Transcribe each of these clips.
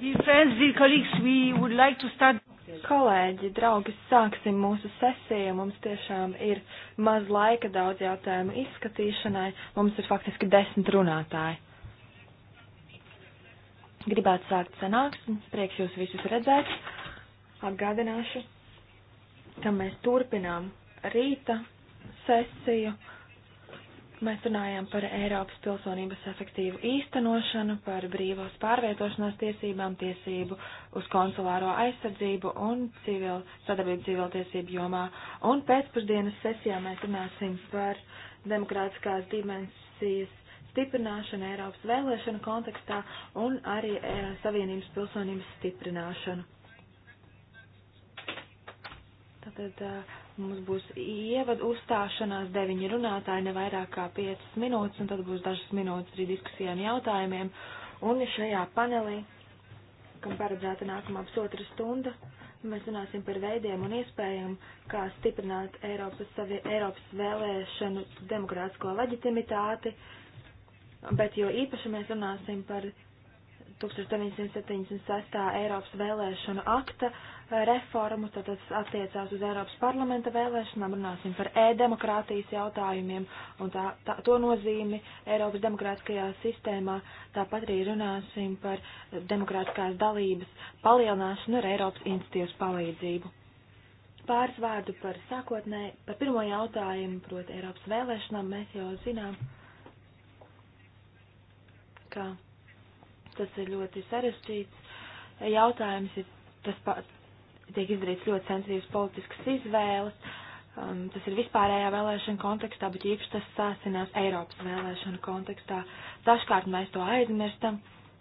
Dear friends, dear colleagues, we would like to start. Kolēģi, draugi, sāksim mūsu sesiju. Mums tiešām ir maz laika daudz jautājumu izskatīšanai. Mums ir faktiski desmit runātāji. Gribētu sākt sanāksmi. Prieks jūs visus redzēt. Atgādināšu, ka mēs turpinām rīta sesiju Mēs runājām par Eiropas pilsonības efektīvu īstenošanu, par brīvos pārvietošanās tiesībām, tiesību uz konsulāro aizsardzību un civil, sadarbību civiltiesību jomā. Un pēcpusdienas sesijā mēs runāsim par demokrātiskās dimensijas stiprināšanu Eiropas vēlēšanu kontekstā un arī e, Savienības pilsonības stiprināšanu. Tātad e, Mums būs ievada uzstāšanās, deviņi runātāji, ne vairāk kā piecas minūtes, un tad būs dažas minūtes arī diskusijām jautājumiem. Un šajā panelī, kam paredzēta nākamā pusotra stunda, mēs runāsim par veidiem un iespējām, kā stiprināt Eiropas, savi, Eiropas vēlēšanu demokrātisko leģitimitāti, bet jo īpaši mēs runāsim par 1976. Eiropas vēlēšanu akta eh, reformu, tad tas attiecās uz Eiropas parlamenta vēlēšanām, runāsim par e-demokrātijas jautājumiem un tā, tā, to nozīmi Eiropas demokrātiskajā sistēmā, tāpat arī runāsim par demokrātiskās dalības palielināšanu ar Eiropas institīvas palīdzību. Pāris vārdu par sākotnē, par pirmo jautājumu, proti Eiropas vēlēšanām, mēs jau zinām, ka Tas ir ļoti sarežģīts jautājums, ir tas pats, tiek izdarīts ļoti sensitīvas politiskas izvēles. Um, tas ir vispārējā vēlēšana kontekstā, bet īpaši tas sāsinās Eiropas vēlēšana kontekstā. Dažkārt mēs to aizmirstam.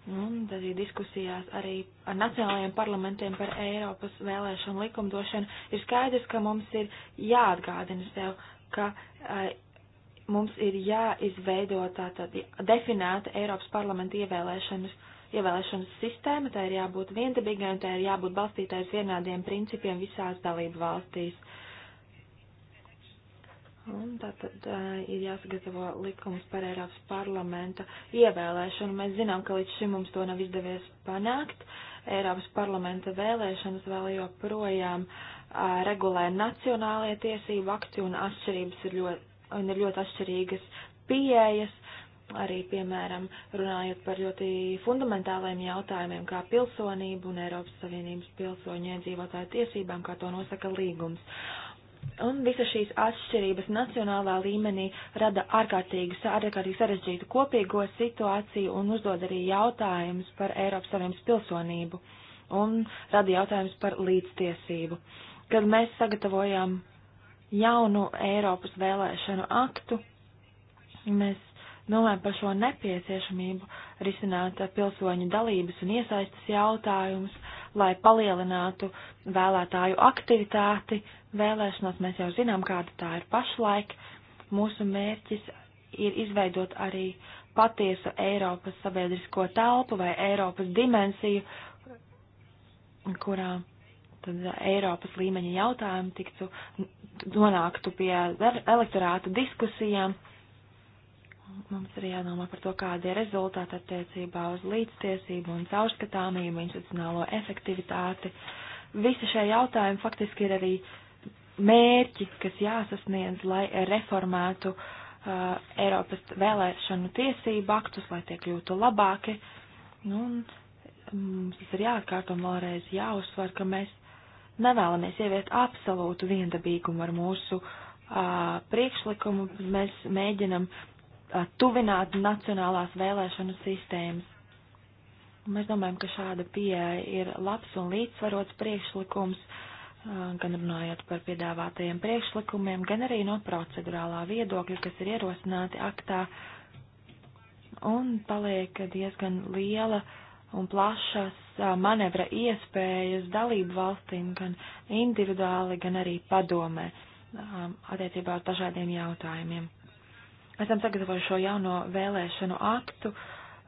Un tad ir diskusijās arī ar nacionālajiem parlamentiem par Eiropas vēlēšanu likumdošanu. Ir skaidrs, ka mums ir jāatgādina sev, ka uh, mums ir jāizveido tātad definēta Eiropas parlamenta ievēlēšanas, ievēlēšanas sistēma, tā ir jābūt viendabīgai un tā ir jābūt balstītai uz vienādiem principiem visās dalību valstīs. Un tātad uh, ir jāsagatavo likums par Eiropas parlamenta ievēlēšanu. Mēs zinām, ka līdz šim mums to nav izdevies panākt. Eiropas parlamenta vēlēšanas vēl joprojām uh, regulē nacionālie tiesību akti un atšķirības ir ļoti un ir ļoti atšķirīgas pieejas, arī, piemēram, runājot par ļoti fundamentāliem jautājumiem, kā pilsonību un Eiropas Savienības pilsoņu iedzīvotāju tiesībām, kā to nosaka līgums. Un visa šīs atšķirības nacionālā līmenī rada ārkārtīgi, ārkārtīgi sarežģītu kopīgo situāciju un uzdod arī jautājumus par Eiropas Savienības pilsonību un rada jautājumus par līdztiesību. Kad mēs sagatavojām jaunu Eiropas vēlēšanu aktu. Mēs domājam par šo nepieciešamību risināt pilsoņu dalības un iesaistas jautājumus, lai palielinātu vēlētāju aktivitāti. Vēlēšanās mēs jau zinām, kāda tā ir pašlaik. Mūsu mērķis ir izveidot arī patiesu Eiropas sabiedrisko telpu vai Eiropas dimensiju, kurā uh, tad Eiropas līmeņa jautājumi tiktu, nonāktu pie elektorāta diskusijām. Mums ir jādomā par to, kādi ir rezultāti attiecībā uz līdztiesību un caurskatāmību, institucionālo efektivitāti. Visi šie jautājumi faktiski ir arī mērķi, kas jāsasniedz, lai reformētu uh, Eiropas vēlēšanu tiesību aktus, lai tie kļūtu labāki. Nu, un mums tas ir jāatkārto un vēlreiz jāuzsver, ka mēs nevēlamies ieviest absolūtu viendabīgumu ar mūsu uh, priekšlikumu, mēs mēģinam uh, tuvināt nacionālās vēlēšanu sistēmas. Mēs domājam, ka šāda pieeja ir labs un līdzsvarots priekšlikums, uh, gan runājot par piedāvātajiem priekšlikumiem, gan arī no procedurālā viedokļa, kas ir ierosināti aktā, un paliek diezgan liela un plašas manevra iespējas dalību valstīm gan individuāli, gan arī padomē um, attiecībā uz dažādiem jautājumiem. Esam sagatavojuši šo jauno vēlēšanu aktu.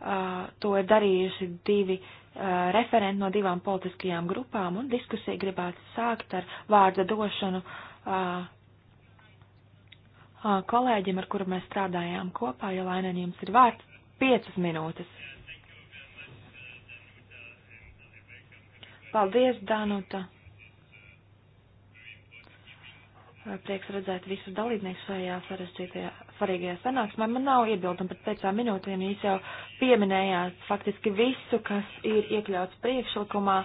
Uh, to ir darījuši divi uh, referenti no divām politiskajām grupām, un diskusija gribētu sākt ar vārda došanu uh, kolēģim, ar kuru mēs strādājām kopā, jo Lainēn jums ir vārds piecas minūtes. Paldies, Danuta! Prieks redzēt visus dalībniekus šajā sarežģītajā, svarīgajā sanāksmē. Man nav iebildumi, bet pēc tam minūtēm jūs jau pieminējāt faktiski visu, kas ir iekļauts priekšlikumā.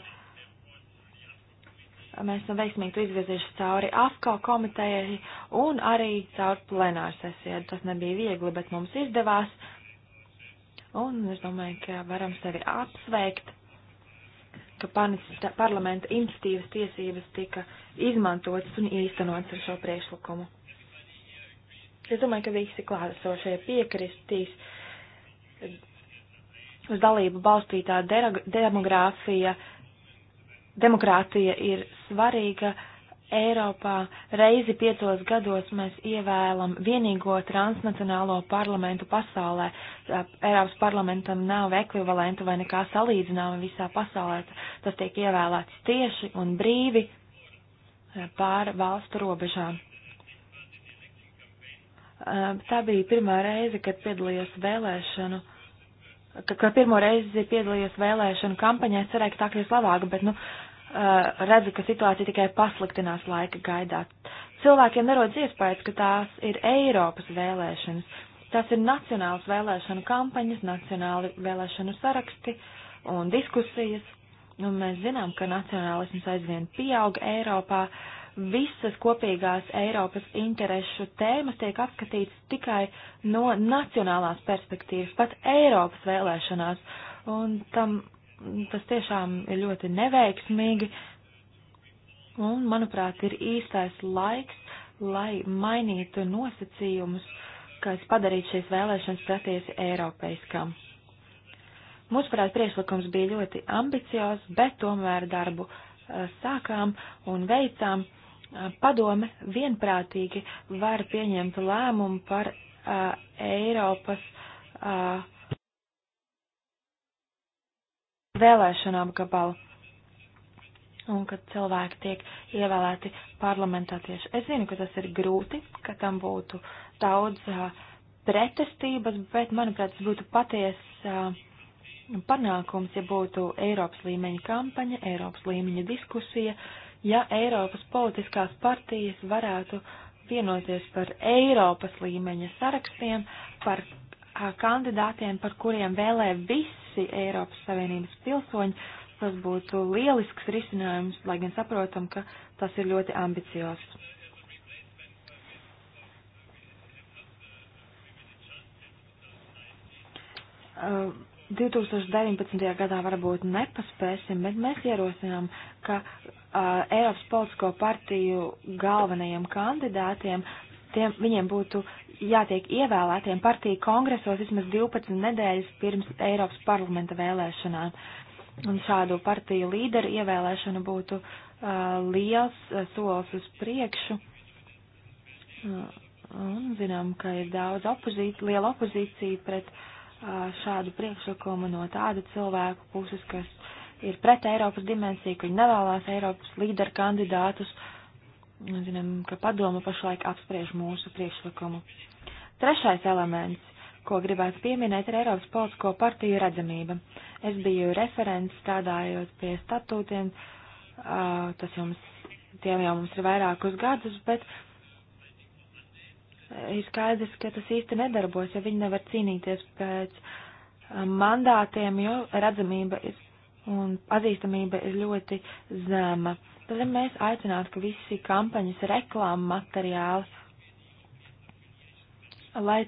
Mēs esam veiksmīgi izvirzījuši cauri AFKO komitejai un arī cauri plenārsesijai. Tas nebija viegli, bet mums izdevās. Un es domāju, ka varam sevi apsveikt ka parlamenta iniciatīvas tiesības tika izmantotas un īstenotas ar šo priekšlikumu. Es domāju, ka visi klātesošie piekristīs eh, uz dalību balstītā demogrāfija, demokrātija ir svarīga Eiropā reizi piecos gados mēs ievēlam vienīgo transnacionālo parlamentu pasaulē. Eiropas parlamentam nav ekvivalenta vai nekā salīdzināma visā pasaulē. Tas tiek ievēlēts tieši un brīvi pāri valstu robežām. Tā bija pirmā reize, kad piedalījos vēlēšanu ka, ka pirmo reizi piedalījos vēlēšanu kampaņā, es cerēju, ka tā kļūs labāka, bet, nu, Eh, redzu, ka situācija tikai pasliktinās laika gaidā. Cilvēkiem nerodas iespējas, ka tās ir Eiropas vēlēšanas. Tās ir nacionāls vēlēšanu kampaņas, nacionāli vēlēšanu saraksti un diskusijas. Un mēs zinām, ka nacionālisms aizvien pieaug Eiropā. Visas kopīgās Eiropas interešu tēmas tiek apskatītas tikai no nacionālās perspektīvas, pat Eiropas vēlēšanās. Un tam tas tiešām ir ļoti neveiksmīgi, un, manuprāt, ir īstais laiks, lai mainītu nosacījumus, kas padarītu šīs vēlēšanas patiesi eiropeiskām. Mūsuprāt, priekšlikums bija ļoti ambiciozs, bet tomēr darbu sākām un veicām. Padome vienprātīgi var pieņemt lēmumu par uh, Eiropas uh, vēlēšanu apgabalu un kad cilvēki tiek ievēlēti parlamentā tieši. Es zinu, ka tas ir grūti, ka tam būtu daudz uh, pretestības, bet, manuprāt, tas būtu paties uh, panākums, ja būtu Eiropas līmeņa kampaņa, Eiropas līmeņa diskusija, ja Eiropas politiskās partijas varētu vienoties par Eiropas līmeņa sarakstiem, par uh, kandidātiem, par kuriem vēlē visi visi Eiropas Savienības pilsoņi. Tas būtu lielisks risinājums, lai gan saprotam, ka tas ir ļoti ambiciozs. Uh, 2019. gadā varbūt nepaspēsim, bet mēs ierosinām, ka uh, Eiropas politisko partiju galvenajiem kandidātiem, tiem, viņiem būtu jātiek ievēlētiem partiju kongresos vismaz 12 nedēļas pirms Eiropas parlamenta vēlēšanām. Un šādu partiju līderu ievēlēšana būtu uh, liels uh, solis uz priekšu. Uh, un zinām, ka ir daudz opozīcija, liela opozīcija pret uh, šādu priekšlikumu no tādu cilvēku puses, kas ir pret Eiropas dimensiju, ka viņi nevēlās Eiropas līderu kandidātus. Un zinām, ka padoma pašlaik apspriež mūsu priekšlikumu. Uh, Trešais elements, ko gribētu pieminēt, ir Eiropas politisko partiju redzamība. Es biju referents strādājot pie statūtiem, tas jums, tiem jau mums ir vairākus gadus, bet ir skaidrs, ka tas īsti nedarbos, ja viņi nevar cīnīties pēc mandātiem, jo redzamība ir un pazīstamība ir ļoti zema. Tad ja mēs aicinātu, ka visi kampaņas reklāma materiāli lai,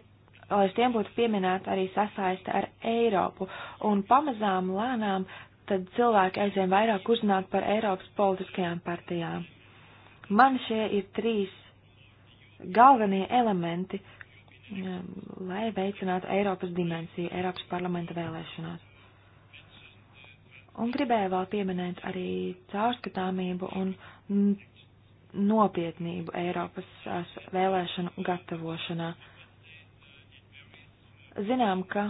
lai uz tiem būtu pieminēta arī sasaiste ar Eiropu. Un pamazām lēnām tad cilvēki aizvien vairāk uzzināt par Eiropas politiskajām partijām. Man šie ir trīs galvenie elementi, um, lai veicinātu Eiropas dimensiju Eiropas parlamenta vēlēšanās. Un gribēju vēl pieminēt arī caurskatāmību un nopietnību Eiropas uh, vēlēšanu gatavošanā. Zinām, ka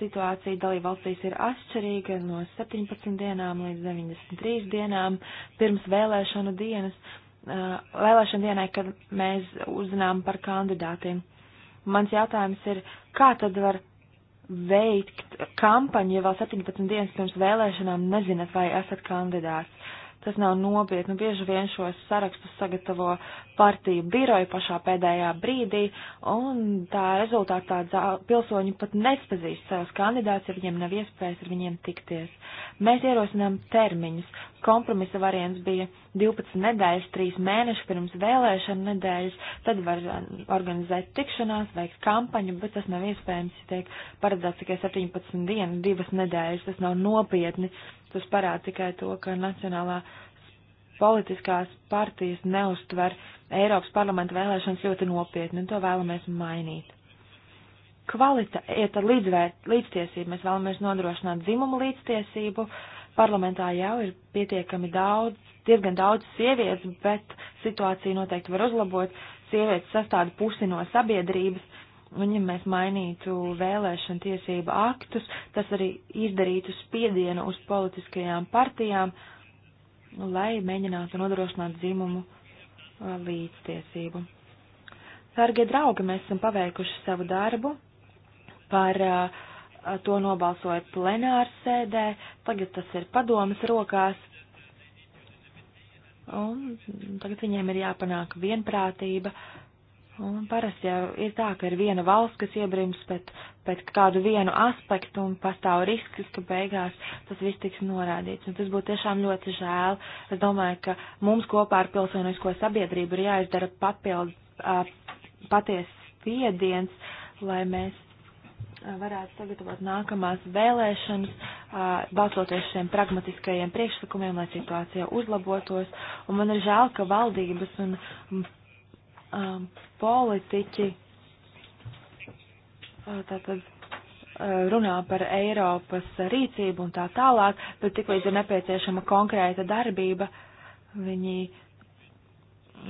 situācija dalībvalstīs ir atšķirīga no 17 dienām līdz 93 dienām pirms vēlēšanu dienas, vēlēšanu dienai, kad mēs uzzinām par kandidātiem. Mans jautājums ir, kā tad var veikt kampaņu, ja vēl 17 dienas pirms vēlēšanām nezinat, vai esat kandidāts? Tas nav nopietni. Bieži vien šos sarakstus sagatavo partiju biroja pašā pēdējā brīdī, un tā rezultātā pilsoņi pat nespazīst savus kandidātus, ja viņiem nav iespējas ar viņiem tikties. Mēs ierosinām termiņus. Kompromisa variants bija 12 nedēļas, 3 mēneši pirms vēlēšana nedēļas, tad var um, organizēt tikšanās, veikt kampaņu, bet tas nav iespējams, ja tiek paredzēts tikai 17 dienas, 2 nedēļas, tas nav nopietni. Uh, Tas parāda tikai to, ka nacionālā politiskās partijas neustver Eiropas parlamenta vēlēšanas ļoti nopietni, un to vēlamies mainīt. Kvalitāte, līdzvērt, līdztiesība, mēs vēlamies nodrošināt dzimumu līdztiesību. Parlamentā jau ir pietiekami daudz, diezgan daudz sievietes, bet situācija noteikti var uzlabot. Sievietes sastāda pusi no sabiedrības, Un ja mēs mainītu vēlēšanu tiesību aktus, tas arī izdarītu spiedienu uz politiskajām partijām, lai mēģinātu nodrošināt dzimumu uh, līdztiesību. Dārgie draugi, mēs esam paveikuši savu darbu, par uh, uh, to nobalsoja plenāra sēdē, tagad tas ir padomas rokās, un tagad viņiem ir jāpanāk vienprātība Un parasti jau ir tā, ka ir viena valsts, kas iebrims pēc, pēc kādu vienu aspektu un pastāv risks, ka beigās tas viss tiks norādīts. Un tas būtu tiešām ļoti žēl. Es domāju, ka mums kopā ar pilsonisko sabiedrību ir jāizdara papildu paties spiediens, lai mēs varētu sagatavot nākamās vēlēšanas, balsoties šiem pragmatiskajiem priekšlikumiem, lai situācija uzlabotos. Un man ir žēl, ka valdības un um, politiķi uh, tātad uh, runā par Eiropas rīcību un tā tālāk, bet tiklīdz ir nepieciešama konkrēta darbība, viņi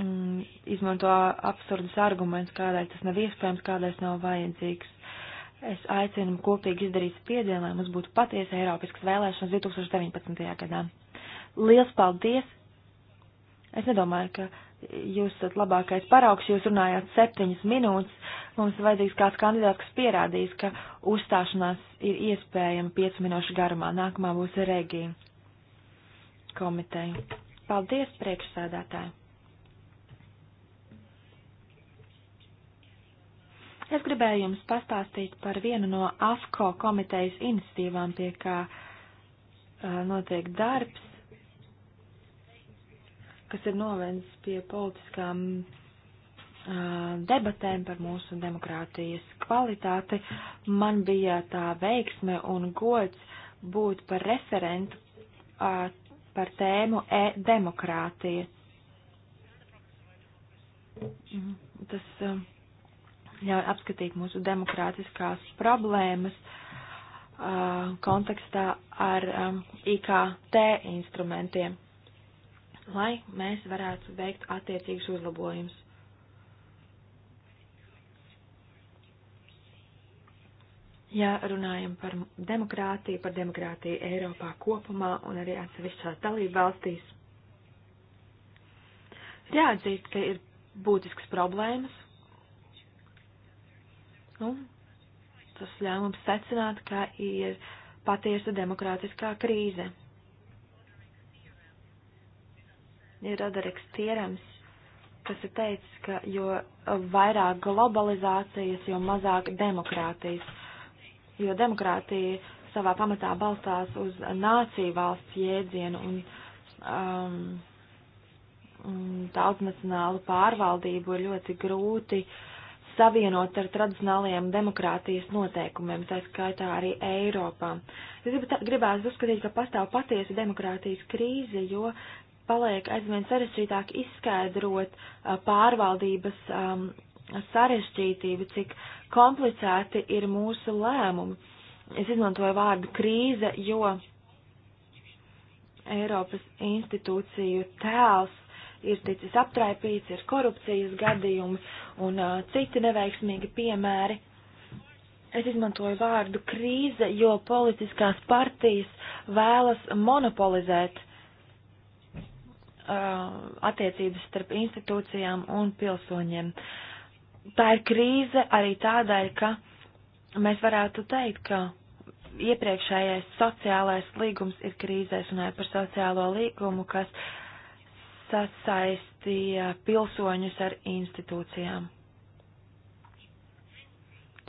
mm, izmanto absurdus argumentus, kādēļ tas nav iespējams, kādēļ tas nav vajadzīgs. Es aicinu kopīgi izdarīt spiedienu, lai mums būtu patiesa Eiropiskas vēlēšanas 2019. gadā. Liels paldies! Es nedomāju, ka jūs esat labākais paraugs, jūs runājāt septiņas minūtes, mums vajadzīgs kāds kandidāts, kas pierādīs, ka uzstāšanās ir iespējama piecu minūšu garumā. Nākamā būs Regija komiteja. Paldies, priekšsēdētāji! Es gribēju jums pastāstīt par vienu no AFCO komitejas iniciatīvām, pie kā uh, notiek darbs kas ir novēns pie politiskām debatēm par mūsu demokrātijas kvalitāti. Man bija tā veiksme un gods būt par referentu par tēmu e-demokrātija. Tas ļauj apskatīt mūsu demokrātiskās problēmas kontekstā ar IKT instrumentiem lai mēs varētu veikt attiecīgus uzlabojumus. Ja runājam par demokrātiju, par demokrātiju Eiropā kopumā un arī atsevišķās dalību valstīs, ir jāatzīst, ka ir būtisks problēmas. Nu, tas ļauj mums secināt, ka ir patiesa demokrātiskā krīze. ir Rodereks Tierams, kas ir teicis, ka jo vairāk globalizācijas, jo mazāk demokrātijas. Jo demokrātija savā pamatā balstās uz nāciju valsts jēdzienu un um, daudznacionālu pārvaldību ir ļoti grūti savienot ar tradicionālajiem demokrātijas noteikumiem, tā skaitā arī Eiropā. Es gribētu uzskatīt, ka pastāv patiesa demokrātijas krīze, jo paliek aizvien sarežģītāk izskaidrot uh, pārvaldības um, sarežģītību, cik komplicēti ir mūsu lēmumi. Es izmantoju vārdu krīze, jo Eiropas institūciju tēls ir ticis aptraipīts, ir korupcijas gadījumi un uh, citi neveiksmīgi piemēri. Es izmantoju vārdu krīze, jo politiskās partijas vēlas monopolizēt Uh, attiecības starp institūcijām un pilsoņiem. Tā ir krīze arī tādēļ, ka mēs varētu teikt, ka iepriekšējais sociālais līgums ir krīzēs, runājot par sociālo līgumu, kas sasaistīja pilsoņus ar institūcijām.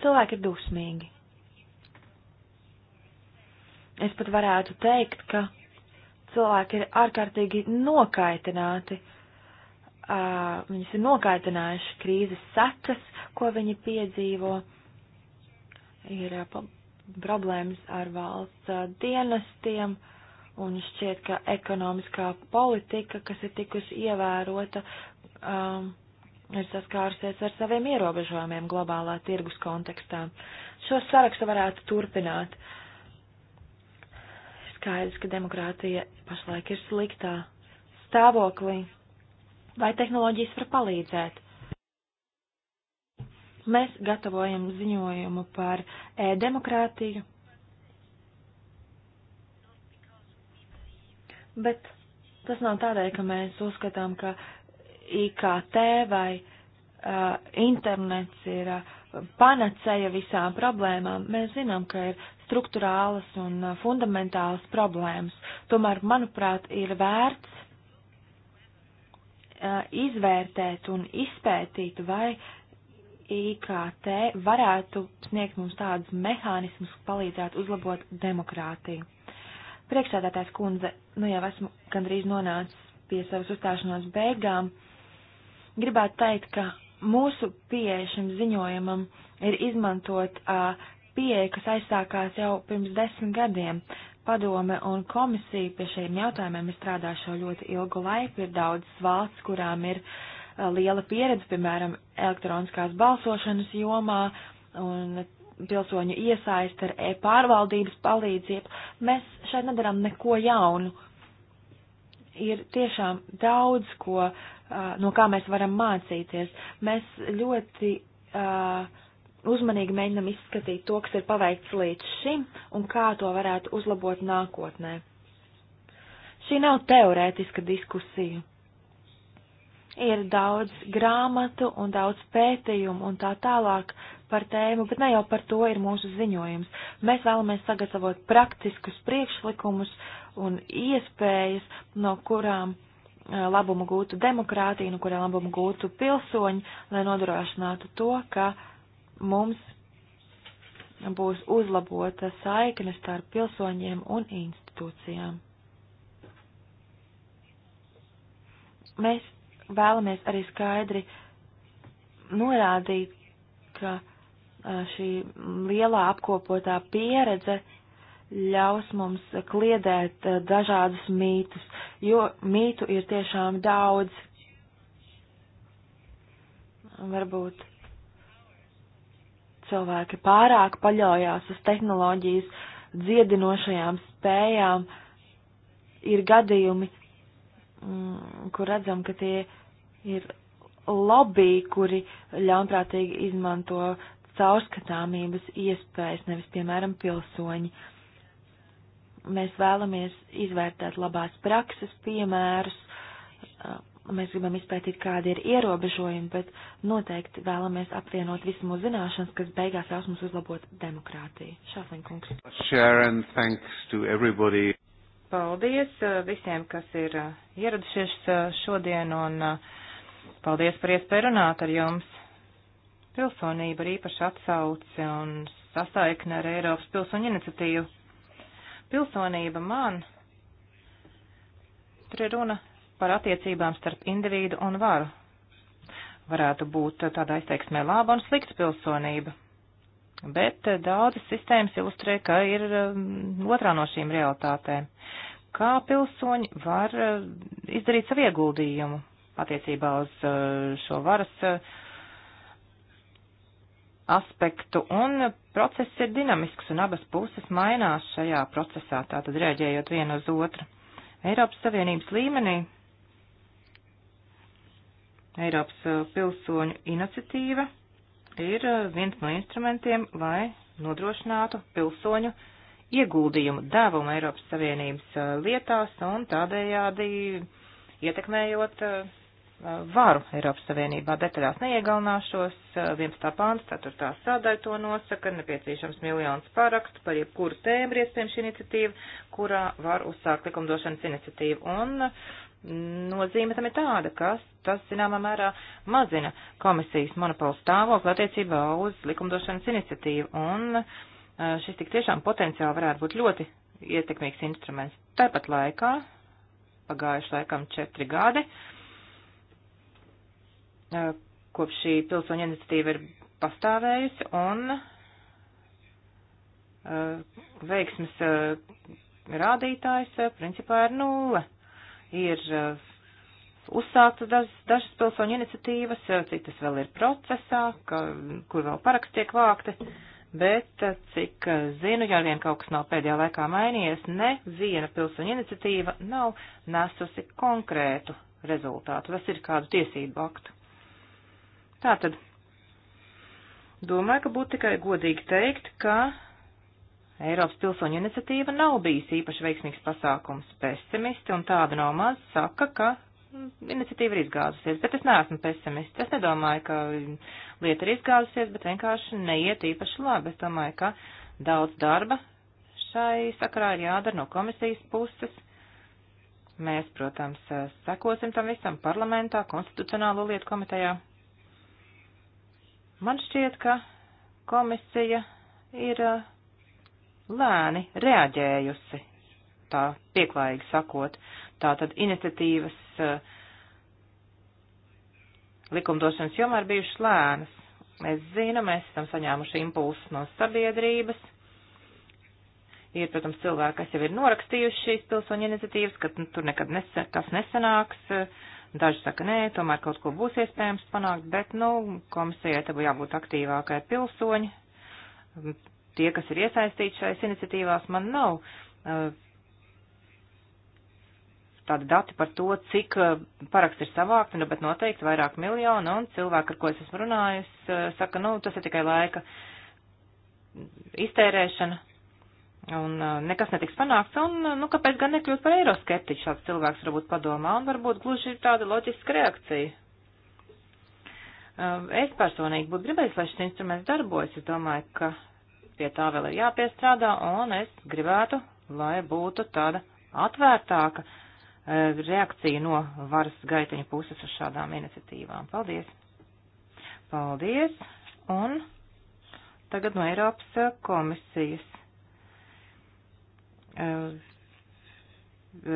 Cilvēki ir dusmīgi. Es pat varētu teikt, ka cilvēki ir ārkārtīgi nokaitināti. Uh, viņus ir nokaitinājuši krīzes sekas, ko viņi piedzīvo. Ir uh, problēmas ar valsts uh, dienestiem, un šķiet, ka ekonomiskā politika, kas ir tikusi ievērota, um, ir saskārusies ar saviem ierobežojumiem globālā tirgus kontekstā. Šo sarakstu varētu turpināt. Uh, Skaidrs, ka demokrātija pašlaik ir sliktā stāvoklī. Vai tehnoloģijas var palīdzēt? Mēs gatavojam ziņojumu par e-demokrātiju, bet tas nav tādēļ, ka mēs uzskatām, ka IKT vai uh, internets ir uh, panaceja visām problēmām. Mēs zinām, ka ir struktūrālas un uh, fundamentālas problēmas. Tomēr, manuprāt, ir vērts uh, izvērtēt un izpētīt, vai IKT varētu sniegt mums tādus mehānismus, kas palīdzētu uzlabot demokrātiju. Priekšsēdētājs kundze, nu jau esmu gandrīz nonācis pie savas uzstāšanās beigām, gribētu teikt, ka mūsu pieeja šim ziņojumam ir izmantot uh, pieeja, kas aizsākās jau pirms desmit gadiem. Padome un komisija pie šiem jautājumiem ir strādājuši jau ļoti ilgu laiku. Ir daudzas valsts, kurām ir uh, liela pieredze, piemēram, elektroniskās balsošanas jomā un pilsoņu iesaist ar e-pārvaldības palīdzību. Mēs šeit nedaram neko jaunu. Ir tiešām daudz, ko, uh, no kā mēs varam mācīties. Mēs ļoti uh, uzmanīgi mēģinam izskatīt to, kas ir paveikts līdz šim un kā to varētu uzlabot nākotnē. Šī nav teorētiska diskusija. Ir daudz grāmatu un daudz pētījumu un tā tālāk par tēmu, bet ne jau par to ir mūsu ziņojums. Mēs vēlamies sagatavot praktiskus priekšlikumus un iespējas, no kurām e, labumu gūtu demokrātija, no kurām labumu gūtu pilsoņi, lai nodrošinātu to, ka uh, mums būs uzlabota saikne starp pilsoņiem un institūcijām. Mēs vēlamies arī skaidri norādīt, ka šī lielā apkopotā pieredze ļaus mums kliedēt dažādus mītus, jo mītu ir tiešām daudz. Varbūt cilvēki pārāk paļaujās uz tehnoloģijas dziedinošajām spējām. Ir gadījumi, mm, kur redzam, ka tie ir lobby, kuri ļaunprātīgi izmanto caurskatāmības iespējas, nevis, piemēram, pilsoņi. Mēs vēlamies izvērtēt labās prakses piemērus, un mēs gribam izpētīt, kādi ir ierobežojumi, bet noteikti vēlamies apvienot visu mūsu zināšanas, kas beigās ļaus mums uzlabot demokrātiju. Šāfliņa kungs. Sharon, thanks to everybody. Paldies uh, visiem, kas ir uh, ieradušies uh, šodien, un paldies par iespēju runāt ar jums. Pilsonība ir īpaši atsauce un sasaikne ar Eiropas pilsoņu iniciatīvu. Pilsonība man. Tur ir runa par attiecībām starp individu un varu. Varētu būt tādā izteiksmē laba un slikta pilsonība, bet daudzas sistēmas ilustrē, ka ir um, otrā no šīm realitātēm. Kā pilsoņi var uh, izdarīt savu ieguldījumu attiecībā uz uh, šo varas uh, aspektu, un process ir dinamisks, un abas puses mainās šajā procesā, tātad rēģējot viena uz otru. Eiropas Savienības līmenī Eiropas uh, pilsoņu iniciatīva ir uh, viens no instrumentiem, lai nodrošinātu pilsoņu ieguldījumu devumu Eiropas Savienības uh, lietās un tādējādi ietekmējot varu Eiropas Savienībā. Detaļās neiegalnāšos, 11. pāns, 4. sādaļa to nosaka, nepieciešams miljons parakstu par jebkuru tēmu iespējams šī iniciatīva, kurā var uzsākt likumdošanas iniciatīvu. Un mm, nozīme tam ir tāda, ka tas, zināmā mērā, mazina komisijas monopolu stāvokli attiecībā uz likumdošanas iniciatīvu. Un šis tik tiešām potenciāli varētu būt ļoti ietekmīgs instruments. Tāpat laikā, pagājuši laikam četri gadi, uh, Eh, kopš šī pilsoņa iniciatīva ir pastāvējusi un eh, veiksmes eh, rādītājs principā ir nulle. Ir uzsāktas dažas, dažas pilsoņu iniciatīvas, citas vēl ir procesā, ka, kur vēl paraksti tiek vākti, bet cik zinu, ja vien kaut kas nav pēdējā laikā mainījies, neviena pilsoņu iniciatīva nav nesusi konkrētu rezultātu. Tas ir kādu tiesību aktu. Tātad, domāju, ka būtu tikai godīgi teikt, ka Eiropas pilsoņu iniciatīva nav bijis īpaši veiksmīgs pasākums. Pesimisti, un tāda nav maz, saka, ka iniciatīva ir izgāzusies, bet es neesmu pesimists. Es nedomāju, ka lieta ir izgāzusies, bet vienkārši neiet īpaši labi. Es domāju, ka daudz darba šai sakarā ir jādara no komisijas puses. Mēs, protams, sekosim tam visam parlamentā, konstitucionālo lietu komitejā. Man šķiet, ka komisija ir uh, lēni reaģējusi, tā pieklājīgi sakot, tātad iniciatīvas uh, likumdošanas jomā ir bijušas lēnas. Es zinu, mēs esam saņēmuši impulsus no sabiedrības. Ir, protams, cilvēki, kas jau ir norakstījuši šīs pilsoņu iniciatīvas, ka nu, tur nekad nesen, kas nesanāks. Uh, Daži saka, nē, tomēr kaut ko būs iespējams panākt, bet, nu, komisijai te būtu jābūt aktīvākai pilsoņi. Tie, kas ir iesaistīti šais iniciatīvās, man nav eh, tādi dati par to, cik eh, paraksti ir savākti, nu, bet noteikti vairāk miljonu, un cilvēki, ar ko es esmu runājis, eh, saka, nu, tas ir tikai laika iztērēšana, un uh, nekas netiks panākts, un, uh, nu, kāpēc gan nekļūt par eiroskeptiķu šāds cilvēks varbūt padomā, un varbūt gluži ir tāda loģiska reakcija. Uh, es personīgi būtu gribējis, lai šis instruments darbojas, es domāju, ka pie tā vēl ir jāpiestrādā, un es gribētu, lai būtu tāda atvērtāka reakcija no varas gaiteņa puses uz šādām iniciatīvām. Paldies! Paldies! Un tagad no Eiropas komisijas Eh,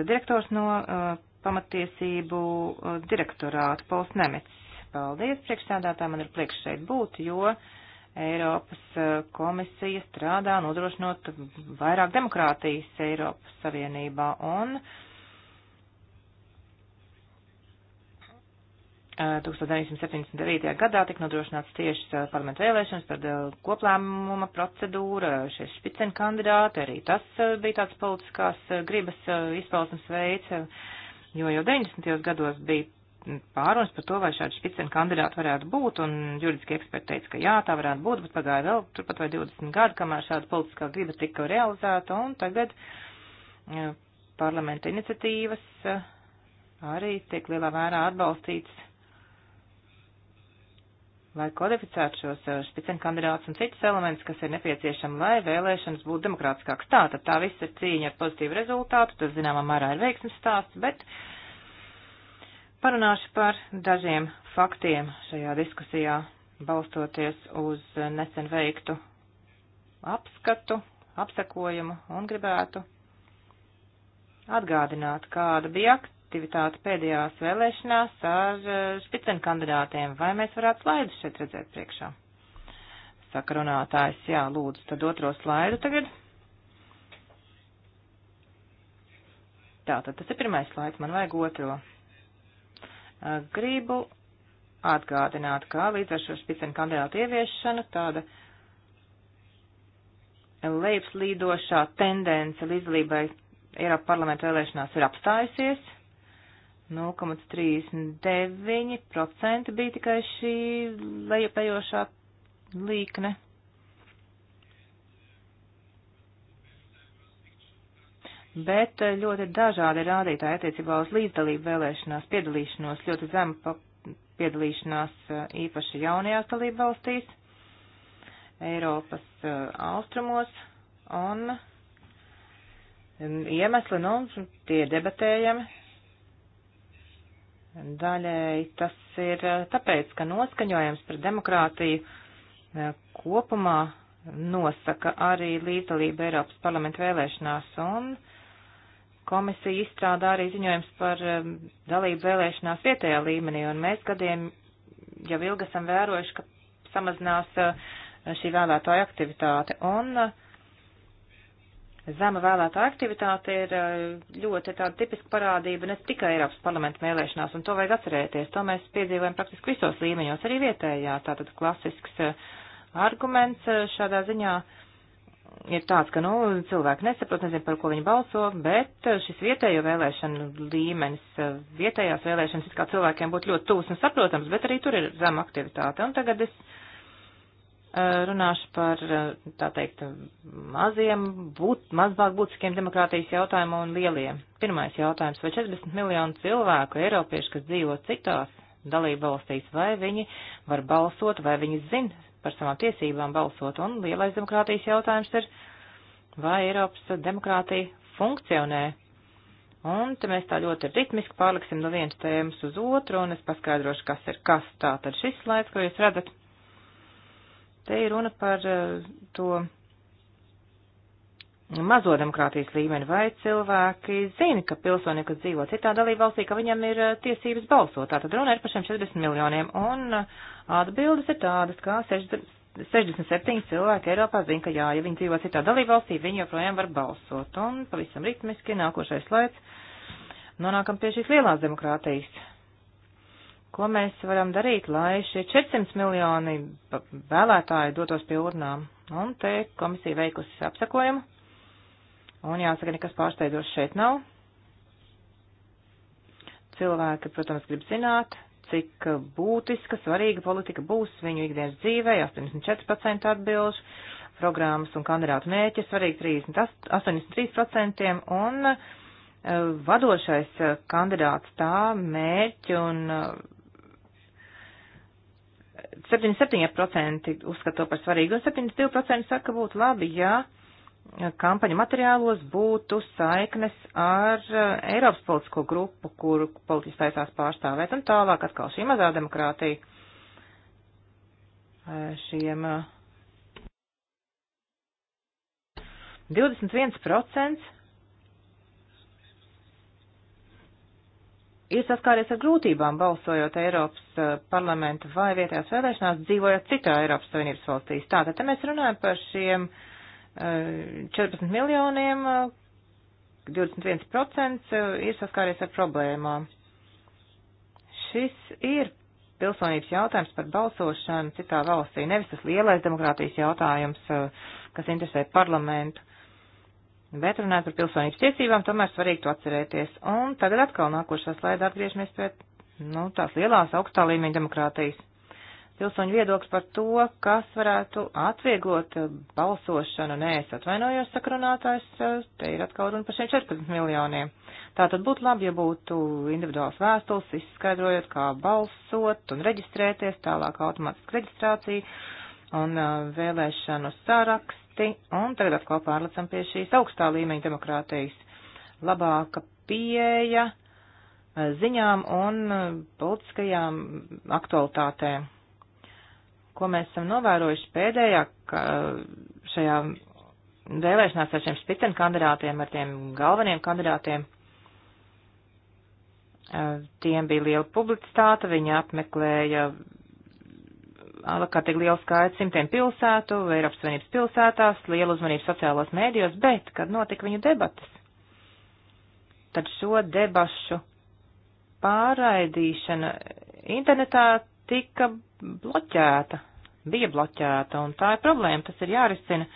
direktors no eh, pamatiesību eh, direktorāta Pols Nemets. Paldies, priekšsēdētā, man ir prieks šeit būt, jo Eiropas komisija strādā nodrošinot vairāk demokrātijas Eiropas Savienībā un uh, 1979. gadā tika nodrošināts tieši uh, parlamentu vēlēšanas, tad uh, koplēmuma procedūra, uh, šie špicen kandidāti, arī tas bija tāds politiskās gribas izpausmes veids, jo jau 90. gados bija mm, pārunas par to, vai šādi špicen kandidāti varētu būt, un juridiski eksperti teica, ka jā, tā varētu būt, bet pagāja vēl turpat vai 20 gadi, kamēr šāda politiskā griba tika realizēta, un tagad parlamenta iniciatīvas arī tiek lielā mērā atbalstīts lai kodificētu šos špicen eh, kandidātus un citus elementus, kas ir nepieciešami, lai vēlēšanas būtu demokrātiskākas. Tā tad tā viss ir cīņa ar pozitīvu rezultātu, tas zināmā mērā ir veiksmes stāsts, bet parunāšu par dažiem faktiem šajā diskusijā, balstoties uz eh, nesen veiktu apskatu, apsekojumu un gribētu atgādināt, kāda bija aktivitāti pēdējās vēlēšanās ar eh, špicen kandidātiem. Vai mēs varētu slaidus šeit redzēt priekšā? Saka runātājs, jā, lūdzu, tad otro slaidu tagad. Tātad tas ir pirmais slaids, man vajag otro. Eh, gribu atgādināt, kā līdz ar šo špicen kandidātu ieviešanu tāda lejupslīdošā tendence līdzlībai Eiropa parlamenta vēlēšanās ir apstājusies. 0,39% bija tikai šī lejupējošā līkne. Bet eh, ļoti dažādi rādītāji attiecībā uz līdzdalību vēlēšanās, piedalīšanos, ļoti zema piedalīšanās eh, īpaši jaunajās dalību valstīs, Eiropas eh, austrumos un mm, iemesli, nu, tie debatējami, Daļēji tas ir eh, tāpēc, ka noskaņojums par demokrātiju eh, kopumā nosaka arī līdzdalību Eiropas parlamentu vēlēšanās, un komisija izstrādā arī ziņojums par eh, dalību vēlēšanās vietējā līmenī, un mēs gadiem jau ilgi esam vērojuši, ka samazinās šī vēlētāja aktivitāte, un uh, zema vēlētāja aktivitāte ir eh, ļoti tāda tipiska parādība ne tikai Eiropas parlamenta vēlēšanās, un to vajag atcerēties. To mēs piedzīvojam praktiski visos līmeņos, arī vietējā. Tātad klasisks eh, arguments eh, šādā ziņā ir tāds, ka, nu, cilvēki nesaprot, nezinu, par ko viņi balso, bet šis vietējo vēlēšanu līmenis, vietējās vēlēšanas, it kā cilvēkiem būtu ļoti tūs un saprotams, bet arī tur ir zema aktivitāte. Un tagad es Eh, runāšu par, eh, tā teikt, maziem, būt, mazāk būtiskiem demokrātijas jautājumiem un lieliem. Pirmais jautājums, vai 40 miljonu cilvēku, eiropiešu, kas dzīvo citās dalība valstīs, vai viņi var balsot, vai viņi zina par savām tiesībām balsot, un lielais demokrātijas jautājums ir, vai Eiropas demokrātija funkcionē. Un te mēs tā ļoti ritmiski pārliksim no vienas tēmas uz otru, un es paskaidrošu, kas ir kas. Tātad šis slaids, ko jūs redzat, Te ir runa par eh, to mazo demokrātijas līmeni, vai cilvēki zina, ka pilsoni, kas dzīvo citā dalībvalstī, ka viņam ir eh, tiesības balsot. Tātad runa ir par šiem 40 miljoniem, un eh, atbildes ir tādas, kā 67 cilvēki Eiropā zina, ka jā, ja viņi dzīvo citā dalībvalstī, viņi joprojām var balsot. Un pavisam ritmiski nākošais slaids nonākam pie šīs lielās demokrātijas Ko mēs varam darīt, lai šie 400 miljoni vēlētāji dotos pie urnām? Un te komisija veikusi apsakojumu. Un jāsaka, nekas pārsteidošs šeit nav. Cilvēki, protams, grib zināt, cik būtiska, svarīga politika būs viņu ikdienas dzīvē, 84% atbilžu, programmas un kandidātu mērķi svarīgi 38, 83% un eh, vadošais eh, kandidāts tā mērķi un eh, 77% uzskata to par svarīgu, un 72% saka, būtu labi, ja kampaņu materiālos būtu saiknes ar uh, Eiropas politisko grupu, kuru politiķis taisās pārstāvēt, un tālāk atkal šī mazā demokrātija uh, šiem 21% uh, ir saskāries ar grūtībām balsojot Eiropas eh, parlamenta vai vietējās vēlēšanās, dzīvojot citā Eiropas Savienības valstīs. Tātad te mēs runājam par šiem 14 eh, miljoniem, 21% eh, ir saskāries ar problēmām. Šis ir pilsonības jautājums par balsošanu citā valstī, nevis tas lielais demokrātijas jautājums, kas interesē parlamentu. Bet runājot par pilsonības tiesībām, tomēr svarīgi to atcerēties. Un tagad atkal nākošā slaida atgriežamies pie nu, tās lielās augstā līmeņa demokrātijas. Pilsoņu viedoklis par to, kas varētu atvieglot balsošanu, nē, es atvainojos sakrunātājs, te ir atkal runa par šiem 14 miljoniem. Tātad būtu labi, ja būtu individuāls vēstules, izskaidrojot, kā balsot un reģistrēties, tālāk automātiski reģistrācija un uh, vēlēšanu saraksti, un tagad atkal pārlecam pie šīs augstā līmeņa demokrātijas. Labāka pieeja uh, ziņām un uh, politiskajām aktualitātēm. Ko mēs esam novērojuši pēdējā šajā vēlēšanās ar šiem spitenu kandidātiem, ar tiem galveniem kandidātiem, tiem bija liela publicitāte, viņi apmeklēja ārkārtīgi liels skaits simtiem pilsētu, Eiropas Savienības pilsētās, liela uzmanība sociālos mēdījos, bet kad notika viņu debatas, tad šo debašu pārraidīšana internetā tika bloķēta, bija bloķēta, un tā ir problēma, tas ir jārisina eh,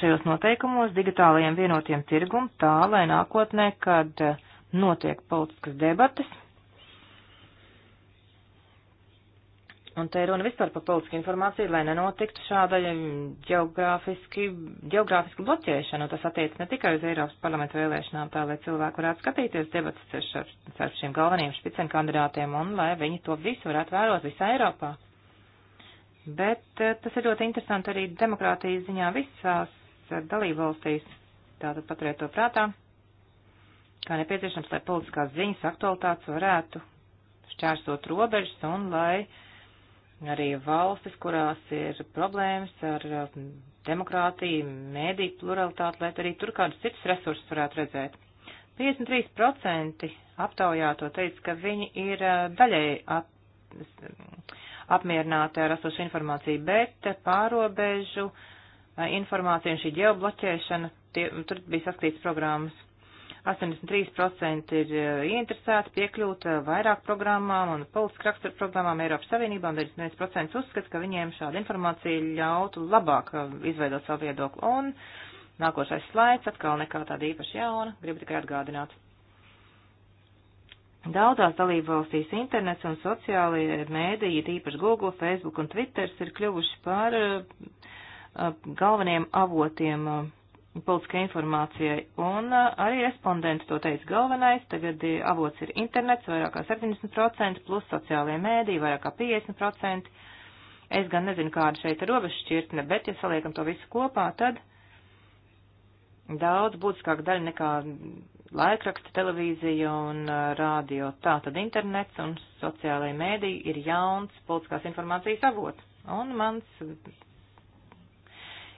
šajos noteikumos digitālajiem vienotiem tirgum tā, lai nākotnē, kad eh, notiek politiskas debatas, Un te ir runa vispār par politisku informāciju, lai nenotiktu šāda mm, geogrāfiski, geogrāfiski bloķēšana. Tas attiec ne tikai uz Eiropas parlamentu vēlēšanām, tā lai cilvēki varētu skatīties debatas starp šiem galvenajiem špicen kandidātiem un lai viņi to visu varētu vērot visā Eiropā. Bet eh, tas ir ļoti interesanti arī demokrātijas ziņā visās eh, dalībvalstīs. Tātad paturiet to prātā, kā nepieciešams, lai politiskās ziņas aktualitātes varētu šķērsot robežas un lai arī valstis, kurās ir problēmas ar um, demokrātiju, mēdīju pluralitāti, lai arī tur kādus citus resursus varētu redzēt. 53% aptaujāto teica, ka viņi ir uh, daļai ap, apmierināti ar esošu informāciju, bet pārobežu uh, informācija un šī ģeobloķēšana, tie, tur bija saskatīts programmas. 83% ir eh, ieinteresēti piekļūt eh, vairāk programmām un politiski rakstura programmām Eiropas Savienībā, un 91% uzskata, ka viņiem šāda informācija ļautu labāk eh, izveidot savu viedokli. Un nākošais slaids atkal nekā tāda īpaši jauna, gribu tikai atgādināt. Daudzās dalībvalstīs internets un sociālie mēdīji, tīpaši Google, Facebook un Twitters, ir kļuvuši par galveniem avotiem politiskai informācijai. Un uh, arī respondenti to teica galvenais, tagad uh, avots ir internets vairāk kā 70% plus sociālajie mēdī vairāk kā 50%. Es gan nezinu, kāda šeit ir robežšķirtne, bet ja saliekam to visu kopā, tad daudz būtiskāka daļa nekā laikraksta, televīzija un uh, rādio. Tā tad internets un sociālajie mēdī ir jauns politiskās informācijas avots. Un mans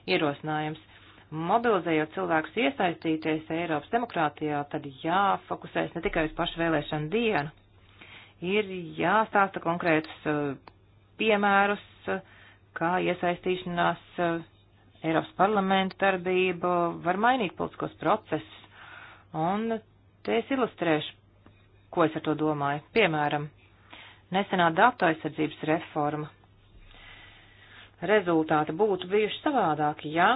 ierosinājums mobilizējot cilvēkus iesaistīties Eiropas demokrātijā, tad jāfokusēs ne tikai uz pašu vēlēšanu dienu. Ir jāstāsta konkrētus eh, piemērus, eh, kā iesaistīšanās eh, Eiropas parlamenta darbību var mainīt politiskos procesus. Un te es ilustrēšu, ko es ar to domāju. Piemēram, nesenā datu aizsardzības reforma. Rezultāti būtu bijuši savādāki, ja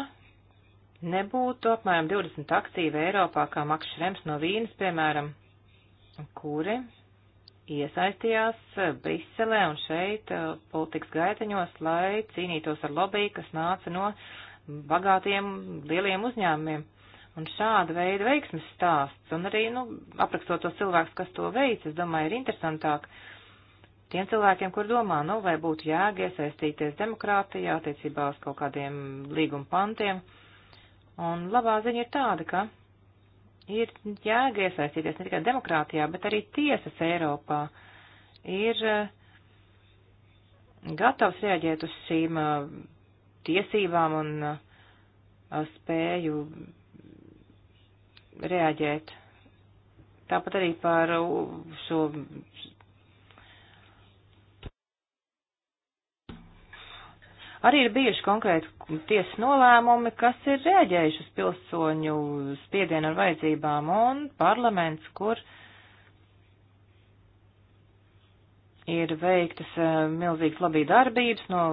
nebūtu apmēram 20 aktīvi Eiropā, kā Maks Šrems no Vīnas, piemēram, kuri iesaistījās Briselē un šeit eh, politikas gaiteņos, lai cīnītos ar lobby, kas nāca no bagātiem lieliem uzņēmumiem. Un šāda veida veiksmes stāsts, un arī, nu, aprakstot to cilvēks, kas to veic, es domāju, ir interesantāk tiem cilvēkiem, kur domā, nu, vai būtu jēga iesaistīties demokrātijā attiecībā uz kaut kādiem līguma pantiem. Uh, Un labā ziņa ir tāda, ka ir jēga iesaistīties ne tikai demokrātijā, bet arī tiesas Eiropā ir eh, gatavs rēģēt uz šīm eh, tiesībām un eh, spēju reaģēt. Tāpat arī par šo Arī ir bijuši konkrēti tiesas nolēmumi, kas ir rēģējuši uz pilsoņu spiedienu un vajadzībām, un parlaments, kur ir veiktas eh, milzīgas labība darbības no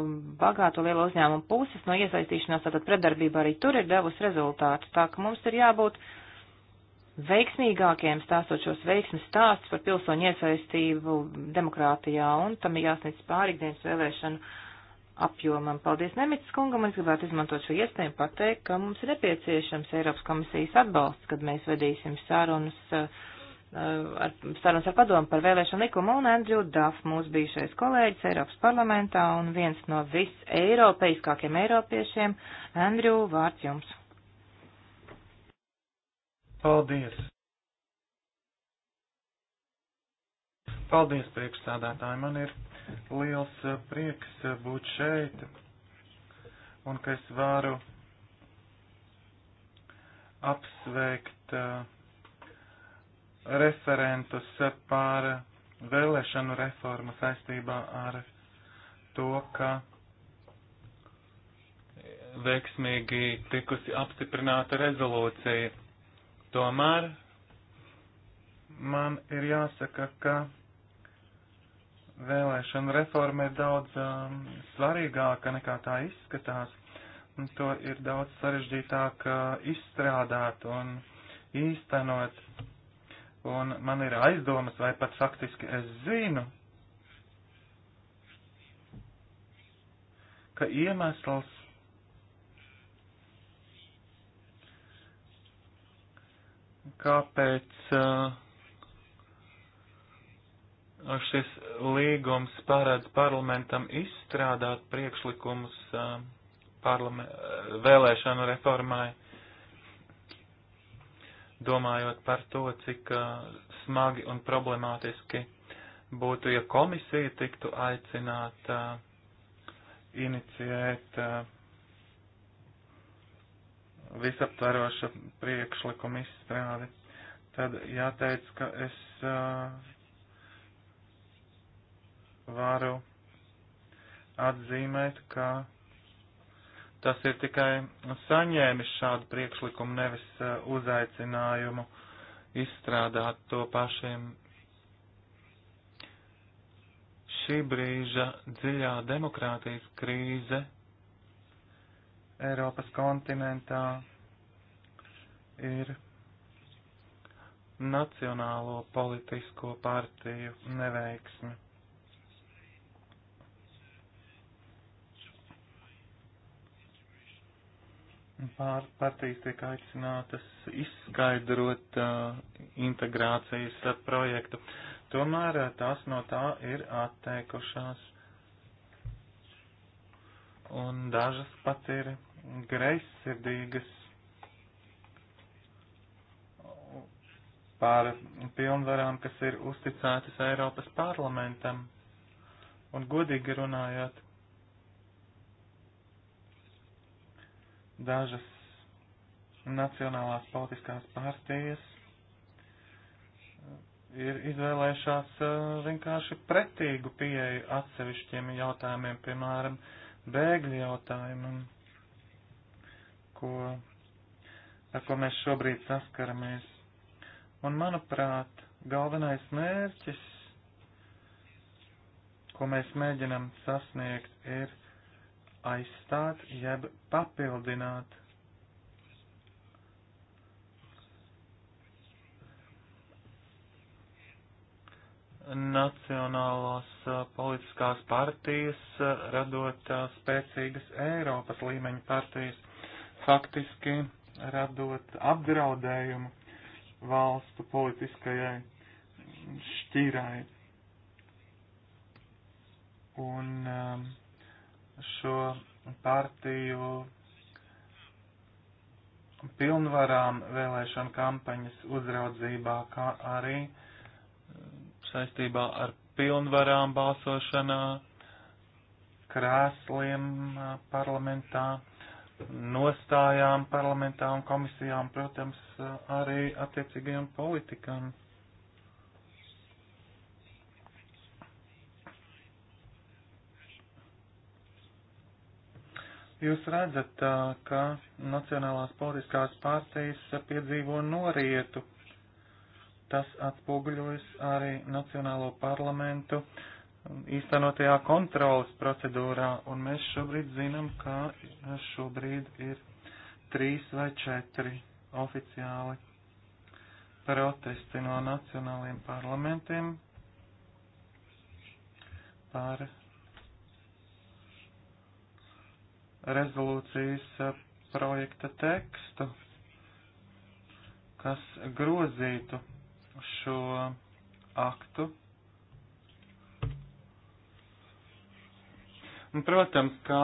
bagāto lielo uzņēmumu puses, no iesaistīšanās, tātad pretdarbība arī tur ir devusi rezultātu. Tā ka mums ir jābūt veiksmīgākiem stāstot šos veiksmes stāstus par pilsoņu iesaistību demokrātijā, un tam ir jāsniedz pārikdienas vēlēšanu apjomam. Paldies Nemits kungam, un es gribētu izmantot šo iespēju pateikt, ka mums ir nepieciešams Eiropas komisijas atbalsts, kad mēs vedīsim sarunas eh, ar, sarunas ar padomu par vēlēšanu likumu, un Andrew Duff, mūsu bijušais kolēģis Eiropas parlamentā un viens no viseiropeiskākiem eiropiešiem. Andrew, vārds jums. Paldies! Paldies, priekšstādātāji, man ir Liels eh, prieks eh, būt šeit un ka es varu apsveikt eh, referentus par vēlēšanu reformu saistībā ar to, ka veiksmīgi tikusi apstiprināta rezolūcija. Tomēr man ir jāsaka, ka vēlēšana reforma ir daudz um, svarīgāka nekā tā izskatās. Un to ir daudz sarežģītāk uh, izstrādāt un īstenot. Un man ir aizdomas, vai pat faktiski es zinu, ka iemesls kāpēc uh, šis līgums pārēdz parlamentam izstrādāt priekšlikumus parlame, vēlēšanu reformai, domājot par to, cik smagi un problemātiski būtu, ja komisija tiktu aicināta inicijēt visaptvaroša priekšlikuma izstrādi. Tad jāteic, ka es uh, varu atzīmēt, ka tas ir tikai saņēmis šādu priekšlikumu, nevis uh, uzaicinājumu izstrādāt to pašiem. Šī brīža dziļā demokrātijas krīze Eiropas kontinentā ir nacionālo politisko partiju neveiksmi. Pār partijas tiek aicinātas izskaidrot uh, integrācijas uh, projektu. Tomēr uh, tās no tā ir atteikušās. Un dažas pat ir greizsirdīgas par pilnvarām, kas ir uzticētas Eiropas parlamentam. Un godīgi runājot, dažas nacionālās politiskās partijas ir izvēlējušās eh, vienkārši pretīgu pieeju atsevišķiem jautājumiem, piemēram, bēgļu jautājumam, ko, ar ko mēs šobrīd saskaramies. Un, manuprāt, galvenais mērķis, ko mēs mēģinam sasniegt, ir aizstāt jeb papildināt. Nacionālās politiskās partijas, radot spēcīgas Eiropas līmeņa partijas, faktiski radot apdraudējumu valstu politiskajai šķirai. Un um, šo partiju pilnvarām vēlēšana kampaņas uzraudzībā, kā arī mm, saistībā ar pilnvarām balsošanā, krēsliem mm, parlamentā, nostājām parlamentā un komisijām, protams, mm, arī attiecīgajām politikām. Jūs redzat, ka Nacionālās politiskās partijas piedzīvo norietu. Tas atspoguļojas arī Nacionālo parlamentu īstenotajā kontrolas procedūrā, un mēs šobrīd zinām, ka šobrīd ir trīs vai četri oficiāli protesti no nacionāliem parlamentiem par rezolūcijas eh, projekta tekstu, kas grozītu šo aktu. Un, protams, ka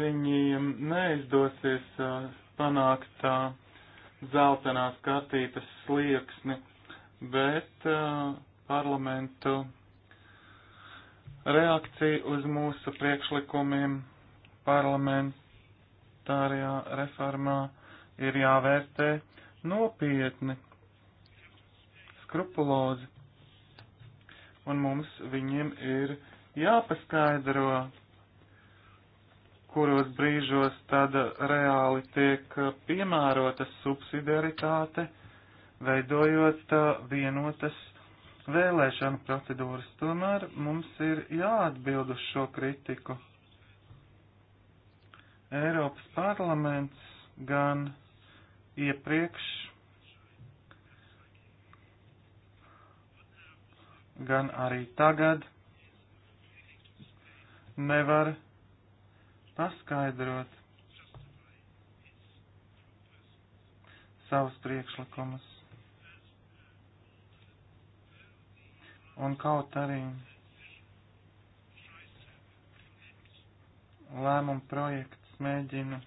viņiem neizdosies eh, panākt eh, zeltainās kartītes slieksni, bet parlamentu reakcija uz mūsu priekšlikumiem parlamentārijā reformā ir jāvērtē nopietni, skrupulozi, un mums viņiem ir jāpaskaidro, kuros brīžos tad reāli tiek piemērota subsidiaritāte, veidojot uh, vienotas vēlēšanu procedūras. Tomēr mums ir jāatbild uz šo kritiku. Eiropas parlaments gan iepriekš, gan arī tagad nevar paskaidrot savus priekšlikumus. Un kaut arī lēmuma projekts mēģina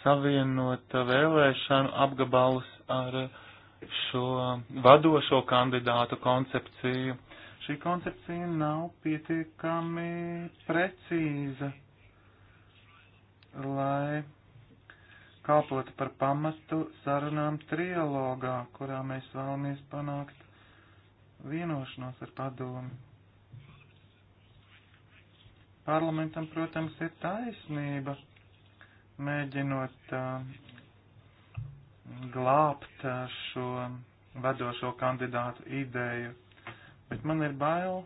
savienot vēlēšanu apgabalus ar šo vadošo kandidātu koncepciju. Šī koncepcija nav pietiekami precīza, lai kalpotu par pamatu sarunām trialogā, kurā mēs vēlamies panākt vienošanos ar padomi. Parlamentam, protams, ir taisnība, mēģinot uh, glābt uh, šo vadošo kandidātu ideju, bet man ir bail,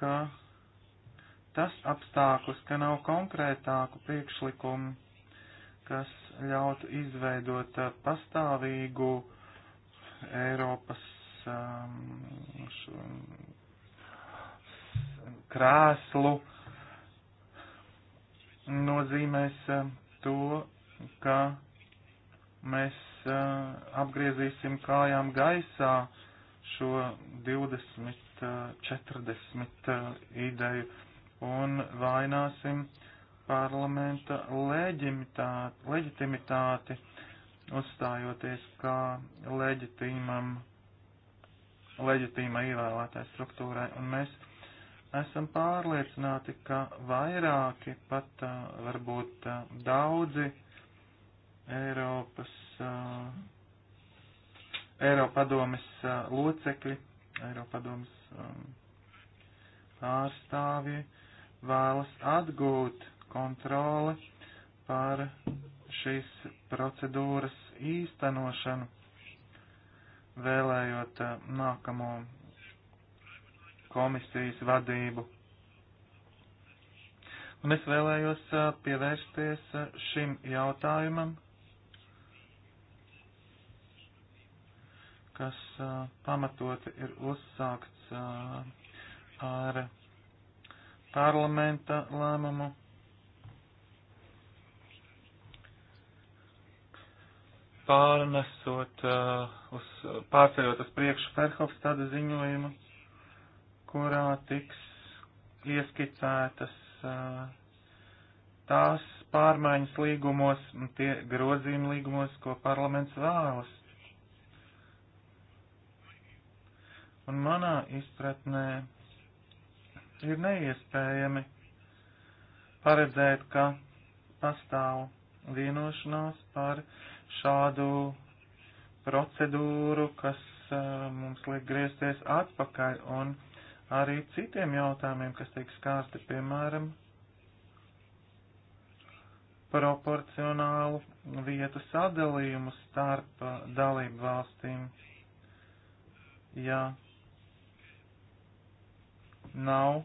ka tas apstākļus, ka nav konkrētāku priekšlikumu, kas ļautu izveidot eh, pastāvīgu Eiropas um, šo, krēslu, nozīmēs eh, to, ka mēs eh, apgriezīsim kājām gaisā šo 20, 40 ideju un vaināsim uh, parlamenta leģimitāti, leģitimitāti, uzstājoties kā leģitīmam, leģitīma ievēlētai struktūrai, un mēs esam pārliecināti, ka vairāki, pat varbūt daudzi Eiropas, Eiropadomes locekļi, Eiropadomes pārstāvji vēlas atgūt kontrole par šīs procedūras īstenošanu, vēlējot eh, nākamo komisijas vadību. Un es vēlējos eh, pievērsties eh, šim jautājumam, kas pamatoti ir uzsākts ar parlamenta lēmumu pārnesot, uh, uz, pārceļot uz priekšu Ferhofstada ziņojumu, kurā tiks ieskicētas uh, tās pārmaiņas līgumos un tie grozījumi līgumos, ko parlaments vēlas. Un manā izpratnē ir neiespējami paredzēt, ka pastāv vienošanās par uh, šādu procedūru, kas uh, mums liek griezties atpakaļ un arī citiem jautājumiem, kas tiek skārti, piemēram, proporcionālu vietu sadalījumu starp eh, dalību valstīm. Ja nav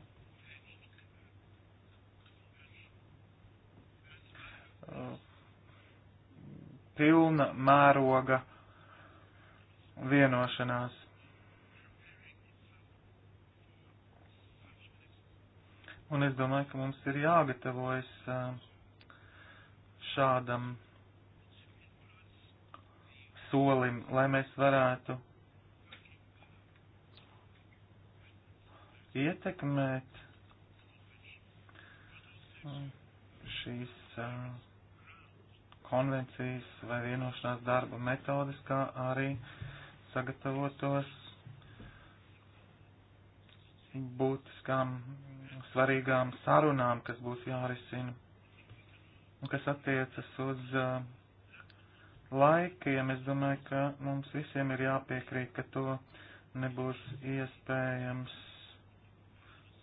eh, pilna mēroga vienošanās. Un es domāju, ka mums ir jāgatavojas šādam solim, lai mēs varētu ietekmēt šīs uh, konvencijas vai vienošanās darba metodas, kā arī sagatavotos būtiskām, svarīgām sarunām, kas būs jārisina, un kas attiecas uz uh, laikiem. Es domāju, ka mums visiem ir jāpiekrīt, ka to nebūs iespējams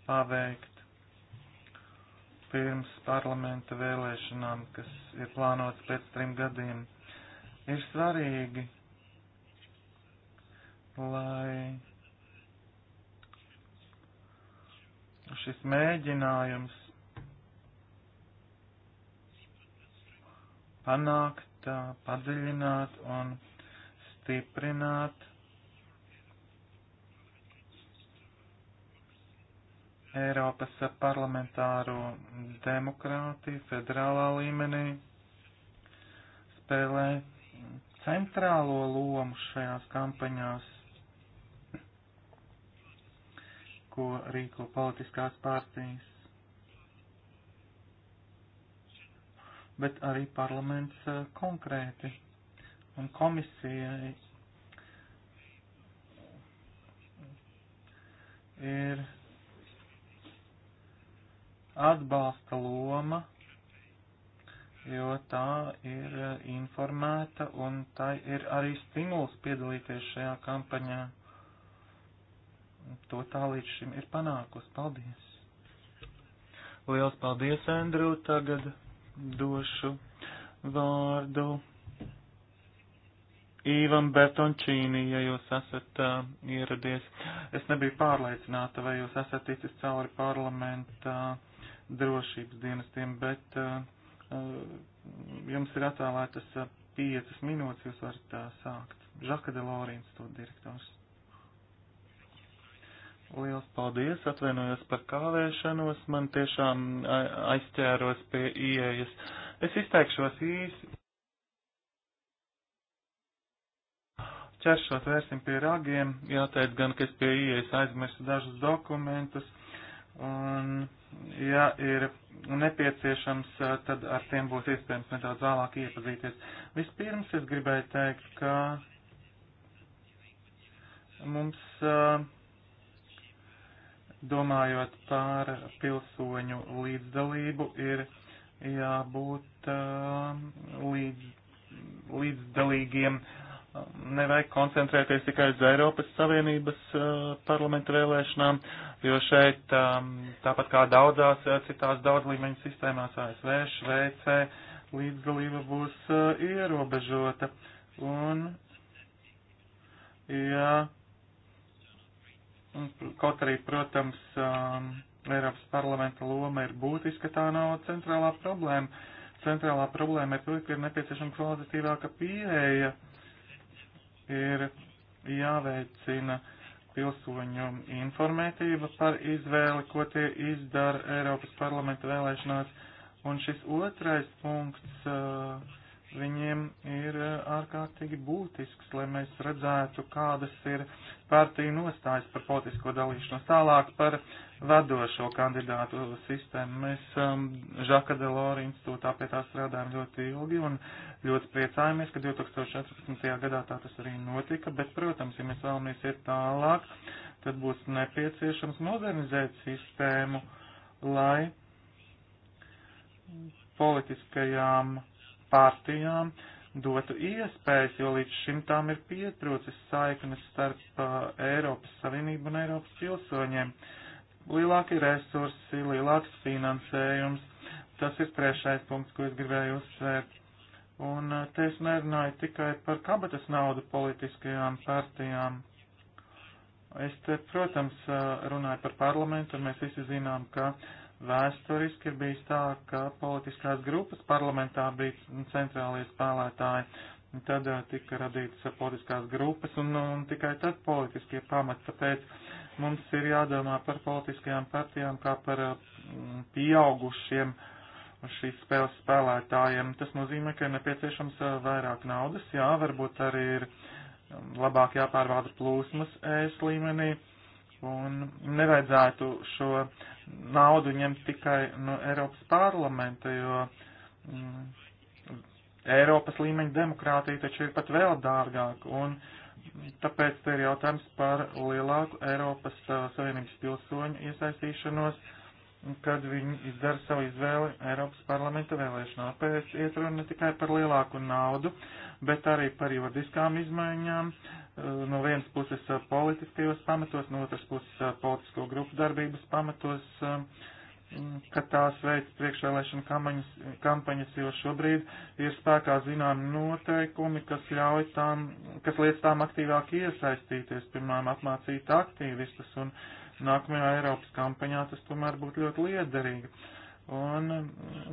paveikt pirms parlamenta vēlēšanām, kas ir plānotas pēc trim gadiem, ir svarīgi, lai šis mēģinājums panākt, padziļināt un stiprināt Eiropas parlamentāro demokrātiju federālā līmenī spēlē centrālo lomu šajās kampaņās, ko rīko politiskās partijas. Bet arī parlaments eh, konkrēti un komisijai ir atbalsta loma, jo tā ir informēta un tai ir arī stimuls piedalīties šajā kampaņā. To tā līdz šim ir panākusi. Paldies! Liels paldies, Andrew! Tagad došu vārdu Īvam Bertončīnī, ja jūs esat uh, ieradies. Es nebiju pārliecināta, vai jūs esat ticis cauri parlamenta uh, drošības dienestiem, bet uh, uh, jums ir atvēlētas uh, piecas minūtes, jūs varat sākt. Žaka de Lorīns, to direktors. Liels paldies, atvainojos par kāvēšanos, man tiešām aizķēros pie ieejas. Es izteikšos īsi. Čeršot vērsim pie ragiem, jāteic gan, ka es pie ieejas aizmirsu dažus dokumentus Un, ja ir nepieciešams, tad ar tiem būs iespējams nedaudz vēlāk iepazīties. Vispirms es gribēju teikt, ka mums, eh, domājot par pilsoņu līdzdalību, ir jābūt eh, līdz, līdzdalīgiem nevajag koncentrēties tikai uz Eiropas Savienības uh, parlamenta vēlēšanām, jo šeit, um, tāpat kā daudzās uh, citās daudzlīmeņu sistēmās ASV, Šveicē, līdzdalība būs uh, ierobežota. Un, ja, kaut arī, protams, um, Eiropas parlamenta loma ir būtiska, tā nav centrālā problēma. Centrālā problēma ir to, ka ir nepieciešama kvalitatīvāka pieeja ir jāveicina pilsoņu informētība par izvēli, ko tie izdara Eiropas parlamenta vēlēšanās. Un šis otrais punkts eh, viņiem ir eh, ārkārtīgi būtisks, lai mēs redzētu, kādas ir partiju nostājas par politisko dalīšanos. Tālāk par vadošo kandidātu sistēmu. Mēs um, Žaka Delora institūtā pie tā strādājam ļoti ilgi, un Ļoti priecājamies, ka 2014. gadā tā tas arī notika, bet, protams, ja mēs vēlamies iet tālāk, tad būs nepieciešams modernizēt sistēmu, lai politiskajām partijām dotu iespējas, jo līdz šim tām ir pietrūcis saiknes starp uh, Eiropas Savienību un Eiropas pilsoņiem. Lielāki resursi, lielāks finansējums, tas ir trešais punkts, ko es gribēju uzsvērt. Un eh, te es nerunāju tikai par kabatas naudu politiskajām partijām. Es te, protams, eh, runāju par parlamentu, un mēs visi zinām, ka vēsturiski ir bijis tā, ka politiskās grupas parlamentā bija centrālie spēlētāji. Tad eh, tika radītas politiskās grupas, un, un tikai tad politiskie pamati. Tāpēc mums ir jādomā par politiskajām partijām kā par pieaugušiem uh, šīs spēles spēlētājiem. Tas nozīmē, ka ir nepieciešams eh, vairāk naudas, jā, varbūt arī ir um, labāk jāpārvalda plūsmas ēs līmenī, un nevajadzētu šo naudu ņemt tikai no Eiropas parlamenta, jo mm, Eiropas līmeņa demokrātija taču ir pat vēl dārgāk, un tāpēc te ir jautājums par lielāku Eiropas uh, Savienības pilsoņu iesaistīšanos uh, kad viņi izdara savu izvēli Eiropas parlamenta vēlēšanu. Pēc iet runa ne tikai par lielāku naudu, bet arī par juridiskām izmaiņām, eh, no vienas puses eh, politiskajos pamatos, no otras puses eh, politisko grupu darbības pamatos, ka tās veids priekšvēlēšana kampaņas, kampaņas, jo šobrīd ir spēkā zinām noteikumi, kas ļauj tām, kas liec tām aktīvāk iesaistīties, pirmām apmācīt aktīvistus un aktīvistus nākamajā Eiropas kampaņā tas tomēr būtu ļoti liederīgi. Un,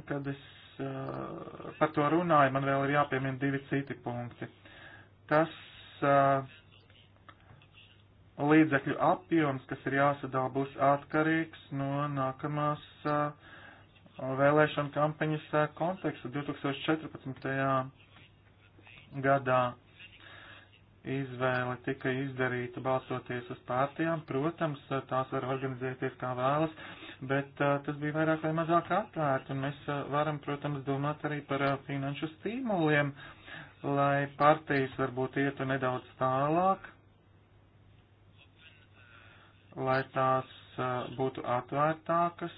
kad es uh, par to runāju, man vēl ir jāpiemina divi citi punkti. Tas uh, līdzekļu apjoms, kas ir jāsadā, būs atkarīgs no nākamās uh, vēlēšana kampaņas konteksta 2014. gadā izvēle tika izdarīta balsoties uz pārtījām. Protams, eh, tās var organizēties kā vēlas, bet uh, tas bija vairāk vai mazāk atvērts, un mēs uh, varam, protams, domāt arī par uh, finanšu stimuliem, lai partijas varbūt ietu nedaudz tālāk, lai tās uh, būtu atvērtākas,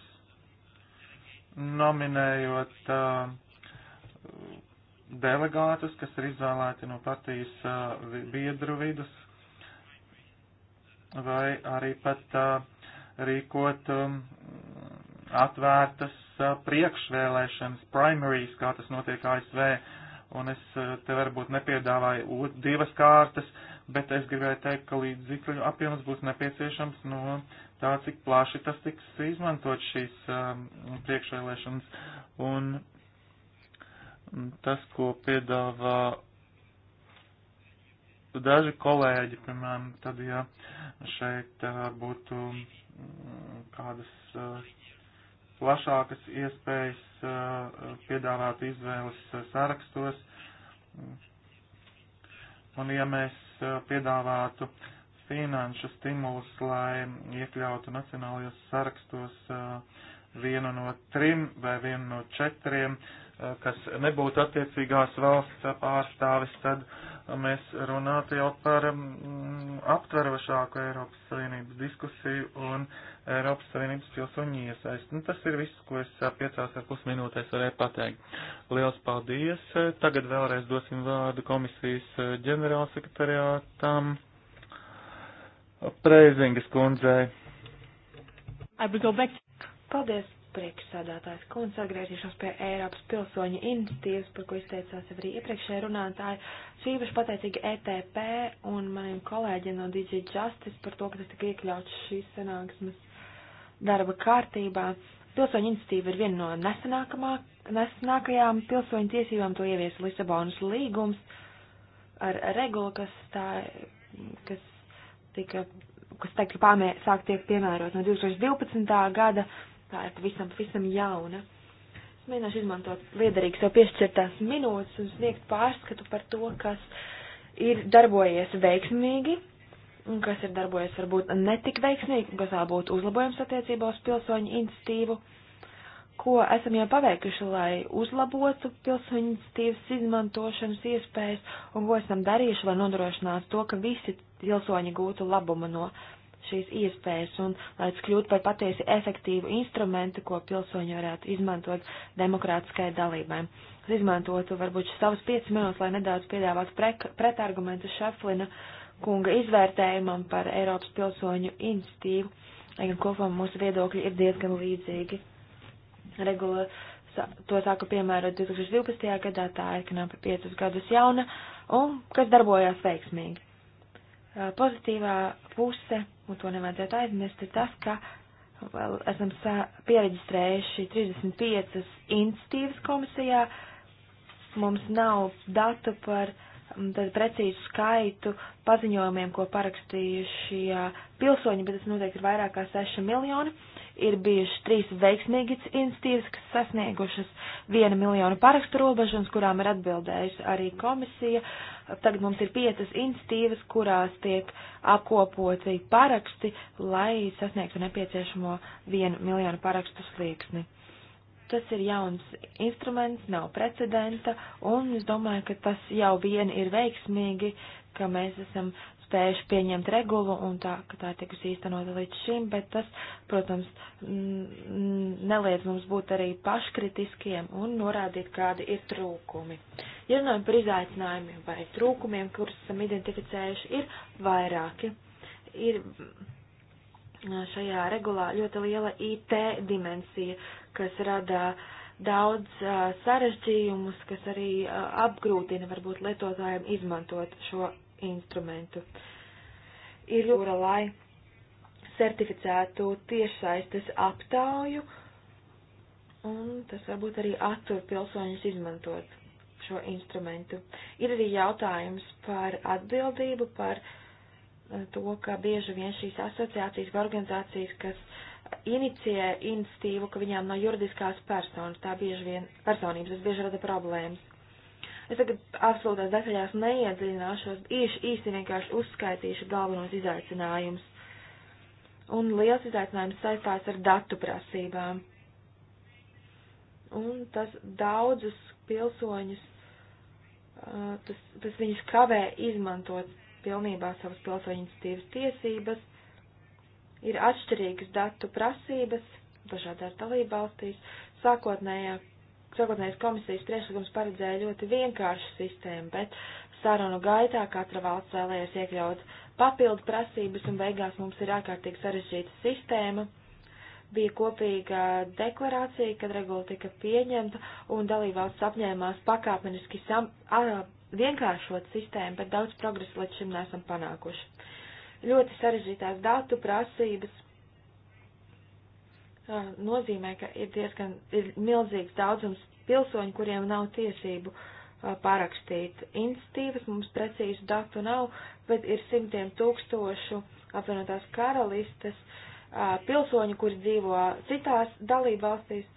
nominējot uh, delegātus, kas ir izvēlēti no partijas biedru vidus, vai arī pat rīkot atvērtas priekšvēlēšanas, primaries, kā tas notiek ASV, un es te varbūt nepiedāvāju divas kārtas, bet es gribēju teikt, ka līdz zikļu apjoms būs nepieciešams no nu, tā, cik plaši tas tiks izmantot šīs um, priekšvēlēšanas. Un tas, ko piedāvā daži kolēģi, piemēram, tad, ja šeit uh, būtu mm, kādas uh, plašākas iespējas uh, piedāvāt izvēles sarakstos, mm, un ja mēs piedāvātu finanšu stimulus, lai iekļautu nacionālajos sarakstos vienu no trim vai vienu no četriem uh, kas nebūtu attiecīgās valsts pārstāvis, tad mēs runātu jau par mm, aptverošāku Eiropas Savienības diskusiju un Eiropas Savienības pilsoņu iesaist. Nu, tas ir viss, ko es piecās ar pusminūtēs varēju pateikt. Liels paldies! Tagad vēlreiz dosim vārdu komisijas ģenerālsekretariātam Preizingas kundzei. Paldies! priekšsādātājs kundze, atgriezīšos pie Eiropas pilsoņu iniciatīvas, par ko izteicās arī iepriekšēja runātāja. Šī īpaši pateicīga ETP un maniem kolēģiem no DJ Justice par to, ka tas tika iekļauts šīs sanāksmes darba kārtībā. Pilsoņu iniciatīva ir viena no nesenākajām pilsoņu tiesībām, to ievies Lisabonas līgums ar regulu, kas tā, kas tika, kas teikt, ka pārmē sāk tiek piemērot no 2012. gada tā ir pavisam, pavisam jauna. Es mēģināšu izmantot liederīgi sev piešķirtās minūtes un sniegt pārskatu par to, kas ir darbojies veiksmīgi un kas ir darbojies varbūt netik veiksmīgi, kas vēl būtu uzlabojums attiecībā uz pilsoņu institīvu, ko esam jau paveikuši, lai uzlabotu pilsoņu institīvas izmantošanas iespējas un ko esam darījuši, lai nodrošinātu to, ka visi pilsoņi gūtu labumu no šīs iespējas un lai tas kļūtu par patiesi efektīvu instrumentu, ko pilsoņi varētu izmantot demokrātiskai dalībai. Es izmantotu varbūt savus 5 minūtes, lai nedaudz piedāvātu pretargumentu Šeflina kunga izvērtējumam par Eiropas pilsoņu institīvu, lai gan kopumā mūsu viedokļi ir diezgan līdzīgi. Regula to sāka piemērot 2012. gadā, tā ir, ka nav par 5 gadus jauna un kas darbojās veiksmīgi Eh, pozitīvā puse, un to nevajadzētu aizmirst, ir tas, ka vēl esam pieregistrējuši 35 institīvas komisijā. Mums nav datu par uh, tad precīzu skaitu paziņojumiem, ko parakstījuši pilsoņi, bet tas noteikti ir vairāk kā 6 miljoni. Ir bijuši trīs veiksmīgi institīvas, kas sasniegušas viena miljonu parakstu robežu, un kurām ir atbildējusi arī komisija. Tagad mums ir piecas institīvas, kurās tiek apkopoti paraksti, lai sasniegtu nepieciešamo vienu miljonu parakstu slieksni. Tas ir jauns instruments, nav precedenta, un es domāju, ka tas jau vien ir veiksmīgi, ka mēs esam spējuši pieņemt regulu un tā, ka tā tikus īstenota līdz šim, bet tas, protams, neliedz mums būt arī paškritiskiem un norādīt, kādi ir trūkumi. Ja runājam par izaicinājumiem vai trūkumiem, kurus esam identificējuši, ir vairāki. Ir šajā regulā ļoti liela IT dimensija kas rada daudz sarežģījumus, kas arī apgrūtina varbūt lietotājiem izmantot šo instrumentu. Ir jūra, lai certificētu tiešsaistes aptauju, un tas varbūt arī attur pilsoņus izmantot šo instrumentu. Ir arī jautājums par atbildību, par to, ka bieži vien šīs asociācijas vai organizācijas, kas uh, inicijē inicitīvu, ka viņām nav juridiskās personas, tā bieži vien personības, tas bieži rada problēmas. Es tagad absolūtās detaļās neiedziļināšos, īši, īsti vienkārši uzskaitīšu galvenos izaicinājumus. Un liels izaicinājums saistās ar datu prasībām. Un tas daudzus pilsoņus, uh, tas, tas viņus kavē izmantot pilnībā savas pilsoņu iniciatīvas tiesības ir atšķirīgas datu prasības dažādās dalībvalstīs. Sākotnējais komisijas priekšlikums paredzēja ļoti vienkāršu sistēmu, bet sarunu gaitā katra valsts vēlējās iekļaut papildu prasības un beigās mums ir ārkārtīgi sarežģīta sistēma. Bija kopīga deklarācija, kad regula tika pieņemta un dalībvalsts apņēmās pakāpeniski sam, a, vienkāršot sistēmu, bet daudz progresu līdz šim nesam panākuši ļoti sarežģītās datu prasības uh, nozīmē, ka ir diezgan ir milzīgs daudzums pilsoņu, kuriem nav tiesību uh, parakstīt institīvas, mums precīzu datu nav, bet ir simtiem tūkstošu apvienotās karalistes uh, pilsoņu, kuri dzīvo citās dalībvalstīs,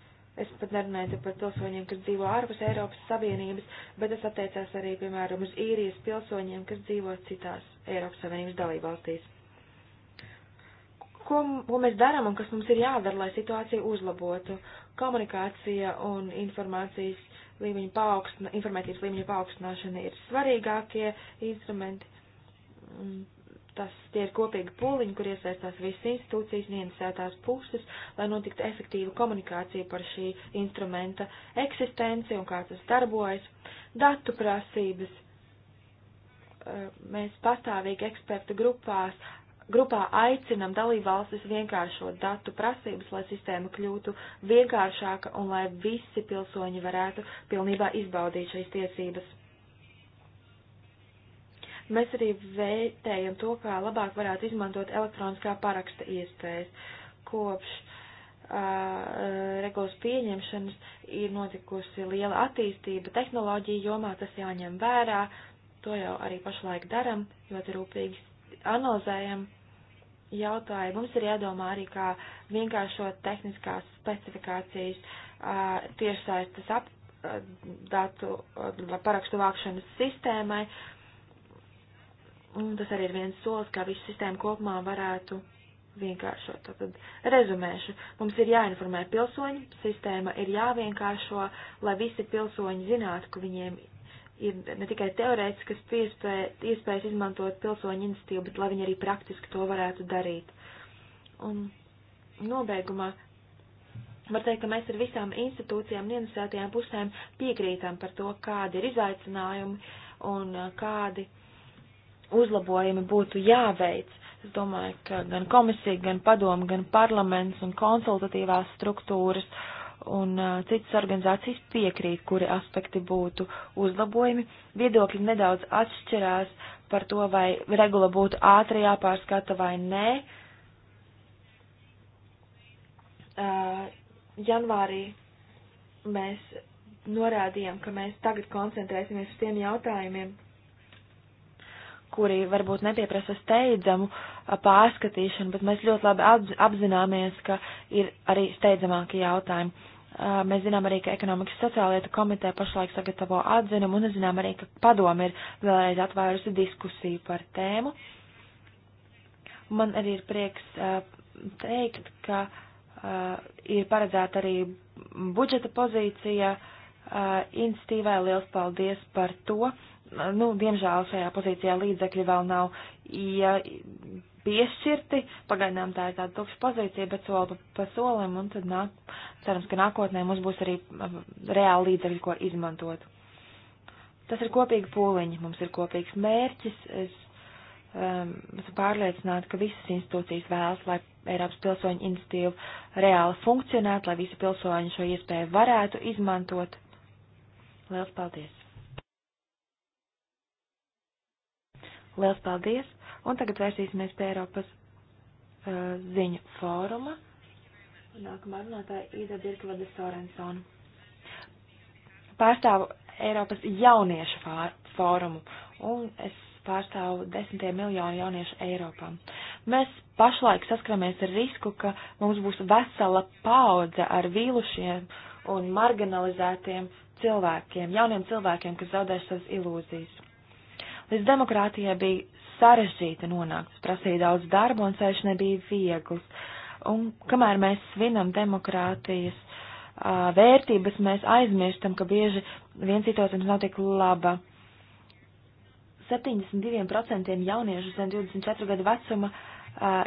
Es pat nerunāju par pilsoņiem, kas dzīvo ārpus Eiropas Savienības, bet tas attiecās arī, piemēram, uz īrijas pilsoņiem, kas dzīvo citās Eiropas Savienības dalībvalstīs. Ko, ko mēs darām un kas mums ir jādara, lai situāciju uzlabotu? Komunikācija un informācijas līmeņa paaugstina, informētības līmeņa paaugstināšana ir svarīgākie instrumenti. Mm tas tie ir kopīgi pūliņi, kur iesaistās visas institūcijas, vienasētās puses, lai notiktu efektīva komunikācija par šī instrumenta eksistenci un kā tas darbojas. Datu prasības. Eh, mēs pastāvīgi ekspertu grupās, grupā aicinam dalībvalstis vienkāršot datu prasības, lai sistēma kļūtu vienkāršāka un lai visi pilsoņi varētu pilnībā izbaudīt šīs tiesības Mēs arī vērtējam to, kā labāk varētu izmantot elektroniskā paraksta iespējas. Kopš uh, regulas pieņemšanas ir notikusi liela attīstība tehnoloģija jomā, tas jāņem vērā, to jau arī pašlaik daram, ļoti rūpīgi analizējam jautājumu. Mums ir jādomā arī, kā vienkāršot tehniskās specifikācijas uh, tiešsaistes ap, datu parakstu vākšanas sistēmai, Un tas arī ir viens solis, kā visu sistēmu kopumā varētu vienkāršot. Tātad rezumēšu. Mums ir jāinformē pilsoņi, sistēma ir jāvienkāršo, lai visi pilsoņi zinātu, ka viņiem ir ne tikai teorētiskas iespējas izmantot pilsoņu iniciatīvu, bet lai viņi arī praktiski to varētu darīt. Un nobeigumā var teikt, ka mēs ar visām institūcijām un interesētajām pusēm piekrītam par to, kādi ir izaicinājumi un uh, kādi ir uzlabojumi būtu jāveic. Es domāju, ka gan komisija, gan padoma, gan parlaments un konsultatīvās struktūras un uh, citas organizācijas piekrīt, kuri aspekti būtu uzlabojumi. Viedokļi nedaudz atšķirās par to, vai regula būtu ātri jāpārskata vai nē. Uh, janvārī mēs norādījām, ka mēs tagad koncentrēsimies uz tiem jautājumiem, kuri varbūt nepieprasa steidzamu pārskatīšanu, bet mēs ļoti labi apzināmies, ka ir arī steidzamāki jautājumi. Mēs zinām arī, ka ekonomikas sociālietu komiteja pašlaik sagatavo atzinumu un zinām arī, ka padomi ir vēlreiz atvērusi diskusiju par tēmu. Man arī ir prieks teikt, ka ir paredzēta arī budžeta pozīcija institīvai. Liels paldies par to! nu, diemžēl šajā pozīcijā līdzekļi vēl nav ja, piešķirti. Pagaidām tā ir tāda tukša pozīcija, bet soli pa solim, un tad nāk, cerams, ka nākotnē mums būs arī uh, reāli līdzekļi, ko izmantot. Tas ir kopīgi pūliņi, mums ir kopīgs mērķis. Es um, esmu pārliecināta, ka visas institūcijas vēlas, lai Eiropas pilsoņu iniciatīva reāli funkcionētu, lai visi pilsoņi šo iespēju varētu izmantot. Liels paldies! Liels paldies! Un tagad vērsīsimies pie Eiropas uh, ziņu fóruma. Nākamā runātāja Ida Birkvada Sorensona. Pārstāvu Eiropas jauniešu fórumu un es pārstāvu desmitiem miljonu jauniešu Eiropā. Mēs pašlaik saskaramies ar risku, ka mums būs vesela paudze ar vīlušiem un marginalizētiem cilvēkiem, jauniem cilvēkiem, kas zaudēs savas ilūzijas. Līdz demokrātijai bija sarežģīta nonākt, prasīja daudz darba un ceļš nebija viegls. Un kamēr mēs svinam demokrātijas uh, vērtības, mēs aizmirstam, ka bieži viens situācija nav tik laba. 72% jauniešu zem 24 gadu vecuma uh,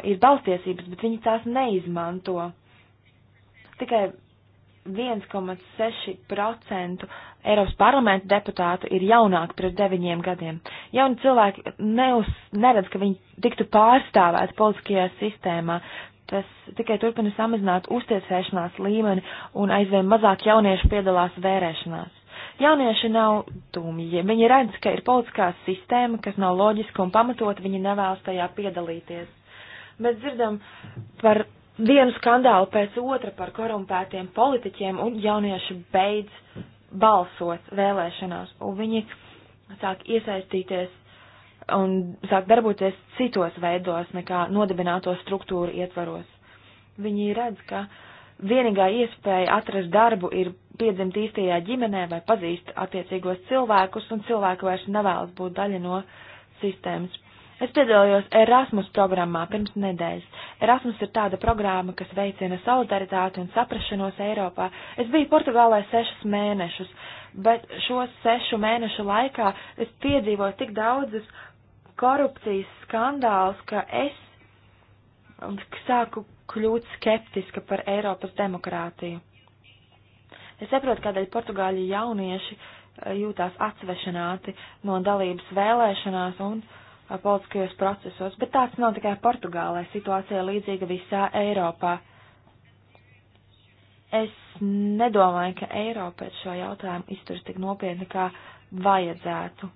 ir balstiesības, bet viņi tās neizmanto. Tikai 1,6% Eiropas parlamenta deputātu ir jaunāki pirms deviņiem gadiem. Jauni cilvēki neuz, neredz, ka viņi tiktu pārstāvēti politiskajā sistēmā. Tas tikai turpina samazināt uzticēšanās līmeni un aizvien mazāk jauniešu piedalās vērēšanās. Jaunieši nav dumji. Viņi redz, ka ir politiskā sistēma, kas nav loģiska un pamatot, viņi nevēlas tajā piedalīties. Mēs dzirdam par vienu skandālu pēc otra par korumpētiem politiķiem, un jaunieši beidz balsot vēlēšanās, un viņi sāk iesaistīties un sāk darboties citos veidos nekā nodibināto struktūru ietvaros. Viņi redz, ka vienīgā iespēja atrast darbu ir piedzimt īstajā ģimenē vai pazīst attiecīgos cilvēkus, un cilvēki vairs nevēlas būt daļa no sistēmas. Es piedalījos Erasmus programmā pirms nedēļas. Erasmus ir tāda programma, kas veicina solidaritāti un saprašanos Eiropā. Es biju Portugālē sešus mēnešus, bet šo sešu mēnešu laikā es piedzīvoju tik daudzas korupcijas skandāls, ka es sāku kļūt skeptiska par Eiropas demokrātiju. Es saprotu, kādēļ portugāļu jaunieši eh, jūtās atsvešināti no dalības vēlēšanās un uh, politiskajos procesos, bet tāds nav tikai Portugālē, situācija līdzīga visā Eiropā. Es nedomāju, ka Eiropa pēc šo jautājumu izturas tik nopietni, kā vajadzētu.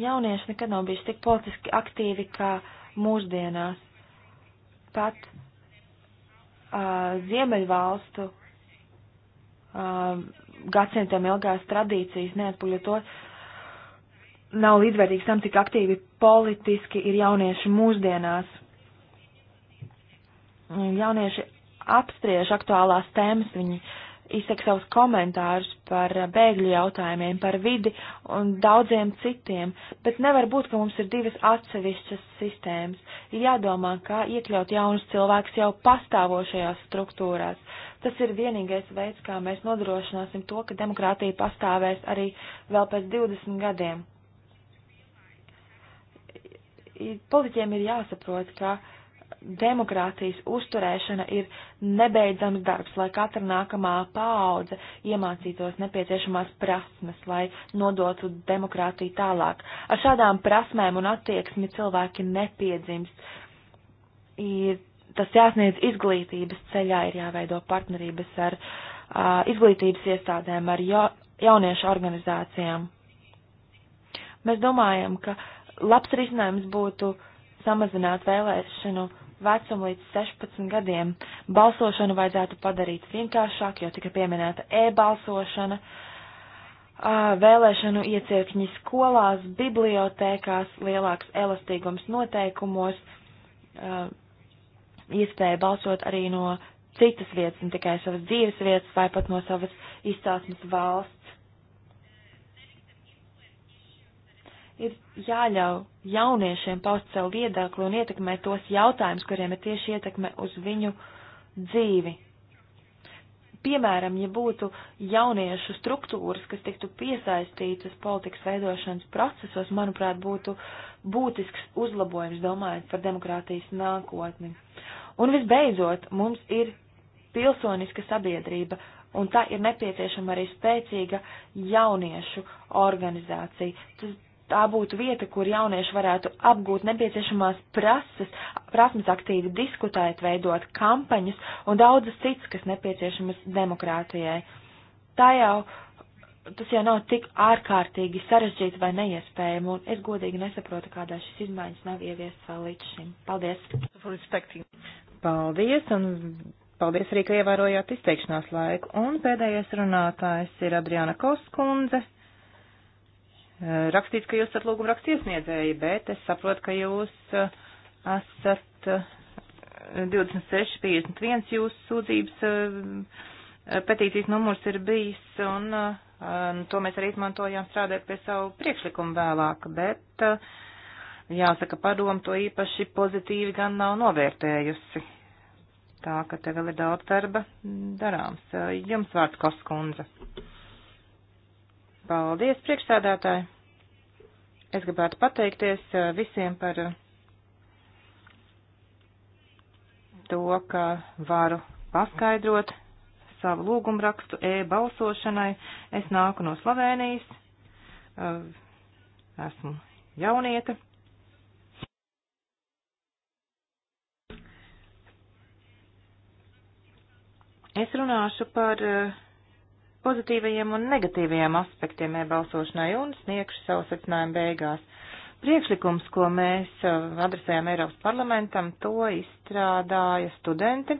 Jaunieši nekad nav bijuši tik politiski aktīvi kā mūsdienās. Pat uh, Ziemeļvalstu uh, gadsimtiem ilgās tradīcijas neatpuļo to, uh, nav līdzvērtīgs tam, cik aktīvi politiski ir jaunieši mūsdienās. Jaunieši apspriež aktuālās tēmas, viņi izsaka savus komentārus par bēgļu jautājumiem, par vidi un daudziem citiem, bet nevar būt, ka mums ir divas atsevišķas sistēmas. Ir jādomā, kā iekļaut jaunus cilvēkus jau pastāvošajās struktūrās. Tas ir vienīgais veids, kā mēs nodrošināsim to, ka demokrātija pastāvēs arī vēl pēc 20 gadiem politiķiem ir jāsaprot, ka demokrātijas uzturēšana ir nebeidzams darbs, lai katra nākamā paudze iemācītos nepieciešamās prasmes, lai nodotu demokrātiju tālāk. Ar šādām prasmēm un attieksmi cilvēki nepiedzimst. Ir, tas jāsniedz izglītības ceļā, ir jāveido partnerības ar uh, izglītības iestādēm, ar jo, jauniešu organizācijām. Mēs domājam, ka uh, labs risinājums būtu samazināt vēlēšanu vecumu līdz 16 gadiem. Balsošanu vajadzētu padarīt vienkāršāk, jo tika pieminēta e-balsošana, vēlēšanu iecirkņi skolās, bibliotēkās, lielāks elastīgums noteikumos, iespēja balsot arī no citas vietas, ne tikai savas dzīves vietas vai pat no savas izcelsmes valsts ir jāļauj jauniešiem paust savu viedokli un ietekmēt tos jautājumus, kuriem ir tieši ietekme uz viņu dzīvi. Piemēram, ja būtu jauniešu struktūras, kas tiktu piesaistītas politikas veidošanas procesos, manuprāt, būtu būtisks uzlabojums domājot par demokrātijas nākotni. Un visbeidzot, mums ir pilsoniska sabiedrība, un tā ir nepieciešama arī spēcīga jauniešu organizācija. Tas tā būtu vieta, kur jaunieši varētu apgūt nepieciešamās prasmes, prasmes aktīvi diskutēt, veidot kampaņas un daudzas citas, kas nepieciešamas demokrātijai. Tā jau, tas jau nav tik ārkārtīgi sarežģīti vai neiespējami, un es godīgi nesaprotu, kādā šis izmaiņas nav ieviestas vēl līdz šim. Paldies! Paldies, un paldies arī, ka ievērojāt izteikšanās laiku, un pēdējais runātājs ir Adriana Koskundze rakstīts, ka jūs esat lūguma raksts iesniedzēji, bet es saprotu, ka jūs uh, esat 26, uh, 51 jūsu sūdzības uh, petīcijas numurs ir bijis, un to mēs arī izmantojām strādāt pie savu priekšlikumu vēlāk, bet jāsaka, padomu to īpaši pozitīvi gan nav novērtējusi. Tā ka te vēl ir daudz darba darāms. Jums vārds Koskundze. Paldies, priekšsādātāji! Es gribētu pateikties uh, visiem par uh, to, ka varu paskaidrot savu lūgumu rakstu e-balsošanai. Es nāku no Slovenijas, uh, esmu jaunieta. Es runāšu par uh, pozitīvajiem un negatīvajiem aspektiem e-balsošanai un sniegšu savu secinājumu beigās. Priekšlikums, ko mēs uh, adresējām Eiropas parlamentam, to izstrādāja studenti.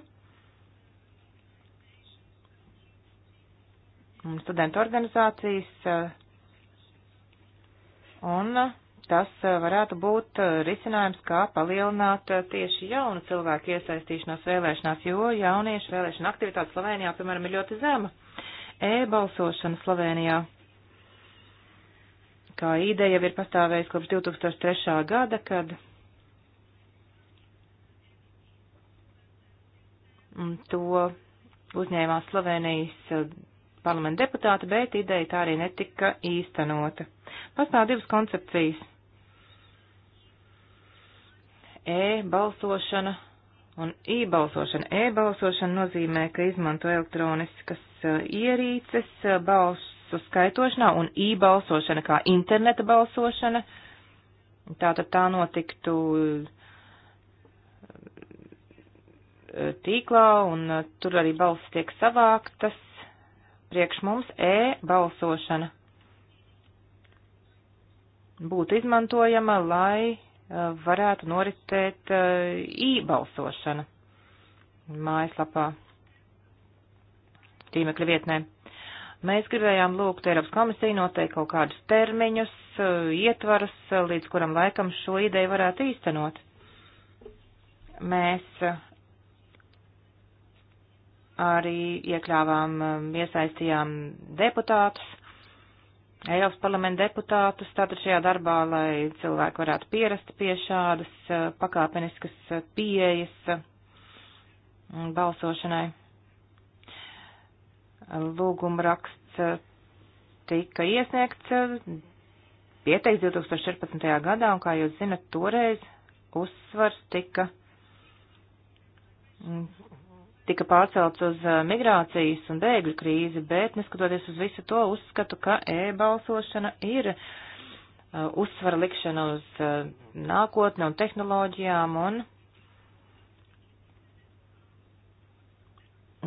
Un studentu organizācijas, uh, un uh, tas varētu būt risinājums, kā palielināt tieši jaunu cilvēku iesaistīšanos vēlēšanās, jo jauniešu vēlēšana aktivitāte Slovenijā, piemēram, ir ļoti zema e-balsošana Slovenijā, kā ideja jau ir pastāvējusi kopš 2003. gada, kad to uzņēmās Slovenijas eh, parlamenta deputāti, bet ideja tā arī netika īstenota. Pastāv divas koncepcijas. E-balsošana Un e-balsošana, e-balsošana nozīmē, ka izmanto elektroniskas uh, ierīces uh, balsu skaitošanā un e-balsošana kā interneta balsošana. Tātad tā notiktu uh, tīklā un tur arī balsis tiek savāktas. Priekš mums e-balsošana būtu izmantojama, lai Uh, varētu noritēt uh, ī-balsošana mājaslapā tīmekļa vietnē. Mēs gribējām lūgt Eiropas komisiju noteikt kaut kādus termiņus, uh, ietvarus, līdz kuram laikam šo ideju varētu īstenot. Mēs arī iekļāvām, um, iesaistījām deputātus Eiropas parlamenta deputātus tātad šajā darbā, lai cilvēki varētu pierast pie šādas eh, pakāpeniskas eh, pieejas eh, balsošanai. Lūguma raksts tika iesniegts pieteikts 2014. gadā, un, kā jūs zinat, toreiz uzsvars tika mm, tika pārcelts uz uh, migrācijas un bēgļu krīzi, bet neskatoties uz visu to, uzskatu, ka e-balsošana ir uh, uzsvara likšana uz uh, nākotni un tehnoloģijām un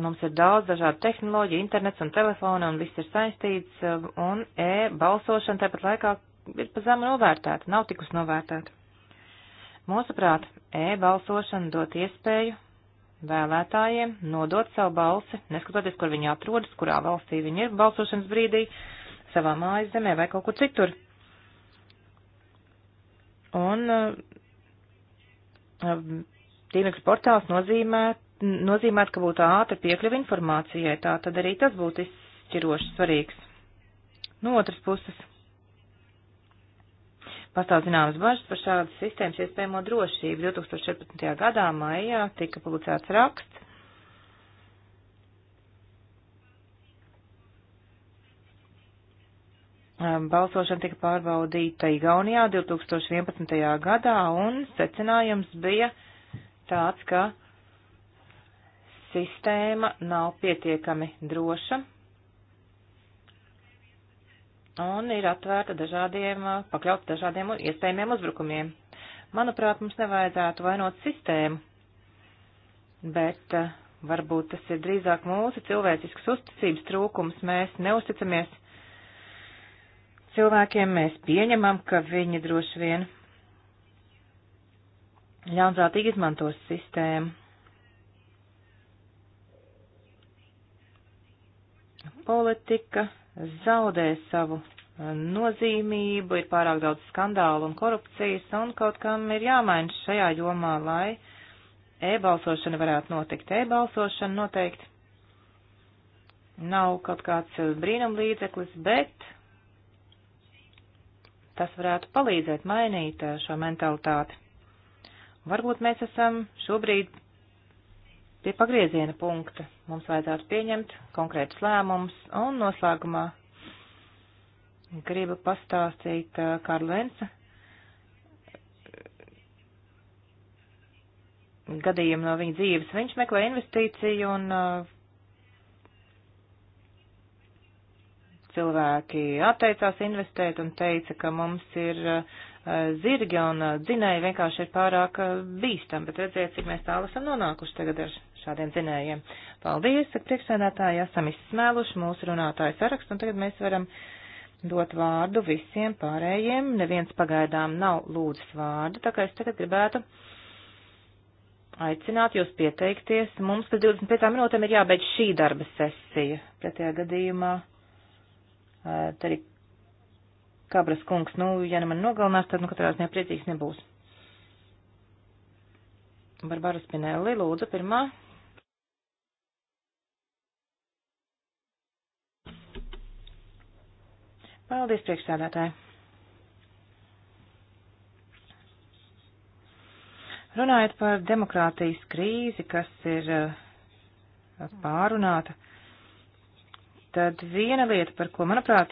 mums ir daudz dažādu tehnoloģiju, internets un telefona, un viss ir saistīts, un e-balsošana tāpat laikā ir pa zemu novērtēta, nav tikus novērtēta. Mūsuprāt, e-balsošana dot iespēju vēlētājiem nodot savu balsi, neskatoties, kur viņi atrodas, kurā valstī viņi ir balsošanas brīdī, savā mājas zemē vai kaut kur citur. Un uh, um, tīmekļa portāls nozīmē, nozīmē, ka būtu ātri piekļuva informācijai, tā tad arī tas būtu izšķiroši svarīgs. No otras puses, Pastāv zināmas bažas par šādas sistēmas iespējamo drošību. 2014. gadā maijā tika publicēts raksts, ehm, Balsošana tika pārbaudīta Igaunijā 2011. gadā, un secinājums bija tāds, ka sistēma nav pietiekami droša, un ir atvērta dažādiem, uh, pakļauta dažādiem iespējamiem uzbrukumiem. Manuprāt, mums nevajadzētu vainot sistēmu, bet uh, varbūt tas ir drīzāk mūsu cilvēcisks uzticības trūkums. Mēs neusticamies cilvēkiem, mēs pieņemam, ka viņi droši vien ļaunprātīgi izmantos sistēmu. Politika, zaudē savu eh, nozīmību, ir pārāk daudz skandālu un korupcijas, un kaut kam ir jāmaina šajā jomā, lai e-balsošana varētu notikt. E-balsošana noteikti nav kaut kāds eh, brīnumlīdzeklis, bet tas varētu palīdzēt mainīt eh, šo mentalitāti. Varbūt mēs esam šobrīd pie pagrieziena punkta. Mums vajadzētu pieņemt konkrētus lēmumus un noslēgumā gribu pastāstīt eh, Karla Lensa eh, gadījumu no viņa dzīves. Viņš meklē investīciju un eh, cilvēki atteicās investēt un teica, ka mums ir zirgi un dzinēji vienkārši ir pārāk bīstam, bet redziet, cik mēs tālu esam nonākuši tagad ar šādiem zinējiem. Paldies, priekšsēdētāji, esam izsmēluši mūsu runātāju sarakstu, un tagad mēs varam dot vārdu visiem pārējiem. Neviens pagaidām nav lūdzis vārdu, tā kā es tagad gribētu aicināt jūs pieteikties. Mums pēc 25 minūtēm ir jābeidz šī darba sesija. Pretējā gadījumā te arī Kabras kungs, nu, ja ne nu man nogalinās, tad nu katrā ziņā priecīgs nebūs. Barbara Spinelli, lūdzu, pirmā. Paldies, priekšsēdētāji! Runājot par demokrātijas krīzi, kas ir eh, pārunāta, tad viena lieta, par ko, manuprāt,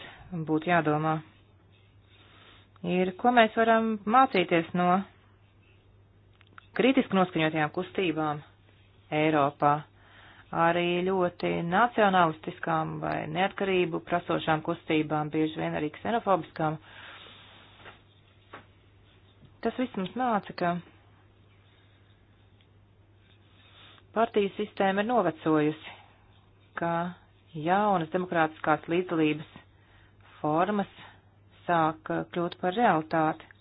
būtu jādomā, ir, ko mēs varam mācīties no kritiski noskaņotajām kustībām Eiropā arī ļoti nacionalistiskām vai neatkarību prasošām kustībām, bieži vien arī ksenofobiskām. Tas viss mums nāca, ka partijas sistēma ir novecojusi, ka jaunas demokrātiskās līdzdalības formas sāk kļūt par realitāti.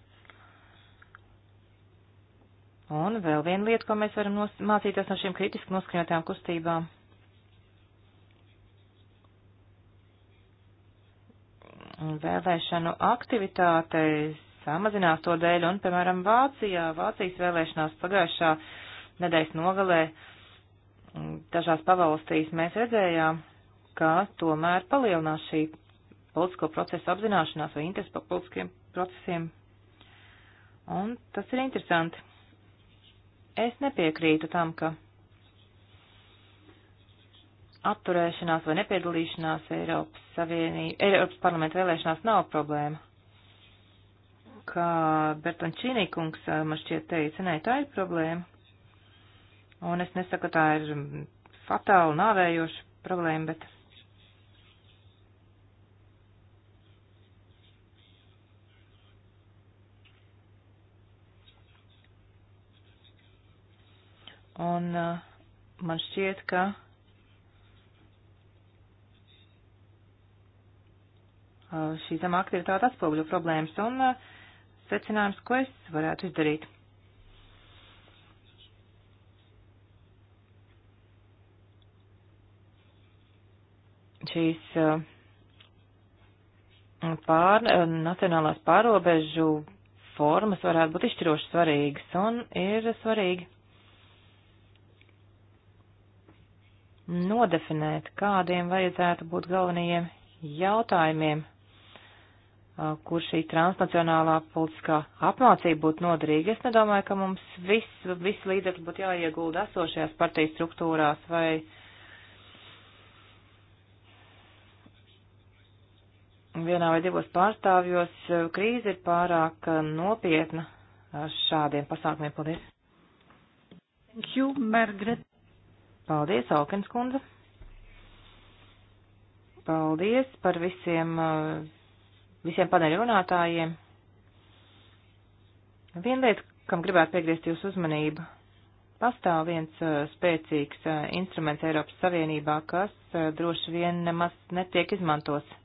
Un vēl viena lieta, ko mēs varam nos mācīties no šīm kritiski noskaņotām kustībām. Vēlēšanu aktivitāte samazinās to dēļ, un, piemēram, Vācijā, Vācijas vēlēšanās pagājušā nedēļas nogalē mm, dažās pavalstīs mēs redzējām, ka tomēr palielinās šī politisko procesu apzināšanās vai interesi par politiskiem procesiem. Un tas ir interesanti. Es nepiekrītu tam, ka atturēšanās vai nepiedalīšanās Eiropas, Savienī... Eiropas parlamenta vēlēšanās nav problēma. Kā Bertončīnī kungs man šķiet teica, nē, tā ir problēma. Un es nesaku, tā ir fatāla, nāvējoša problēma, bet Un uh, man šķiet, ka uh, šī zemā aktivitāte atspoguļo problēmas un uh, secinājums, ko es varētu izdarīt. Šīs pār, nacionālās pārobežu formas varētu būt izšķiroši svarīgas un ir svarīgi nodefinēt, kādiem vajadzētu būt galvenajiem jautājumiem, kur šī transnacionālā politiskā apmācība būtu noderīga. Es nedomāju, ka mums viss, viss līdzekļi būtu jāiegulda esošajās partijas struktūrās vai vienā vai divos pārstāvjos. Krīze ir pārāk nopietna šādiem pasākumiem. Paldies! Thank you, Margaret. Paldies, Alkins kundze. Paldies par visiem, uh, visiem paneļrunātājiem. Viena lieta, kam gribētu piegriezt jūsu uzmanību, pastāv viens uh, spēcīgs uh, instruments Eiropas Savienībā, kas droši vien nemaz netiek izmantots.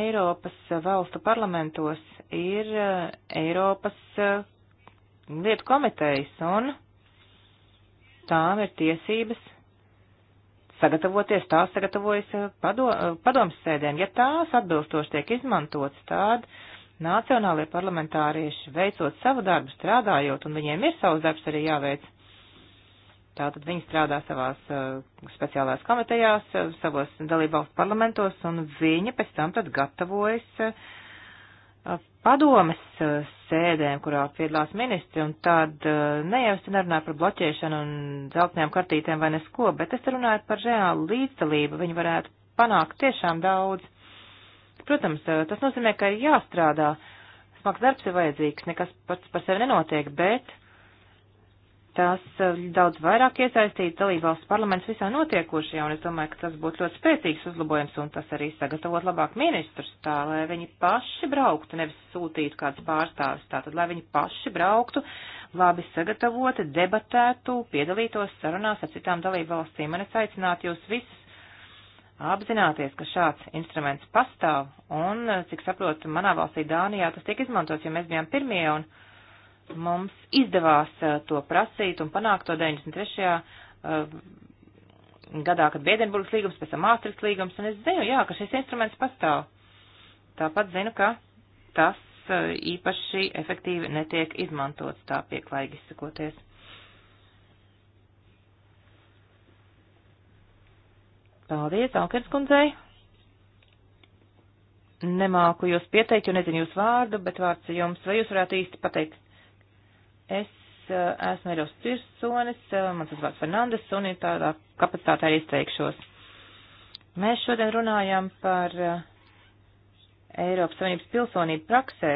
Eiropas valstu parlamentos ir Eiropas lietu komitejas un tām ir tiesības sagatavoties, tās sagatavojas eh, eh, padomas sēdēm. Ja tās atbilstoši tiek izmantotas, tad nacionālajie parlamentārieši veicot savu darbu, strādājot, un viņiem ir savs darbs arī jāveic. Tātad viņi strādā savās uh, speciālās komitejās, uh, savos dalībvalstu parlamentos, un viņi pēc tam tad gatavojas uh, padomes eh, sēdēm, kurā piedalās ministri, un tad eh, ne jau es te nerunāju par bloķēšanu un dzeltnējām kartītēm vai nesko, bet es te runāju par reālu līdzdalību, viņi varētu panākt tiešām daudz. Protams, eh, tas nozīmē, ka ir jāstrādā, smags darbs ir vajadzīgs, nekas pats par sevi nenotiek, bet tas eh, daudz vairāk iesaistītu dalībvalsts parlaments visā notiekošajā, un es domāju, ka tas būtu ļoti spēcīgs uzlabojums, un tas arī sagatavot labāk ministrus tā, lai viņi paši brauktu, nevis sūtītu kāds pārstāvis, tātad, lai viņi paši brauktu, labi sagatavoti, debatētu, piedalītos sarunās ar citām dalībvalstīm. Man es aicinātu jūs visus apzināties, ka šāds instruments pastāv, un, eh, cik saprotu, manā valstī Dānijā tas tiek izmantots, jo mēs bijām pirmie, un mums izdevās eh, to prasīt un panākt to 93. Eh, gadā, kad Biedenburgas līgums, pēc tam Māstrits līgums, un es zinu, jā, ka šis instruments pastāv. Tāpat zinu, ka tas eh, īpaši efektīvi netiek izmantots tā pieklājīgi izsakoties. Paldies, Alkins kundzei! Nemāku jūs pieteikt, jo nezinu jūs vārdu, bet vārds jums. Vai jūs varētu īsti pateikt? Es uh, esmu Eiropas pirsonis, uh, eh, mans uzvārds Fernandes, un ir tādā kapacitātē arī izteikšos. Mēs šodien runājam par uh, Eiropas Savienības pilsonību praksē.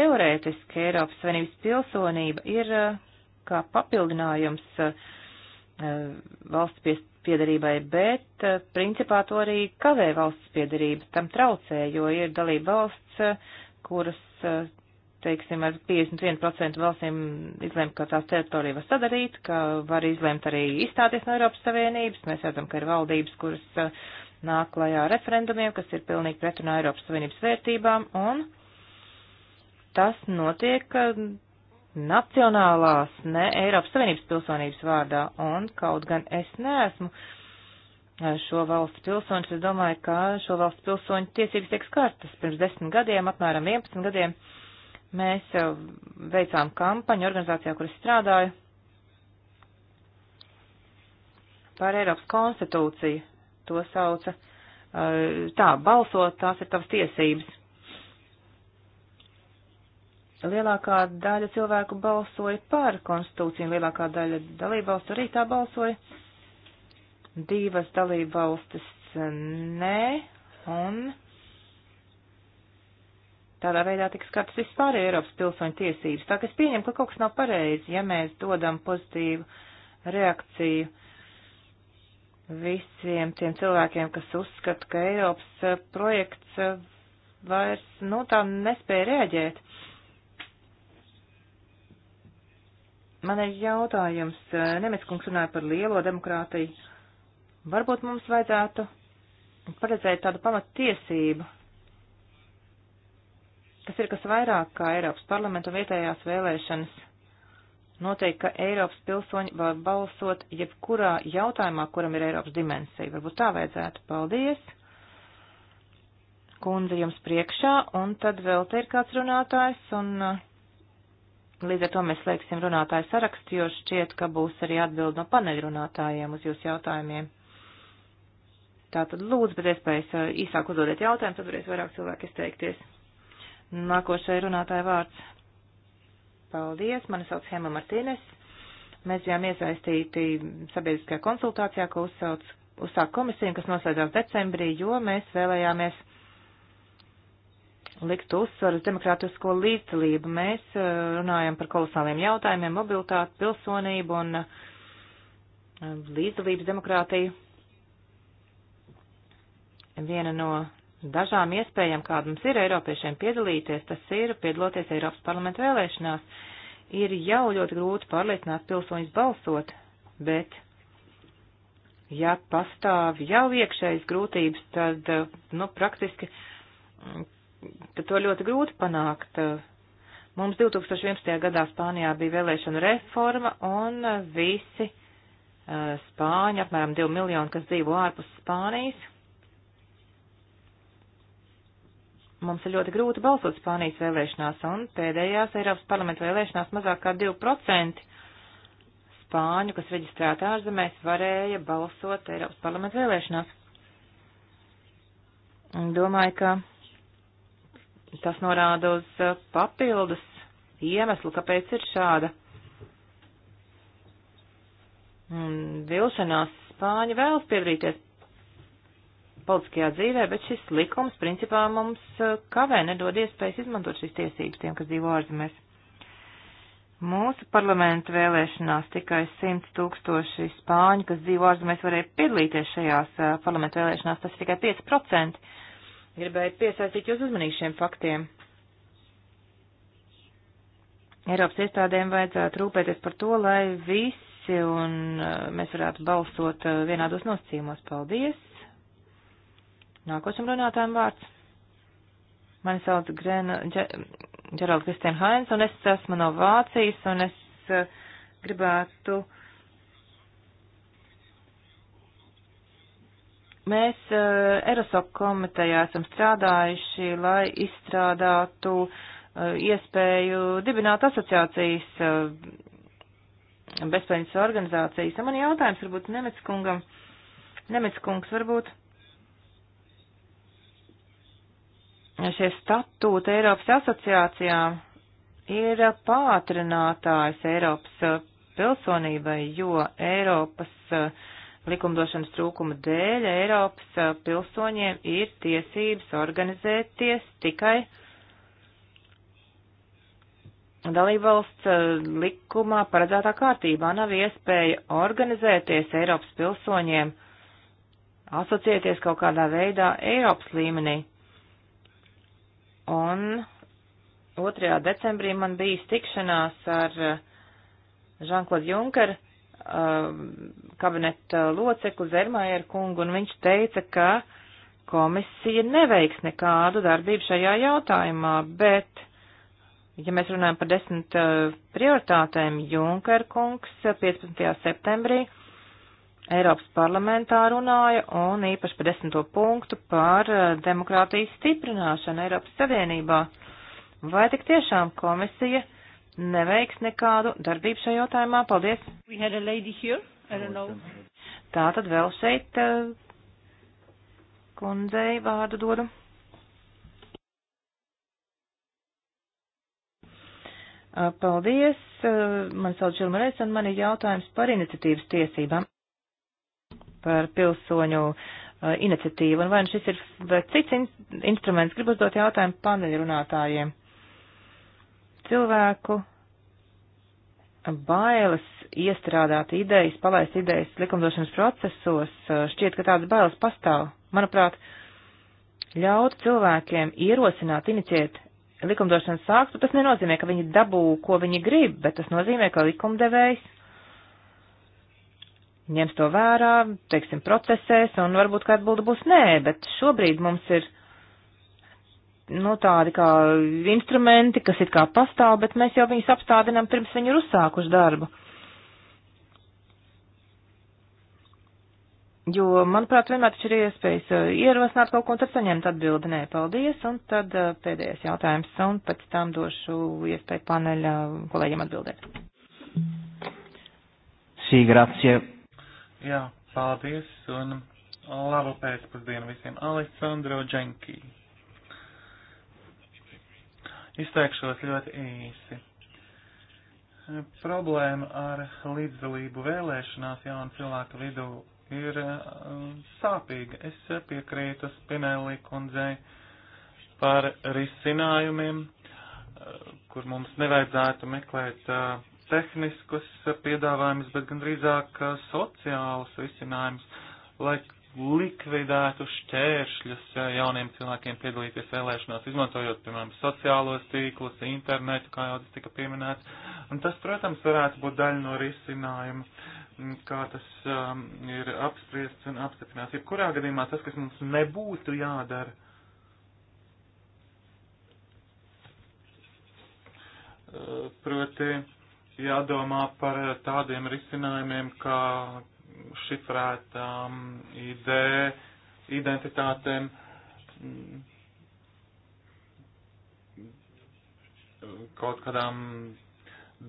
Teorētiski Eiropas Savienības pilsonība ir uh, kā papildinājums uh, valsts pies piedarībai, bet principā to arī kavē valsts piedarība, tam traucē, jo ir dalība valsts, kuras teiksim, ar 51% valstīm izlēma, ka tās teritorija var sadarīt, ka var izlēmt arī izstāties no Eiropas Savienības. Mēs redzam, ka ir valdības, kuras eh, nāk klajā referendumiem, kas ir pilnīgi pretrunā Eiropas Savienības vērtībām, un tas notiek eh, nacionālās, ne Eiropas Savienības pilsonības vārdā, un kaut gan es neesmu eh, šo valstu pilsonis, es domāju, ka šo valstu pilsoņu tiesības tiek skartas pirms desmit gadiem, apmēram 11 gadiem. Uh, Mēs veicām kampaņu organizācijā, kur es strādāju, par Eiropas konstitūciju. To sauca eh, tā, balsot, tās ir tavas tiesības. Lielākā daļa cilvēku balsoja par konstitūciju, lielākā daļa dalībvalstu arī tā balsoja. Divas dalībvalstis eh, nē, un Tādā veidā tiks skartas vispār Eiropas pilsoņu tiesības. Tā ka es pieņemu, ka kaut kas nav pareizi, ja mēs dodam pozitīvu reakciju visiem tiem cilvēkiem, kas uzskata, ka Eiropas eh, projekts eh, vairs, nu, tā nespēja reaģēt. Man ir jautājums, eh, Nemetskungs runāja par lielo demokrātiju. Varbūt mums vajadzētu paredzēt tādu pamatiesību Tas ir kas vairāk kā Eiropas parlamenta vietējās vēlēšanas. Noteikti, ka Eiropas pilsoņi var balsot jebkurā jautājumā, kuram ir Eiropas dimensija. Varbūt tā vajadzētu. Paldies! Kundze jums priekšā, un tad vēl te ir kāds runātājs, un uh, līdz ar to mēs slēgsim runātāju sarakstu, jo šķiet, ka būs arī atbildi no paneļrunātājiem uz jūsu jautājumiem. Tātad lūdzu, bet iespējas uh, īsāk uzdodiet jautājumu, tad varēs vairāk cilvēki izteikties. Nākošai runātāja vārds. Paldies, mani sauc Hema Martīnes. Mēs bijām iesaistīti sabiedriskajā konsultācijā, ko uzsauc, uzsāk komisija, kas noslēdzās decembrī, jo mēs vēlējāmies likt uzsvaru uz demokrātisko līdzdalību. Mēs eh, runājam par kolosāliem jautājumiem, mobilitāti, pilsonību un eh, līdzdalības demokrātiju. Viena no dažām iespējām, kāda mums ir Eiropiešiem piedalīties, tas ir piedaloties Eiropas parlamenta vēlēšanās. Ir jau ļoti grūti pārliecināt pilsoņus balsot, bet, ja pastāv jau iekšējas grūtības, tad, nu, praktiski, tad to ļoti grūti panākt. Mums 2011. gadā Spānijā bija vēlēšana reforma un visi eh, Spāņi, apmēram 2 miljoni, kas dzīvo ārpus Spānijas, Mums ir ļoti grūti balsot Spānijas vēlēšanās, un pēdējās Eiropas parlamenta vēlēšanās mazāk kā 2% spāņu, kas reģistrēta ārzemēs, varēja balsot Eiropas parlamenta vēlēšanās. Un domāju, ka tas norāda uz uh, papildus iemeslu, kāpēc ir šāda mm, vilšanās. Spāņi vēlas piedalīties politiskajā dzīvē, bet šis likums principā mums eh, kavē nedod iespējas izmantot šīs tiesības tiem, kas dzīvo ārzemēs. Mūsu parlamenta vēlēšanās tikai 100 tūkstoši spāņu, kas dzīvo ārzemēs, varēja piedalīties šajās eh, parlamenta vēlēšanās, tas ir tikai 5%. Gribēju piesaistīt jūs uzmanību šiem faktiem. Eiropas iestādēm vajadzētu rūpēties par to, lai visi un eh, mēs varētu balsot vienādos nosacījumos. Paldies! Nākošam runātājam vārds. Mani sauc Grena, Gerald Kristian Hainz, un es esmu no Vācijas, un es uh, gribētu. Mēs uh, eh, Erosok komitejā esam strādājuši, lai izstrādātu uh, iespēju dibināt asociācijas uh, bezpējas organizācijas. Un man jautājums varbūt Nemetskungam. Nemetskungs varbūt. Uh, šie statūti Eiropas asociācijām ir pātrinātājs Eiropas uh, pilsonībai, jo Eiropas uh, likumdošanas trūkuma dēļ Eiropas uh, pilsoņiem ir tiesības organizēties tikai dalībvalsts likumā paredzētā kārtībā. Nav iespēja organizēties Eiropas pilsoņiem, asociēties kaut kādā veidā Eiropas līmenī. Un 2. decembrī man bija tikšanās ar Žanklodu eh, Junkeru eh, kabineta locekli Zermajeru kungu, un viņš teica, ka komisija neveiks nekādu darbību šajā jautājumā, bet, ja mēs runājam par desmit eh, prioritātēm, Junker kungs 15. septembrī Eiropas parlamentā runāja un īpaši par desmito punktu par eh, demokrātijas stiprināšanu Eiropas Savienībā. Vai tik tiešām komisija neveiks nekādu darbību šajā jautājumā? Paldies! Tā tad vēl šeit eh, kundzei vārdu dodu. Eh, paldies! Man sauc Žilmarēs un man ir jautājums par iniciatīvas tiesībām par pilsoņu uh, iniciatīvu, un vai nu šis ir cits in instruments, gribu uzdot jautājumu paneļu runātājiem. Cilvēku bailes iestrādāt idejas, palaist idejas likumdošanas procesos, uh, šķiet, ka tādas bailes pastāv. Manuprāt, ļaut cilvēkiem ierosināt, iniciēt likumdošanas sāks, tas nenozīmē, ka viņi dabū, ko viņi grib, bet tas nozīmē, ka likumdevējs ņems to vērā, teiksim, procesēs, un varbūt kāda būtu būs nē, bet šobrīd mums ir, nu, tādi kā instrumenti, kas it kā pastāv, bet mēs jau viņus apstādinām pirms viņi ir uzsākuši darbu. Jo, manuprāt, vienmēr taču ir iespējas uh, ierosināt kaut ko un tad saņemt atbildi, nē, paldies, un tad uh, pēdējais jautājums, un pēc tam došu iespēju paneļa kolēģiem atbildēt. Sī, grazie. Jā, paldies un labu pēcpusdienu visiem. Aleksandro Dženkī. Izteikšos ļoti īsi. Problēma ar līdzdalību vēlēšanās jaunu cilvēku vidū ir uh, sāpīga. Es piekrītu Spinelli kundzei par risinājumiem, uh, kur mums nevajadzētu meklēt uh, tehniskus piedāvājumus, bet gan drīzāk uh, sociālus risinājumus, lai likvidētu šķēršļus jauniem cilvēkiem piedalīties vēlēšanās, izmantojot, piemēram, sociālos tīklus, internetu, kā jau tas tika pieminēts. Un tas, protams, varētu būt daļa no risinājuma, mm, kā tas um, ir apspriests un apstiprināts. Jebkurā gadījumā tas, kas mums nebūtu jādara, uh, proti jādomā par eh, tādiem risinājumiem, kā šifrētām ID, identitātēm, kaut kādām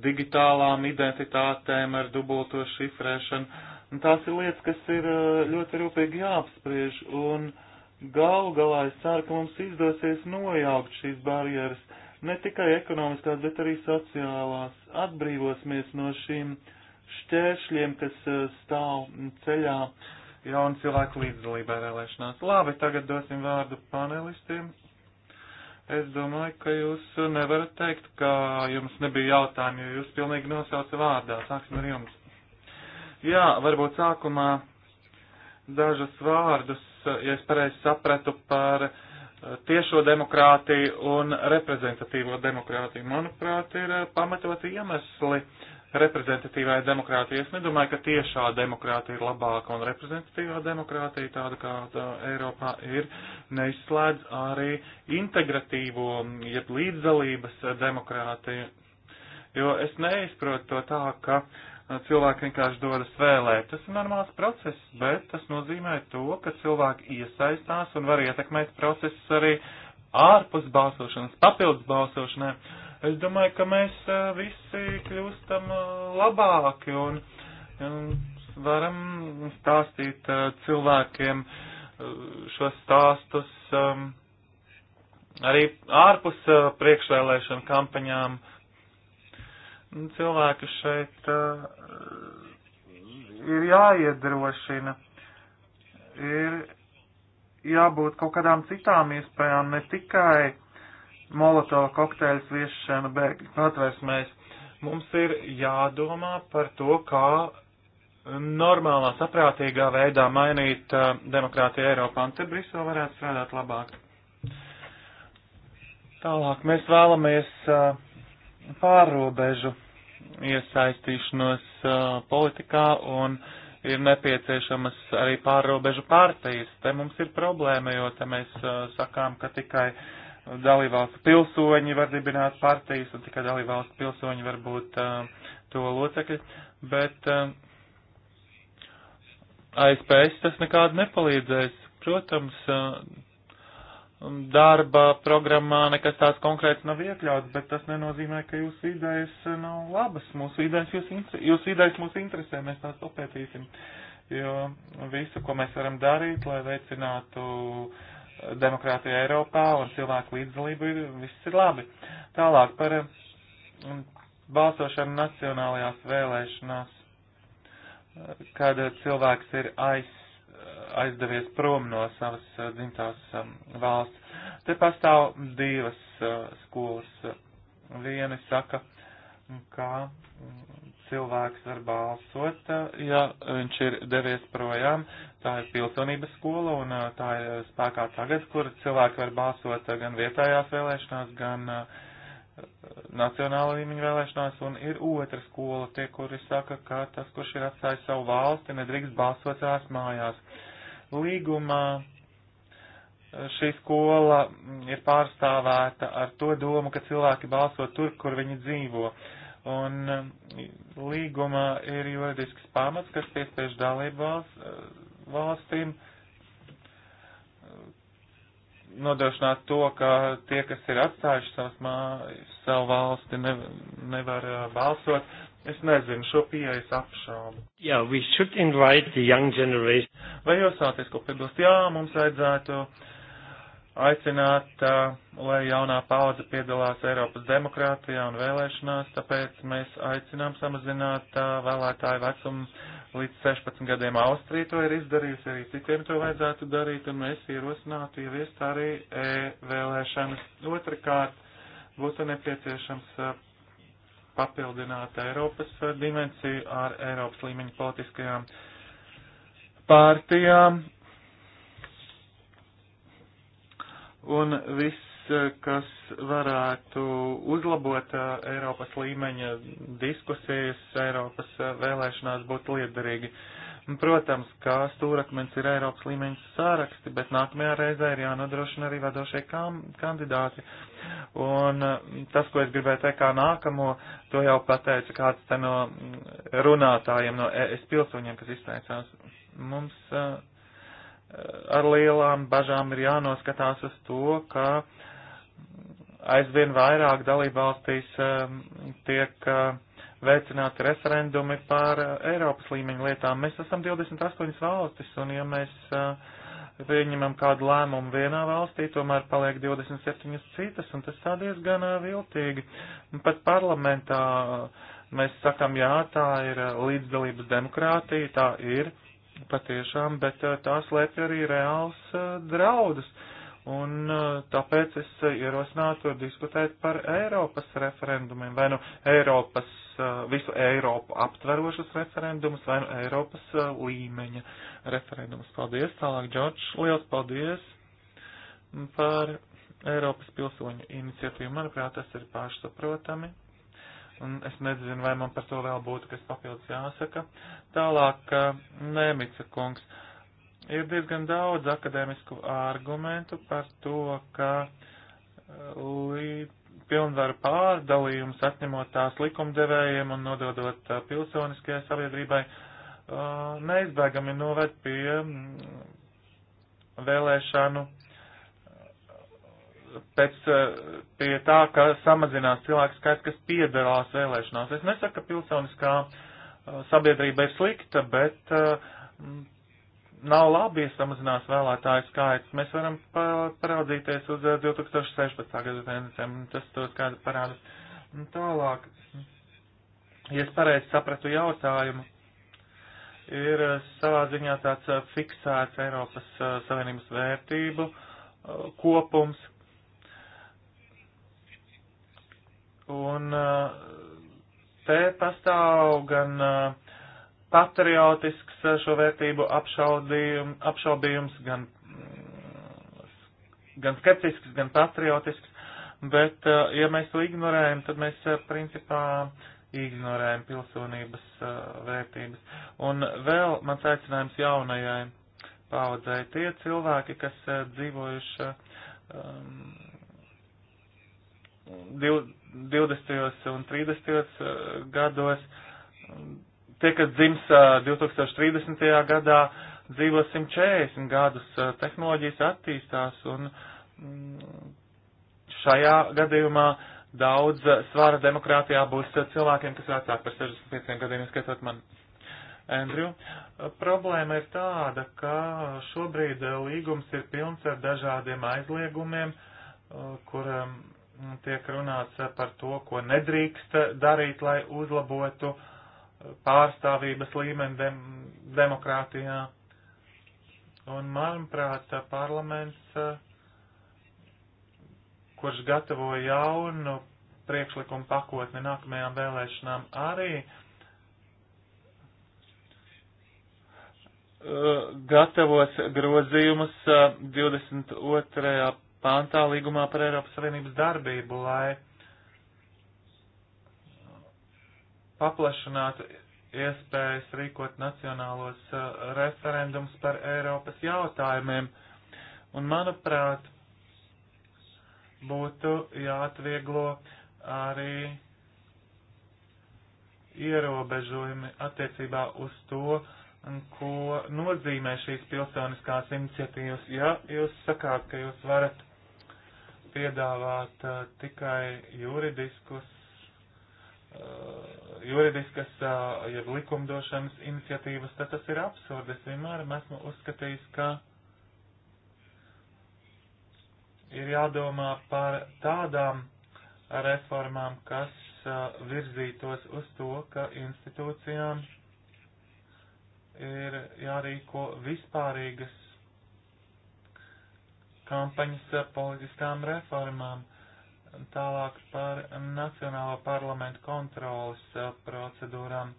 digitālām identitātēm ar dubulto šifrēšanu. Tās ir lietas, kas ir eh, ļoti rūpīgi jāapspriež, un galu galā es ceru, ka mums izdosies nojaukt šīs barjeras ne tikai ekonomiskās, bet arī sociālās. Atbrīvosimies no šīm šķēršļiem, kas eh, stāv ceļā jaunu cilvēku līdzdalībai vēlēšanās. Labi, tagad dosim vārdu panelistiem. Es domāju, ka jūs nevarat teikt, ka jums nebija jautājumi, jo jūs pilnīgi nosauca vārdā. Sāksim ar jums. Jā, varbūt sākumā dažus vārdus, ja es pareizi sapratu par uh, tiešo demokrātiju un reprezentatīvo demokrātiju. Manuprāt, ir eh, pamatot iemesli reprezentatīvai demokrātijai. Es nedomāju, ka tiešā demokrātija ir labāka un reprezentatīvā demokrātija, tāda kāda Eiropā ir, neizslēdz arī integratīvo, jeb līdzdalības demokrātiju. Jo es neizprotu to tā, ka uh, cilvēki vienkārši dodas vēlēt. Tas ir normāls process, bet tas nozīmē to, ka cilvēki iesaistās un var ietekmēt procesus arī ārpus balsošanas, papildus balsošanai. Es domāju, ka mēs e, visi kļūstam e, labāki un, un varam stāstīt e, cilvēkiem šos stāstus arī ārpus priekšvēlēšanu kampaņām Nu, cilvēki šeit uh, ir jāiedrošina, ir jābūt kaut kādām citām iespējām, ne tikai molotova kokteļa sviešana bēgļu patvērsmēs. Mums ir jādomā par to, kā normālā, saprātīgā veidā mainīt uh, demokrātiju Eiropā, un te Brisele varētu strādāt labāk. Tālāk mēs vēlamies uh, pārrobežu iesaistīšanos uh, politikā un ir nepieciešamas arī pārrobežu pārtejas. Te mums ir problēma, jo te mēs uh, sakām, ka tikai dalībvalstu pilsoņi var dibināt partijas un tikai dalībvalstu pilsoņi var būt uh, to locekļi, bet uh, ASPS tas nekādu nepalīdzēs. Protams, uh, darba programmā nekas tāds konkrēts nav iekļauts, bet tas nenozīmē, ka jūsu idejas nav labas. Mūsu idejas, jūs, jūsu idejas mūs interesē, mēs tās papētīsim. Jo visu, ko mēs varam darīt, lai veicinātu demokrātiju Eiropā un cilvēku līdzdalību, ir, viss ir labi. Tālāk par um, balsošanu nacionālajās vēlēšanās, kad cilvēks ir aiz aizdevies prom no savas eh, dzimtās eh, valsts. Te pastāv divas eh, skolas. Viena saka, kā mm, cilvēks var balsot, ja viņš ir devies projām. Tā ir pilsonības skola un tā ir spēkā tagad, kur cilvēki var balsot gan vietējās vēlēšanās, gan nacionāla līmeņa vēlēšanās, un ir otra skola, tie, kuri saka, ka tas, kurš ir atstājis savu valsti, nedrīkst balsot tās mājās. Uh, līgumā šī skola ir pārstāvēta ar to domu, ka cilvēki balso tur, kur viņi dzīvo. Un um, līgumā ir juridisks pamats, kas piespiež dalību valsts, uh, valstīm uh, nodrošināt to, ka tie, kas ir atstājuši savas mājas, savu valsti, ne, nevar uh, balsot, Es nezinu, šo pieejas apšaubu. Jā, yeah, we should invite the young generation. Vai jūs sāties, ko piebilst? Jā, mums vajadzētu aicināt, uh, lai jaunā paudze piedalās Eiropas demokrātijā un vēlēšanās, tāpēc mēs aicinām samazināt uh, vēlētāju vecumu līdz 16 gadiem. Austrija to ir izdarījusi, arī citiem to vajadzētu darīt, un mēs ierosinātu ieviest arī e vēlēšanas. Otrakārt, būtu nepieciešams uh, papildināt Eiropas dimensiju ar Eiropas līmeņa politiskajām pārtijām. Un viss, kas varētu uzlabot uh, Eiropas līmeņa diskusijas, Eiropas uh, vēlēšanās, būtu liederīgi. Uh, Nu, protams, kā stūrakmens ir Eiropas līmeņa sāraksti, bet nākamajā reizē ir jānodrošina arī vadošie kandidāti. Un mm, tas, ko es gribēju teikt kā nākamo, to jau pateica kāds te no mm, runātājiem, no ES pilsoņiem, kas izteicās. Mums eh, ar lielām bažām ir jānoskatās uz to, ka mm, aizvien vairāk dalībvalstīs eh, tiek eh, veicināti referendumi par uh, Eiropas līmeņa lietām. Mēs esam 28 valstis, un ja mēs uh, pieņemam kādu lēmumu vienā valstī, tomēr paliek 27 citas, un tas tā diezgan uh, viltīgi. Pat parlamentā mēs sakam, jā, tā ir līdzdalības demokrātija, tā ir patiešām, bet tā slēpj arī reāls draudus un tāpēc es ierosinātu diskutēt par Eiropas referendumiem, vai nu Eiropas Uh, visu Eiropu aptverošus referendumus vai nu Eiropas uh, līmeņa referendumus. Paldies, tālāk, Džordž, liels paldies par Eiropas pilsoņu iniciatīvu. Manuprāt, tas ir pašsaprotami. Un es nezinu, vai man par to vēl būtu kas papildus jāsaka. Tālāk, uh, Nēmica kungs. Ir diezgan daudz akadēmisku argumentu par to, ka līdz pilnvaru pārdalījums, atņemot tās likumdevējiem un nododot pilsoniskajai sabiedrībai, neizbēgami noved pie vēlēšanu pēc pie tā, ka samazinās cilvēku skaits, kas piedalās vēlēšanās. Es nesaku, ka pilsoniskā sabiedrība ir slikta, bet nav labi, ja samazinās vēlētāju skaits. Mēs varam paraudzīties uz 2016. Eh, gada tendencēm, tas to skaidri parāda. Tālāk, ja es pareizi sapratu jautājumu, ir eh, savā ziņā tāds eh, fiksēts Eiropas Savienības vērtību kopums. Un te pastāv gan uh, patriotisks eh, šo vērtību apšaubījums, gan, mm, gan skeptisks, gan patriotisks, bet eh, ja mēs to ignorējam, tad mēs eh, principā ignorējam pilsonības vērtības. Un vēl mans aicinājums jaunajai paudzei tie cilvēki, kas dzīvojuši um, ehm, 20. un 30. gados, tie, kas dzims 2030. gadā, dzīvo 140 gadus, tehnoloģijas attīstās un mm, šajā gadījumā daudz svāra demokrātijā būs cilvēkiem, kas vecāk par 65 gadiem, skaitot man. Andrew, problēma ir tāda, ka šobrīd līgums ir pilns ar dažādiem aizliegumiem, kur tiek runāts par to, ko nedrīkst darīt, lai uzlabotu uh, pārstāvības līmeni dem demokrātijā. Un, manuprāt, parlaments, eh, kurš gatavo jaunu priekšlikumu pakotni nākamajām vēlēšanām, arī eh, gatavos grozījumus 22. Eh, pāntā līgumā par Eiropas Savienības darbību, lai paplašināt iespējas rīkot nacionālos uh, referendums par Eiropas jautājumiem. Un, manuprāt, būtu jāatvieglo arī ierobežojumi attiecībā uz to, ko nozīmē šīs pilsoniskās iniciatīvas. Ja jūs sakāt, ka jūs varat piedāvāt uh, tikai juridiskus Eh, juridiskas, eh, jeb likumdošanas iniciatīvas, tad tas ir absurdi. Es vienmēr esmu uzskatījis, ka ir jādomā par tādām reformām, kas eh, virzītos uz to, ka institūcijām ir jārīko vispārīgas kampaņas politiskām reformām. Uh, Tālāk par Nacionālā parlamenta kontrolas eh, procedūrām.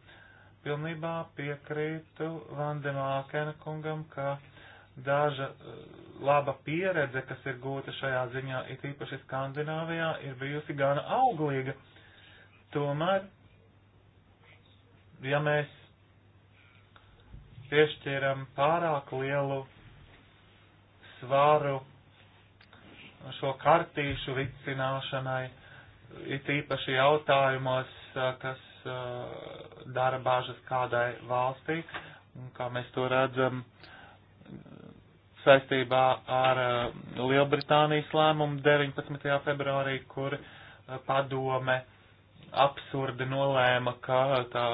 Pilnībā piekrītu Vandemākena kungam, ka daža eh, laba pieredze, kas ir gūta šajā ziņā, it īpaši Skandināvijā, ir bijusi gana auglīga. Tomēr, ja mēs piešķiram pārāk lielu svaru šo kartīšu vicināšanai, it īpaši jautājumos, kas dara bāžas kādai valstī, kā mēs to redzam saistībā ar Lielbritānijas lēmumu 19. februārī, kur padome absurdi nolēma, ka tā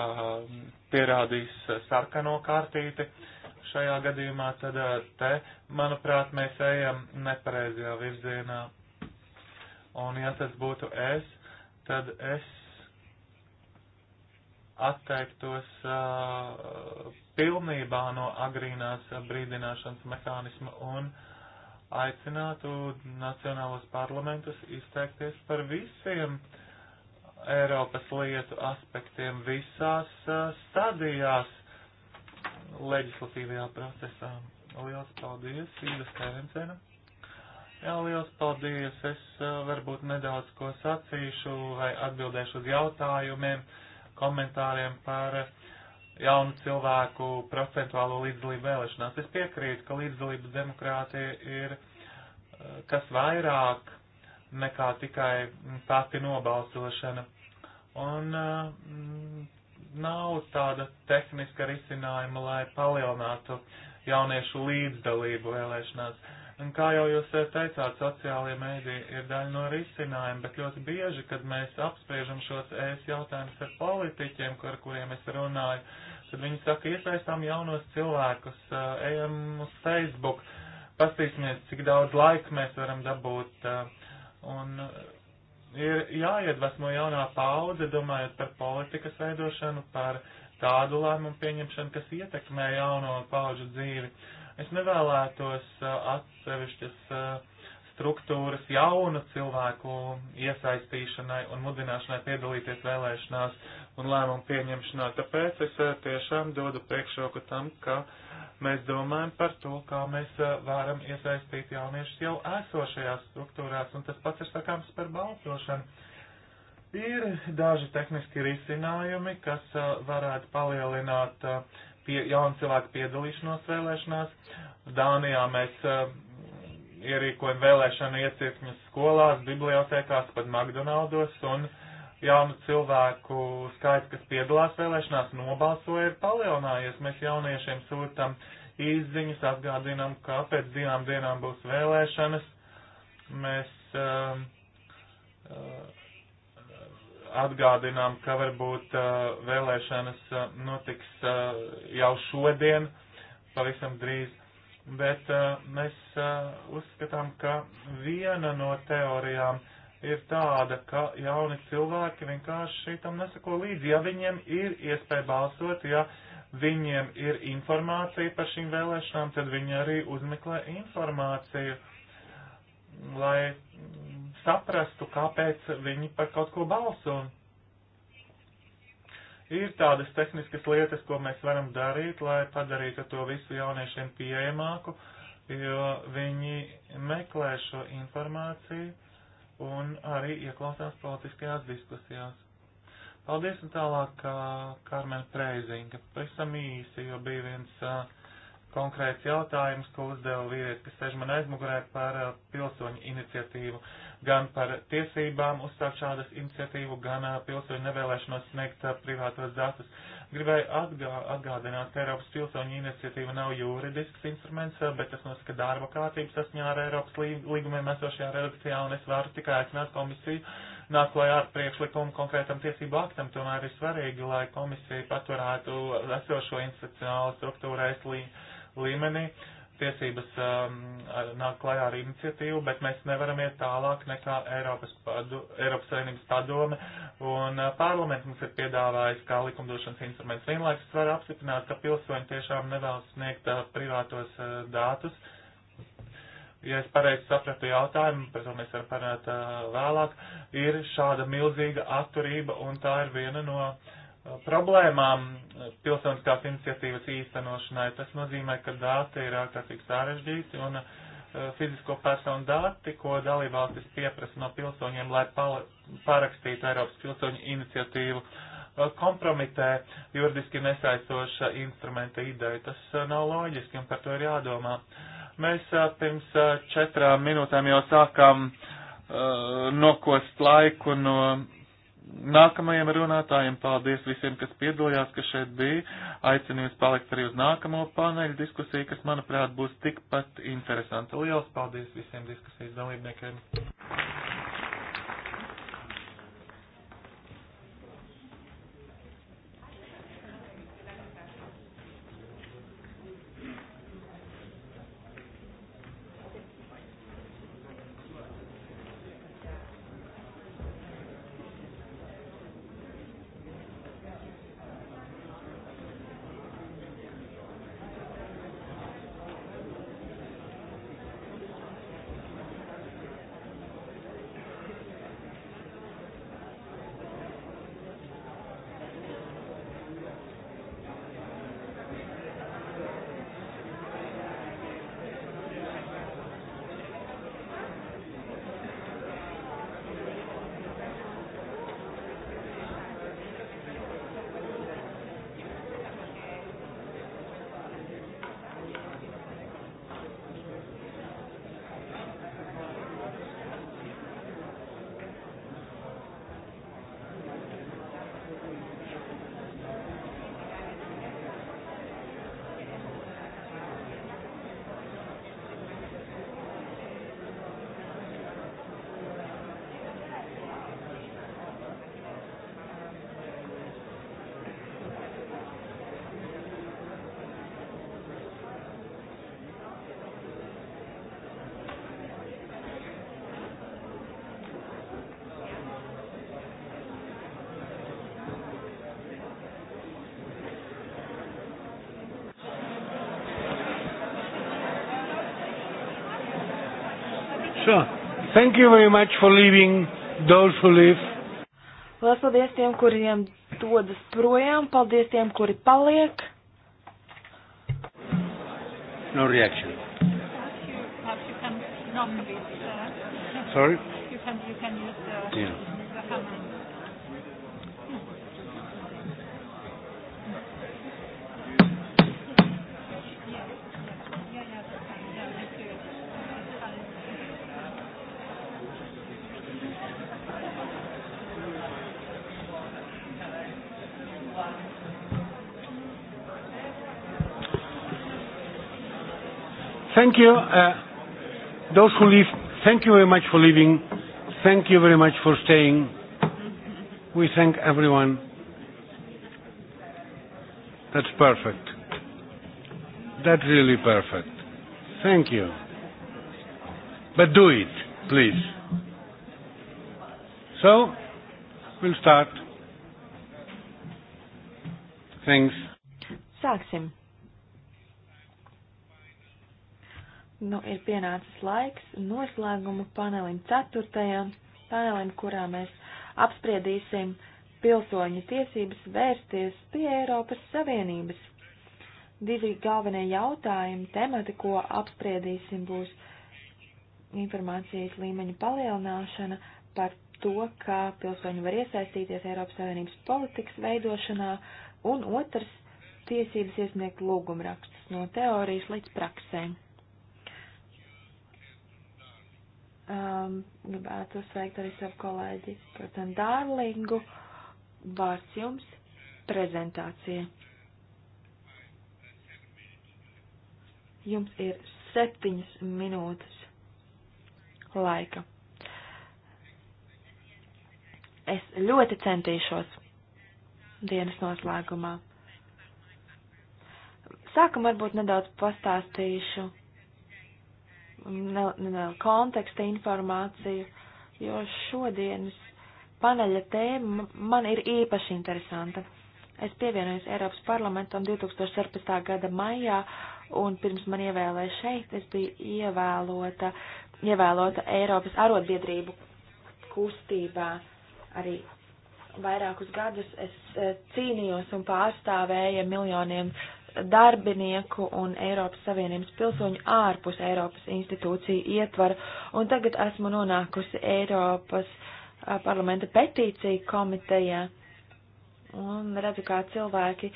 pierādīs sarkano kartīti. Uh, šajā gadījumā, tad eh, te, manuprāt, mēs ejam nepareizajā virzienā. Un ja tas būtu es, tad es atteiktos uh, pilnībā no agrīnās brīdināšanas mehānisma un aicinātu nacionālos parlamentus izteikties par visiem Eiropas lietu aspektiem visās uh, stadijās leģislatīvajā procesā. Liels paldies, Inga Stevensena. Jā, liels paldies. Es varbūt nedaudz ko sacīšu vai atbildēšu uz jautājumiem, komentāriem par jaunu cilvēku procentuālo līdzdalību vēlēšanās. Es piekrītu, ka līdzdalības demokrātija ir kas vairāk nekā tikai pati nobalsošana. Un nav tāda tehniska risinājuma, lai palielinātu jauniešu līdzdalību vēlēšanās. Un kā jau jūs eh, teicāt, sociālie mēdī ir daļa no risinājuma, bet ļoti bieži, kad mēs apspriežam šos ēs jautājumus ar politiķiem, ar kuriem es runāju, tad viņi saka, iesaistām jaunos cilvēkus, eh, ejam uz Facebook, pastīsimies, cik daudz laika mēs varam dabūt. Eh, un ir jāiedvesmo jaunā paudze, domājot par politikas veidošanu, par tādu lēmumu pieņemšanu, kas ietekmē jauno paudžu dzīvi. Es nevēlētos uh, atsevišķas uh, struktūras jaunu cilvēku iesaistīšanai un mudināšanai piedalīties vēlēšanās un lēmumu pieņemšanā. Tāpēc es uh, tiešām dodu priekšroku tam, ka uh, Mēs domājam par to, kā mēs eh, varam iesaistīt jauniešus jau esošajās struktūrās, un tas pats ir sakāms par balsošanu. Ir daži tehniski risinājumi, kas eh, varētu palielināt eh, pie, jaunu cilvēku piedalīšanos vēlēšanās. Dānijā mēs ierīkojam vēlēšanu iecirkņus skolās, bibliotēkās, pat McDonaldos, un uh, jaunu cilvēku skaits, kas piedalās vēlēšanās, nobalsoja, ir palielinājies. Mēs jauniešiem sūtam izziņas, atgādinām, ka pēc divām dienām būs vēlēšanas. Mēs uh, uh, atgādinām, ka varbūt uh, vēlēšanas uh, notiks uh, jau šodien, pavisam drīz. Bet uh, mēs uh, uzskatām, ka viena no teorijām uh, ir tāda, ka jauni cilvēki vienkārši tam nesako līdzi. Ja viņiem ir iespēja balsot, ja viņiem ir informācija par šīm vēlēšanām, tad viņi arī uzmeklē informāciju, lai saprastu, kāpēc viņi par kaut ko balso. Ir tādas tehniskas lietas, ko mēs varam darīt, lai padarītu to visu jauniešiem pieejamāku, jo viņi meklē šo informāciju un arī ieklausās politiskajās diskusijās. Paldies un tālāk Karmen Preizinga. Pavisam īsi, jo bija viens uh, konkrēts jautājums, ko uzdeva vīrietis, kas sēž man aizmugurē par uh, pilsoņu iniciatīvu. Gan par tiesībām uzsākt šādas iniciatīvu, gan uh, pilsoņu nevēlēšanos sniegt privātos datus. Gribēju atgā, atgādināt, ka Eiropas pilsoņu iniciatīva nav juridisks instruments, eh, bet tas nosaka darba kārtības saskaņā ar Eiropas līgumiem esošajā redakcijā, un es varu tikai aicināt komisiju nāk klajā ar priekšlikumu konkrētam tiesību aktam. Tomēr ir svarīgi, lai komisija paturētu esošo institucionālo struktūru līmenī. Uh, līmenī tiesības um, nāk klajā ar iniciatīvu, bet mēs nevaram iet tālāk nekā Eiropas, padu, Eiropas Savienības padome un uh, parlaments mums ir piedāvājis kā likumdošanas instruments. Vienlaikus var apstiprināt, ka pilsoņi tiešām nevēlas sniegt uh, privātos uh, datus. Ja es pareizi sapratu jautājumu, par to mēs varam parunāt uh, vēlāk, ir šāda milzīga atturība un tā ir viena no uh, problēmām eh, pilsoniskās iniciatīvas īstenošanai. Tas nozīmē, ka dati ir ārkārtīgi sarežģīti un eh, fizisko personu dati, ko dalībvalstis pieprasa no pilsoņiem, lai parakstītu Eiropas pilsoņu iniciatīvu, eh, kompromitē juridiski nesaistoša instrumenta ideja. Tas nav loģiski un par to ir jādomā. Mēs pirms četrām minūtēm jau sākām uh, nokost laiku no Nākamajiem runātājiem paldies visiem, kas piedalījās, kas šeit bija. Aicinu jūs palikt arī uz nākamo paneļu diskusiju, kas, manuprāt, būs tikpat interesanta. Lielas paldies visiem diskusijas dalībniekiem! So, thank you very much for leaving those who live. Lielas paldies tiem, kuriem dodas projām, paldies tiem, kuri paliek. No reaction. Perhaps you, perhaps you can normally, uh, Sorry? You can, you can use the... Yeah. Thank you. Uh, those who leave, thank you very much for leaving. Thank you very much for staying. We thank everyone. That's perfect. That's really perfect. Thank you. But do it, please. So, we'll start. Thanks. Sāksim. Nu, ir pienācis laiks noslēgumu panelim ceturtajam, panelim, kurā mēs apspriedīsim pilsoņu tiesības vērsties pie Eiropas Savienības. Divi galvenie jautājumi, temati, ko apspriedīsim, būs informācijas līmeņa palielināšana par to, kā pilsoņi var iesaistīties Eiropas Savienības politikas veidošanā, un otrs - tiesības iesniegt lūgumrakstus no teorijas līdz praksēm. um, gribētu sveikt arī savu kolēģi, protams, Dārlingu. Vārds jums prezentācija. Jums ir septiņas minūtes laika. Es ļoti centīšos dienas noslēgumā. Sākam varbūt nedaudz pastāstīšu ne, ne, konteksta informāciju, jo šodienas paneļa tēma man ir īpaši interesanta. Es pievienojos Eiropas parlamentam 2014. gada maijā, un pirms man ievēlēja šeit, es biju ievēlota, ievēlota Eiropas arotbiedrību kustībā. Arī vairākus gadus es eh, cīnījos un pārstāvēju miljoniem uh, darbinieku un Eiropas Savienības pilsoņu ārpus Eiropas institūciju ietvaru, un tagad esmu nonākusi Eiropas a, parlamenta petīciju komitejā, un redzu, kā cilvēki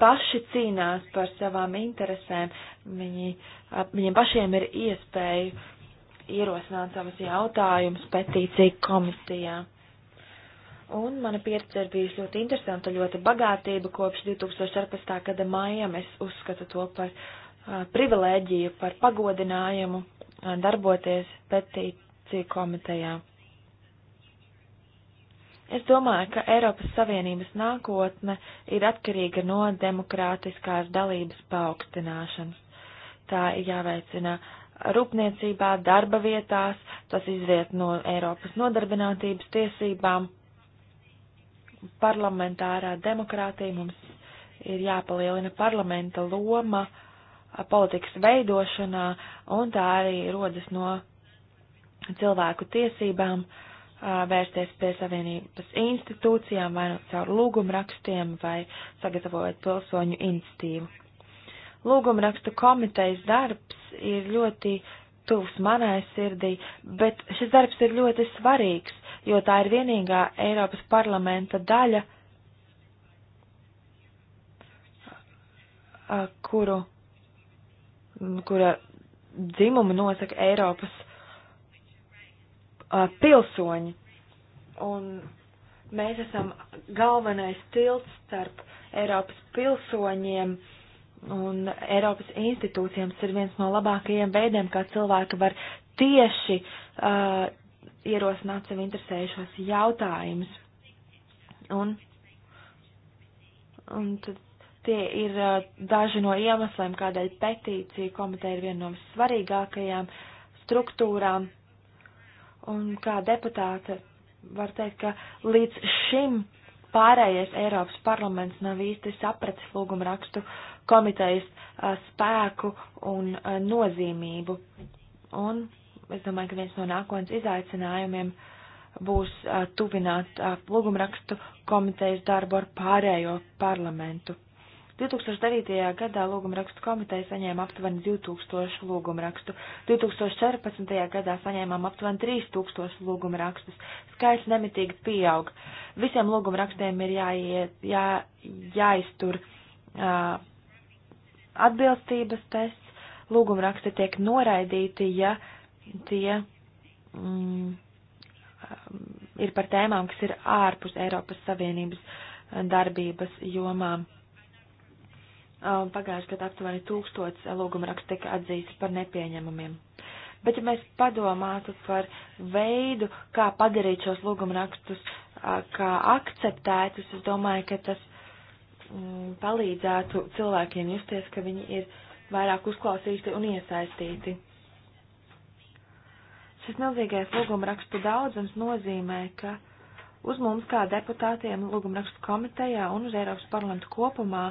paši cīnās par savām interesēm, viņi, a, viņiem pašiem ir iespēja ierosināt savus jautājumus petīciju komitejā. Un mana pieredze ir bijusi ļoti interesanta, ļoti bagātība kopš 2014. gada mājām. Es uzskatu to par uh, privilēģiju, par pagodinājumu uh, darboties petīciju komitejā. Es domāju, ka Eiropas Savienības nākotne ir atkarīga no demokrātiskās dalības paaugstināšanas. Tā ir jāveicina rūpniecībā, darba vietās, tas izriet no Eiropas nodarbinātības tiesībām parlamentārā demokrātija mums ir jāpalielina parlamenta loma politikas veidošanā, un tā arī rodas no cilvēku tiesībām vērsties pie savienības institūcijām, vai nu caur lūgumrakstiem, vai sagatavojot pilsoņu institīvu. Lūgumrakstu komitejas darbs ir ļoti tuvs manai sirdī, bet šis darbs ir ļoti svarīgs, jo tā ir vienīgā Eiropas parlamenta daļa, kuru, kura dzimumu nosaka Eiropas pilsoņi. Un mēs esam galvenais tilts starp Eiropas pilsoņiem un Eiropas institūcijām. Tas ir viens no labākajiem veidiem, kā cilvēki var tieši uh, ierosināt sev interesējušos jautājumus. Un, un tad tie ir daži no iemesliem, kādēļ petīcija komiteja ir viena no svarīgākajām struktūrām. Un kā deputāte var teikt, ka līdz šim pārējais Eiropas parlaments nav īsti sapratis lūguma rakstu komitejas spēku un nozīmību. Un es domāju, ka viens no nākotnes izaicinājumiem būs uh, tuvināt uh, lūgumrakstu komitejas darbu ar pārējo parlamentu. 2009. gadā lūgumrakstu komiteja saņēma aptuveni 2000 lūgumrakstu, 2014. gadā saņēmām aptuveni 3000 lūgumrakstus. Skaits nemitīgi pieaug. Visiem lūgumrakstiem ir jāiet, jā, jāiztur uh, atbilstības tests, lūgumraksti tiek noraidīti, ja uh, tie mm, ir par tēmām, kas ir ārpus Eiropas Savienības eh, darbības jomām. Eh, pagājuši gadu aptuveni tūkstots lūgumraksts tika atzīts par nepieņemamiem. Bet, ja mēs padomātu par veidu, kā padarīt šos lūgumrakstus eh, kā akceptētus, es domāju, ka tas mm, palīdzētu cilvēkiem justies, ka viņi ir vairāk uzklausīti un iesaistīti. Šis milzīgais lūgumrakstu daudzums nozīmē, ka uz mums kā deputātiem lūgumrakstu komitejā un uz Eiropas parlamentu kopumā,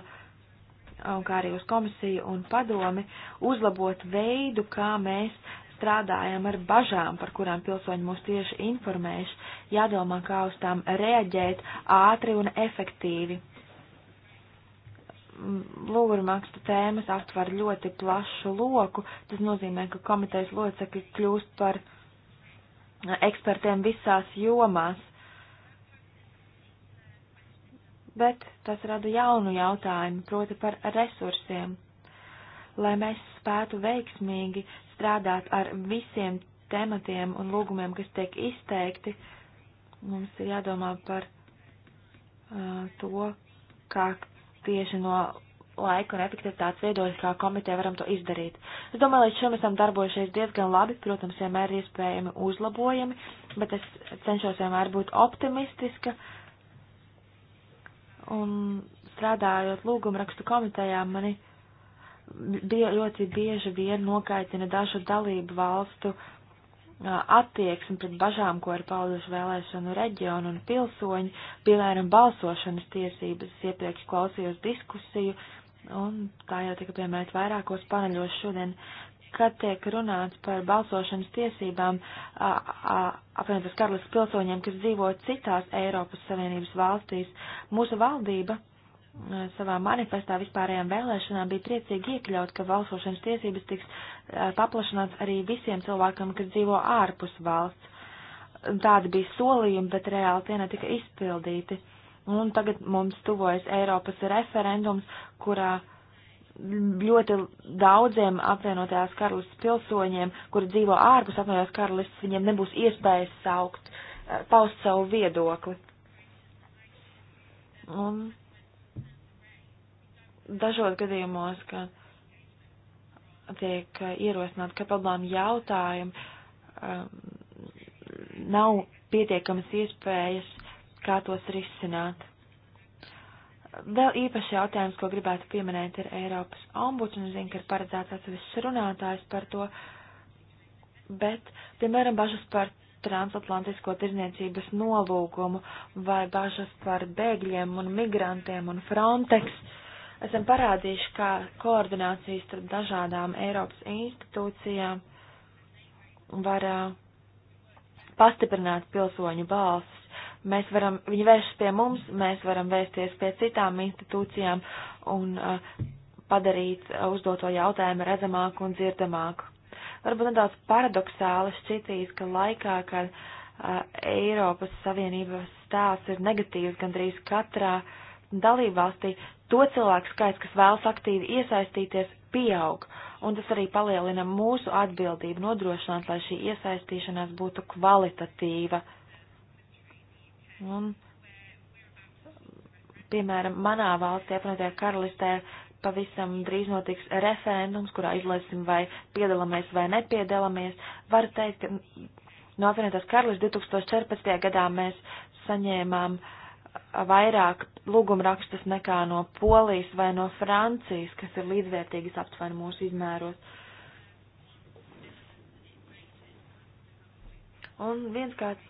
un kā arī uz komisiju un padomi, uzlabot veidu, kā mēs strādājam ar bažām, par kurām pilsoņi mūs tieši informējuši, jādomā, kā uz tām reaģēt ātri un efektīvi. Mm, Lūgurmakstu tēmas aptver ļoti plašu loku, tas nozīmē, ka komitejas locekļi kļūst par uh, ekspertiem visās jomās. Bet tas rada jaunu jautājumu, proti par resursiem. Lai mēs spētu veiksmīgi strādāt ar visiem tematiem un lūgumiem, kas tiek izteikti, mums ir jādomā par uh, to, kā tieši no laiku un efektivitātes viedokļa, kā komiteja varam to izdarīt. Es domāju, līdz šim esam darbojušies diezgan labi, protams, vienmēr ir iespējami uzlabojami, bet es cenšos vienmēr būt optimistiska. Un strādājot lūguma rakstu komitejā, mani bija ļoti bieži vien nokaitina dažu dalību valstu attieksmi pret bažām, ko ir pauduši vēlēšanu reģionu un pilsoņi, piemēram, balsošanas tiesības. Es iepriekš klausījos diskusiju, uh, un tā jau tika piemērot vairākos paneļos šodien, kad tiek runāts par balsošanas tiesībām apvienotās karalistas pilsoņiem, kas dzīvo citās Eiropas Savienības valstīs. Mūsu valdība a, savā manifestā vispārējām vēlēšanām bija priecīgi iekļaut, ka balsošanas tiesības tiks a, paplašināts arī visiem cilvēkiem, kas dzīvo ārpus valsts. Tādi bija solījumi, bet reāli tie netika izpildīti. Uh, un tagad mums tuvojas Eiropas referendums, kurā ļoti daudziem apvienotajās karalistas pilsoņiem, kuri dzīvo ārpus apvienotās karalistas, viņiem nebūs iespējas saukt, eh, paust savu viedokli. Un dažos gadījumos, ka tiek eh, ierosināt, ka problēma jautājumi um, nav pietiekamas iespējas kā tos risināt. Vēl īpaši jautājums, ko gribētu pieminēt, ir Eiropas ombuds, un zinu, ka ir paredzēts atsevišķs runātājs par to, bet, piemēram, bažas par transatlantisko tirzniecības nolūgumu vai bažas par bēgļiem un migrantiem un Frontex. Esam parādījuši, kā koordinācijas starp dažādām Eiropas institūcijām var uh, pastiprināt pilsoņu balsis Mēs varam, viņi vēršas pie mums, mēs varam vērsties pie citām institūcijām un uh, padarīt uh, uzdoto jautājumu redzamāku un dzirdamāku. Varbūt nedaudz paradoxāli šķitīs, ka laikā, kad uh, Eiropas Savienības stāsts ir negatīvs gandrīz katrā dalībvalstī, to cilvēku skaits, kas vēlas aktīvi iesaistīties, pieaug, un tas arī palielina mūsu atbildību nodrošināt, lai šī iesaistīšanās būtu kvalitatīva. Uh, Un, piemēram, manā valstī, apvienotajā karalistē, pavisam drīz notiks referendums, kurā izlēsim, vai piedalāmies vai nepiedalāmies. Var teikt, ka no apvienotās karalistes 2014. gadā mēs saņēmām vairāk lūgumrakstus nekā no Polijas vai no Francijas, kas ir līdzvērtīgas aptuveni mūsu izmēros. Un viens kāds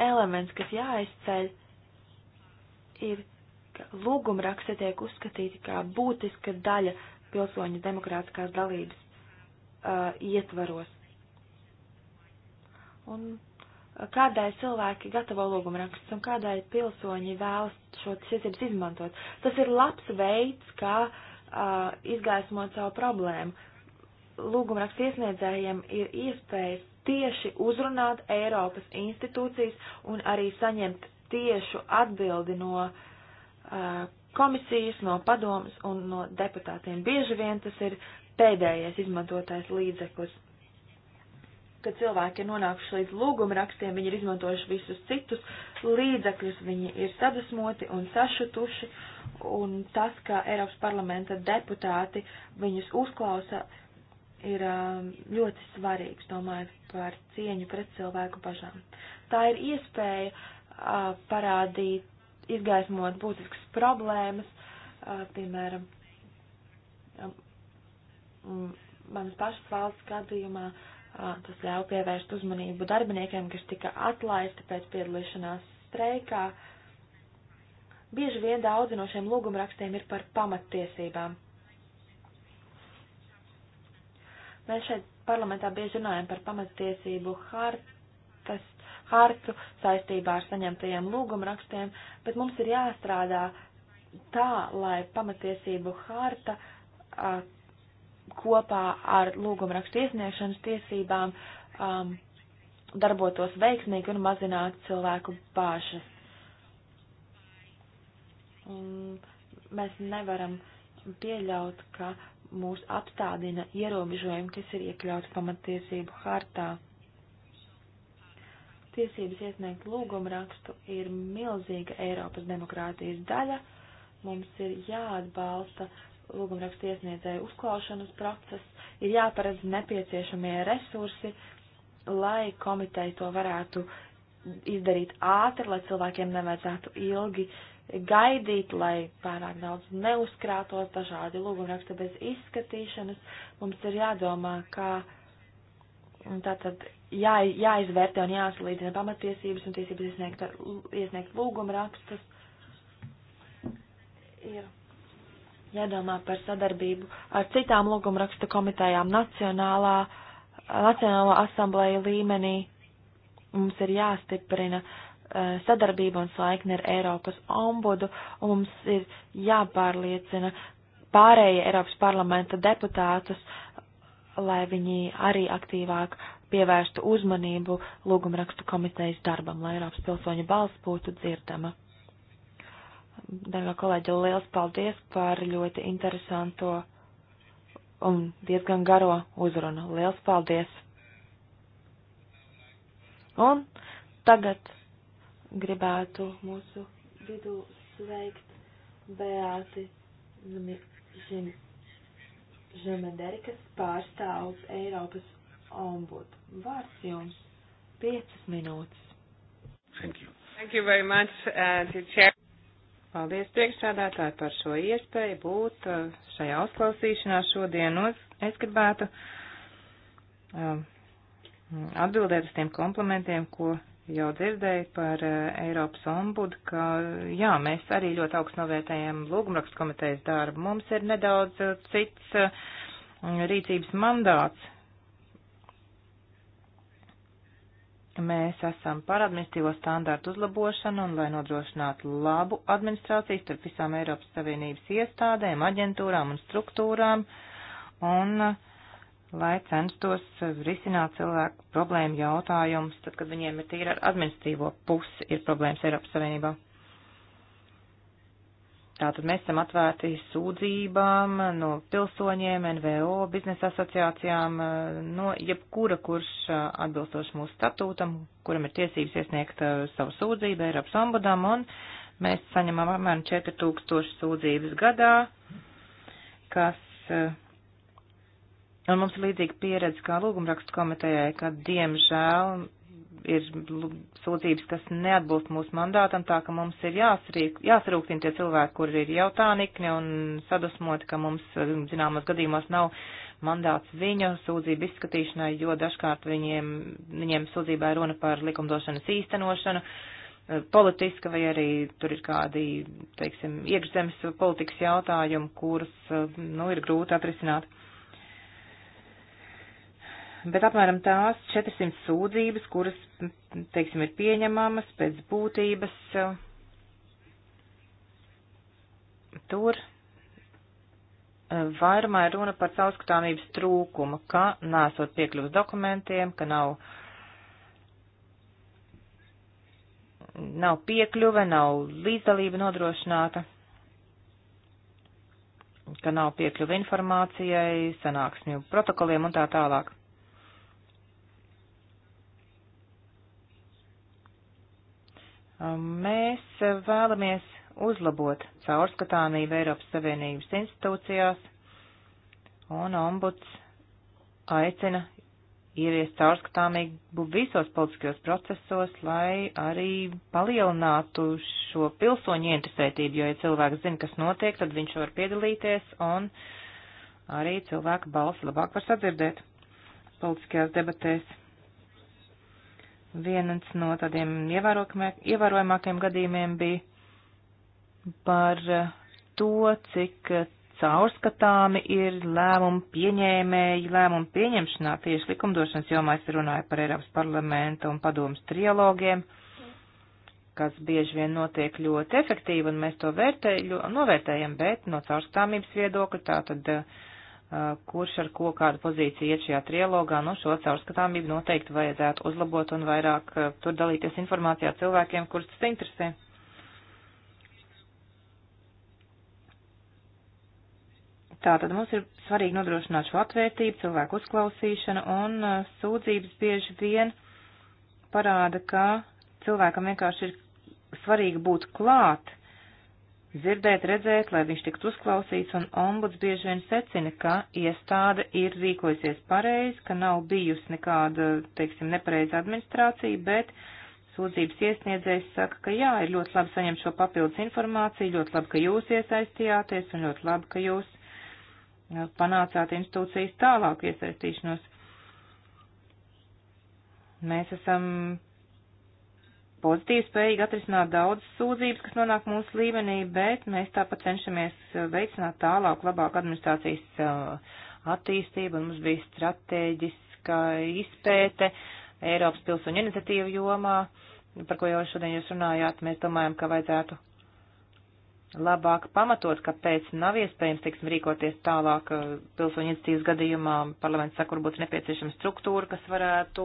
elements, kas jāizceļ, ir, ka lūguma raksti tiek uzskatīti kā būtiska daļa pilsoņu demokrātiskās dalības uh, ietvaros. Un uh, kādēļ cilvēki gatavo lūguma rakstus un kādēļ pilsoņi vēlas šo tiesības izmantot. Tas ir labs veids, kā uh, izgaismot savu problēmu. Lūguma rakstu iesniedzējiem ir iespējas tieši uzrunāt Eiropas institūcijas un arī saņemt tiešu atbildi no uh, komisijas, no padomas un no deputātiem. Bieži vien tas ir pēdējais izmantotais līdzeklis. Kad cilvēki ir nonākuši līdz lūguma rakstiem, viņi ir izmantojuši visus citus līdzekļus, viņi ir sadusmoti un sašutuši, un tas, ka Eiropas parlamenta deputāti viņus uzklausa, uh, ir um, ļoti svarīgs, domājot par cieņu pret cilvēku bažām. Tā ir iespēja uh, parādīt, izgaismot būtiskas problēmas, uh, piemēram, um, manas pašas valsts gadījumā uh, tas ļauj pievērst uzmanību darbiniekiem, kas tika atlaisti pēc piedalīšanās streikā. Bieži vien daudzi no šiem lūgumrakstiem ir par pamattiesībām Mēs šeit parlamentā bieži runājam par pamatiesību hartas, hartu saistībā ar saņemtajiem lūgumrakstiem, bet mums ir jāstrādā tā, lai pamatiesību harta a, kopā ar lūgumrakstu iesniegšanas tiesībām a, darbotos veiksmīgi un mazinātu cilvēku bāžas. Un mēs nevaram pieļaut, ka mūs apstādina ierobežojumi, kas ir iekļauts pamatiesību hartā. Tiesības iesniegt lūgumu rakstu ir milzīga Eiropas demokrātijas daļa. Mums ir jāatbalsta lūgumrakstu iesniedzēju uzklaušanas process, ir jāparedz nepieciešamie resursi, lai komiteja to varētu izdarīt ātri, lai cilvēkiem nevajadzētu ilgi uh, gaidīt, lai pārāk daudz neuzkrātos dažādi lūgumraksta bez izskatīšanas. Mums ir jādomā, kā tātad jā, jāizvērtē un jāsalīdzina pamatiesības un tiesības iesniegt, iesniegt lūgumrakstus. Ir jādomā par sadarbību ar citām lūgumraksta komitējām nacionālā, nacionālā asambleja līmenī. Mums ir jāstiprina uh, Eh, sadarbība un saikne ar Eiropas ombudu, un mums ir jāpārliecina pārējie Eiropas parlamenta deputātus, lai viņi arī aktīvāk pievērstu uzmanību lūgumrakstu komitejas darbam, lai Eiropas pilsoņu balss būtu dzirdama. Dargā kolēģi, liels paldies par ļoti interesanto un diezgan garo uzrunu. Liels paldies! Un tagad gribētu mūsu vidū sveikt Beāti Žemederi, kas pārstāv Eiropas ombudu. Vārds jums - piecas minūtes. Thank you. Thank you very much, uh, to chair. Paldies priekšsādātāji par šo iespēju būt uh, šajā uzklausīšanā šodien. Es gribētu um, atbildēt uz tiem komplementiem, ko jau dzirdēju par eh, Eiropas ombudu, ka jā, mēs arī ļoti augstu novērtējam lūgumrakstu komitejas darbu. Mums ir nedaudz eh, cits eh, rīcības mandāts. Mēs esam par administratīvo standārtu uzlabošanu un, lai nodrošinātu labu administrāciju starp visām Eiropas Savienības iestādēm, aģentūrām un struktūrām, un uh, lai censtos risināt cilvēku problēmu jautājumus, tad, kad viņiem ir tīri ar administrīvo pusi, ir problēmas Eiropas Savienībā. Tātad mēs esam atvērti sūdzībām no pilsoņiem, NVO, biznesa asociācijām, no jebkura, kurš atbilstoši mūsu statūtam, kuram ir tiesības iesniegt uh, savu sūdzību Eiropas ombudam, un mēs saņemam apmēram 4000 sūdzības gadā, kas uh, Un mums ir līdzīga pieredze kā lūgumrakstu komitejai, ka diemžēl ir sūdzības, kas neatbilst mūsu mandātam, tā ka mums ir jāsarūktina tie cilvēki, kuri ir jau tā nikni un sadusmoti, ka mums zināmos gadījumos nav mandāts viņu sūdzību izskatīšanai, jo dažkārt viņiem, viņiem sūdzībā ir runa par likumdošanas īstenošanu politiska vai arī tur ir kādi, teiksim, iekšzemes politikas jautājumi, kurus, nu, ir grūti atrisināt. Uh, bet apmēram tās 400 sūdzības, kuras, teiksim, ir pieņemamas pēc būtības, tur eh, vairumā ir runa par caurskatāmības trūkumu, ka nesot piekļuvs dokumentiem, ka nav, nav piekļuve, nav līdzdalība nodrošināta ka nav piekļuva informācijai, sanāksmju protokoliem un tā tālāk. Um, mēs vēlamies uzlabot caurskatāmību Eiropas Savienības institūcijās, un ombuds aicina ieviest caurskatāmību visos politiskajos procesos, lai arī palielinātu šo pilsoņu interesētību, jo, ja cilvēks zina, kas notiek, tad viņš var piedalīties, un arī cilvēka balsi labāk var sadzirdēt politiskajās debatēs. Viens no tādiem ievērojamākiem gadījumiem bija par e, to, cik caurskatāmi ir lēmumu pieņēmēji, lēmumu pieņemšanā tieši likumdošanas jomā. Es runāju par Eiropas parlamentu un padomus trialogiem, kas bieži vien notiek ļoti efektīvi, un mēs to vērtē, ļo, novērtējam, bet no caurskatāmības viedokļa tā tad uh, kurš ar ko kādu pozīciju iet šajā trialogā, nu šo caurskatāmību noteikti vajadzētu uzlabot un vairāk eh, tur dalīties informācijā cilvēkiem, kurus tas interesē. Tātad mums ir svarīgi nodrošināt šo atvērtību, cilvēku uzklausīšanu un eh, sūdzības bieži vien parāda, ka cilvēkam vienkārši ir svarīgi būt klāt dzirdēt, redzēt, lai viņš tiktu uzklausīts, un ombuds bieži vien secina, ka iestāde ir rīkojusies pareizi, ka nav bijusi nekāda, teiksim, nepareiza administrācija, bet sūdzības iesniedzējs saka, ka jā, ir ļoti labi saņemt šo papildus informāciju, ļoti labi, ka jūs iesaistījāties, un ļoti labi, ka jūs uh, panācāt institūcijas tālāku iesaistīšanos. Mēs esam pozitīvi spējīgi atrisināt daudz sūdzības, kas nonāk mūsu līmenī, bet mēs tāpat cenšamies eh, veicināt tālāk labāku administrācijas eh, attīstību, un mums bija strateģiska izpēte Eiropas pilsoņu iniciatīvu jomā, par ko jau šodien jūs runājāt, mēs domājam, ka vajadzētu labāk pamatot, kāpēc nav iespējams, teiksim, rīkoties tālāk eh, pilsoņu iniciatīvas gadījumā. Parlaments saka, varbūt nepieciešama struktūra, kas varētu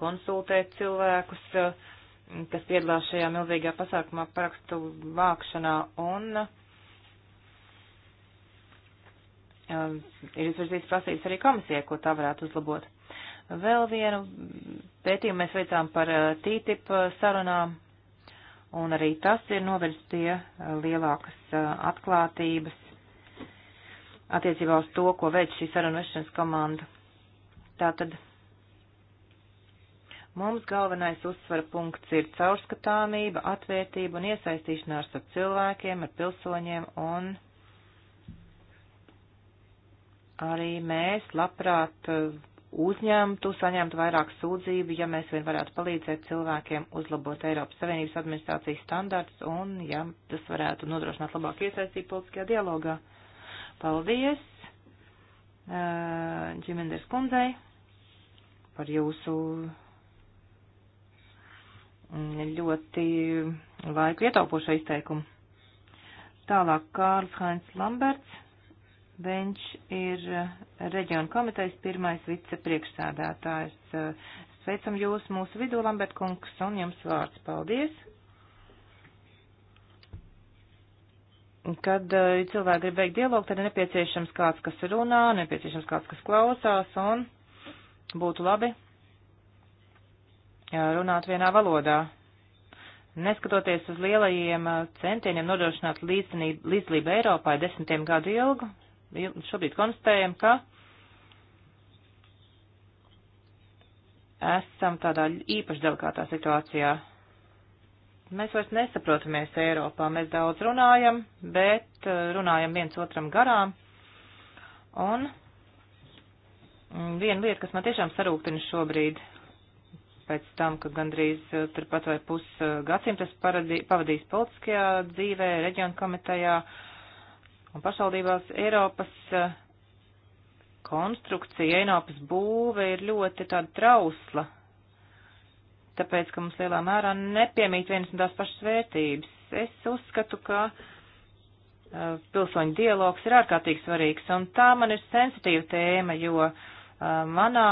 konsultēt cilvēkus, uh, kas piedalās šajā milzīgā pasākumā parakstu vākšanā un um, ir izvirzīts prasības arī komisijai, ko tā varētu uzlabot. Vēl vienu pētījumu mēs veicām par uh, TTIP uh, sarunām, un arī tas ir novērst pie uh, lielākas atklātības attiecībā uz to, ko veids šī sarunu vešanas komanda. Tātad Mums galvenais uzsvara punkts ir caurskatāmība, atvērtība un iesaistīšanās ar cilvēkiem, ar pilsoņiem un arī mēs labprāt uh, uzņemtu, saņemtu vairāk sūdzību, ja mēs vien varētu palīdzēt cilvēkiem uzlabot Eiropas Savienības administrācijas standarts un ja tas varētu nodrošināt labāk iesaistību politiskajā dialogā. Paldies Ģimendes uh, kundzei par jūsu ļoti laiku ietaupošo izteikumu. Tālāk Kārls Hainz Lamberts, viņš ir reģiona komitejas pirmais vicepriekšsēdētājs. Sveicam jūs mūsu vidū, Lambert kungs, un jums vārds paldies. Kad eh, cilvēki grib beigt dialogu, tad ir nepieciešams kāds, kas runā, nepieciešams kāds, kas klausās, un būtu labi, runāt vienā valodā. Neskatoties uz lielajiem uh, centieniem nodrošināt līdzdalību Eiropā desmitiem gadu ilgu, šobrīd konstatējam, ka esam tādā īpaši delikātā situācijā. Mēs vairs nesaprotamies Eiropā, mēs daudz runājam, bet uh, runājam viens otram garām. Un mm, viena lieta, kas man tiešām sarūktina šobrīd, pēc tam, ka gandrīz eh, turpat vai pusgadsimtas eh, pavadījis politiskajā dzīvē, reģionu komitejā un pašvaldībās Eiropas eh, konstrukcija, Eiropas būve ir ļoti tāda trausla, tāpēc, ka mums lielā mērā nepiemīt vienas un tās pašas vērtības. Es uzskatu, ka pilsoņu dialogs ir ārkārtīgi svarīgs, un tā man ir sensitīva tēma, jo manā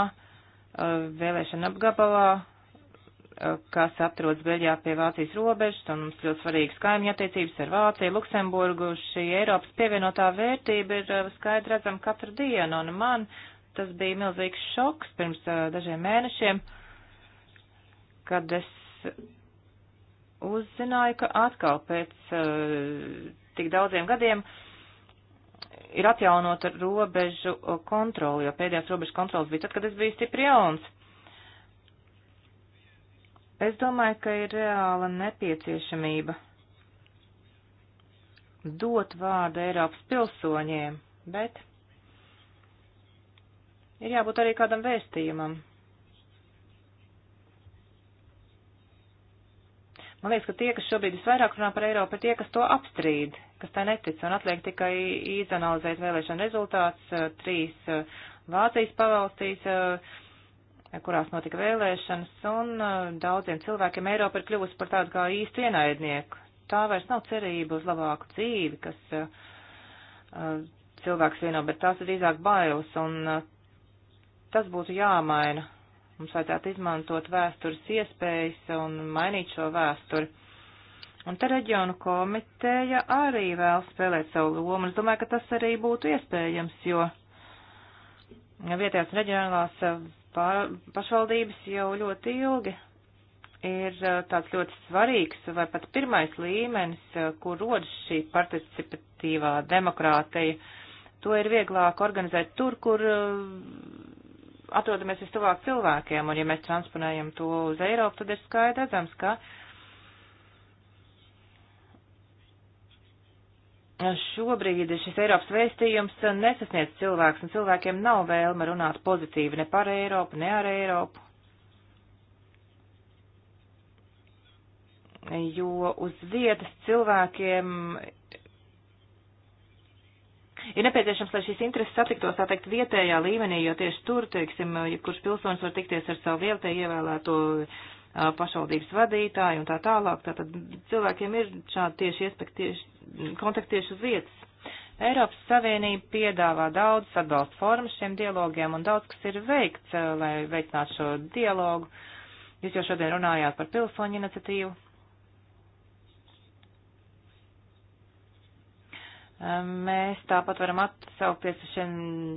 Uh, vēlēšana apgabalā, uh, kas atrodas Beļģijā pie Vācijas robežas, un mums ļoti svarīgas kaimiņa attiecības ar Vāciju, Luksemburgu. Šī Eiropas pievienotā vērtība ir uh, skaidri redzama katru dienu, un man tas bija milzīgs šoks pirms dažiem mēnešiem, kad es uzzināju, ka atkal pēc tik daudziem gadiem uh, ir atjaunot robežu kontroli, jo pēdējās robežu kontrolas bija tad, kad es biju stipri jauns. Es domāju, ka ir reāla nepieciešamība dot vārdu Eiropas pilsoņiem, bet ir jābūt arī kādam vēstījumam. Man liekas, ka tie, kas šobrīd visvairāk runā par Eiropu, ir tie, kas to apstrīd kas tā netic, un atliek tikai izanalizēt vēlēšanu rezultātus eh, trīs eh, Vācijas pavalstīs, eh, kurās notika vēlēšanas, un daudziem cilvēkiem Eiropa ir kļuvusi par tādu kā īstu ienaidnieku. Tā vairs nav cerība uz labāku dzīvi, kas cilvēks vieno, bet tās ir drīzāk bailes, un tas būtu jāmaina. Mums vajadzētu izmantot vēstures iespējas un mainīt šo vēsturi Un te reģionu komiteja arī vēl spēlēt savu lomu. Es domāju, ka tas arī būtu iespējams, jo vietējās reģionālās eh, pār, pašvaldības jau ļoti ilgi ir eh, tāds ļoti svarīgs vai pat pirmais līmenis, eh, kur rodas šī participatīvā demokrātija. To ir vieglāk organizēt tur, kur atrodamies vistuvāk cilvēkiem, un ja mēs transponējam to uz Eiropu, tad ir skaidrs, ka šobrīd šis Eiropas vēstījums nesasniedz cilvēks, un cilvēkiem nav vēlme runāt pozitīvi ne par Eiropu, ne ar Eiropu. Jo uz vietas cilvēkiem ir nepieciešams, lai šīs intereses satiktos, tā teikt, vietējā līmenī, jo tieši tur, teiksim, jebkurš pilsonis var tikties ar savu vietēju ievēlēto pašvaldības vadītāji un tā tālāk. Tātad cilvēkiem ir šādi tieši iespēja kontakti tieši uz vietas. Eiropas Savienība piedāvā daudz atbalsta formas šiem dialogiem un daudz, kas ir veikts, lai veicinātu šo dialogu. Jūs jau šodien runājāt par pilsoņu iniciatīvu, Ehm, mēs tāpat varam atsaukties uz šiem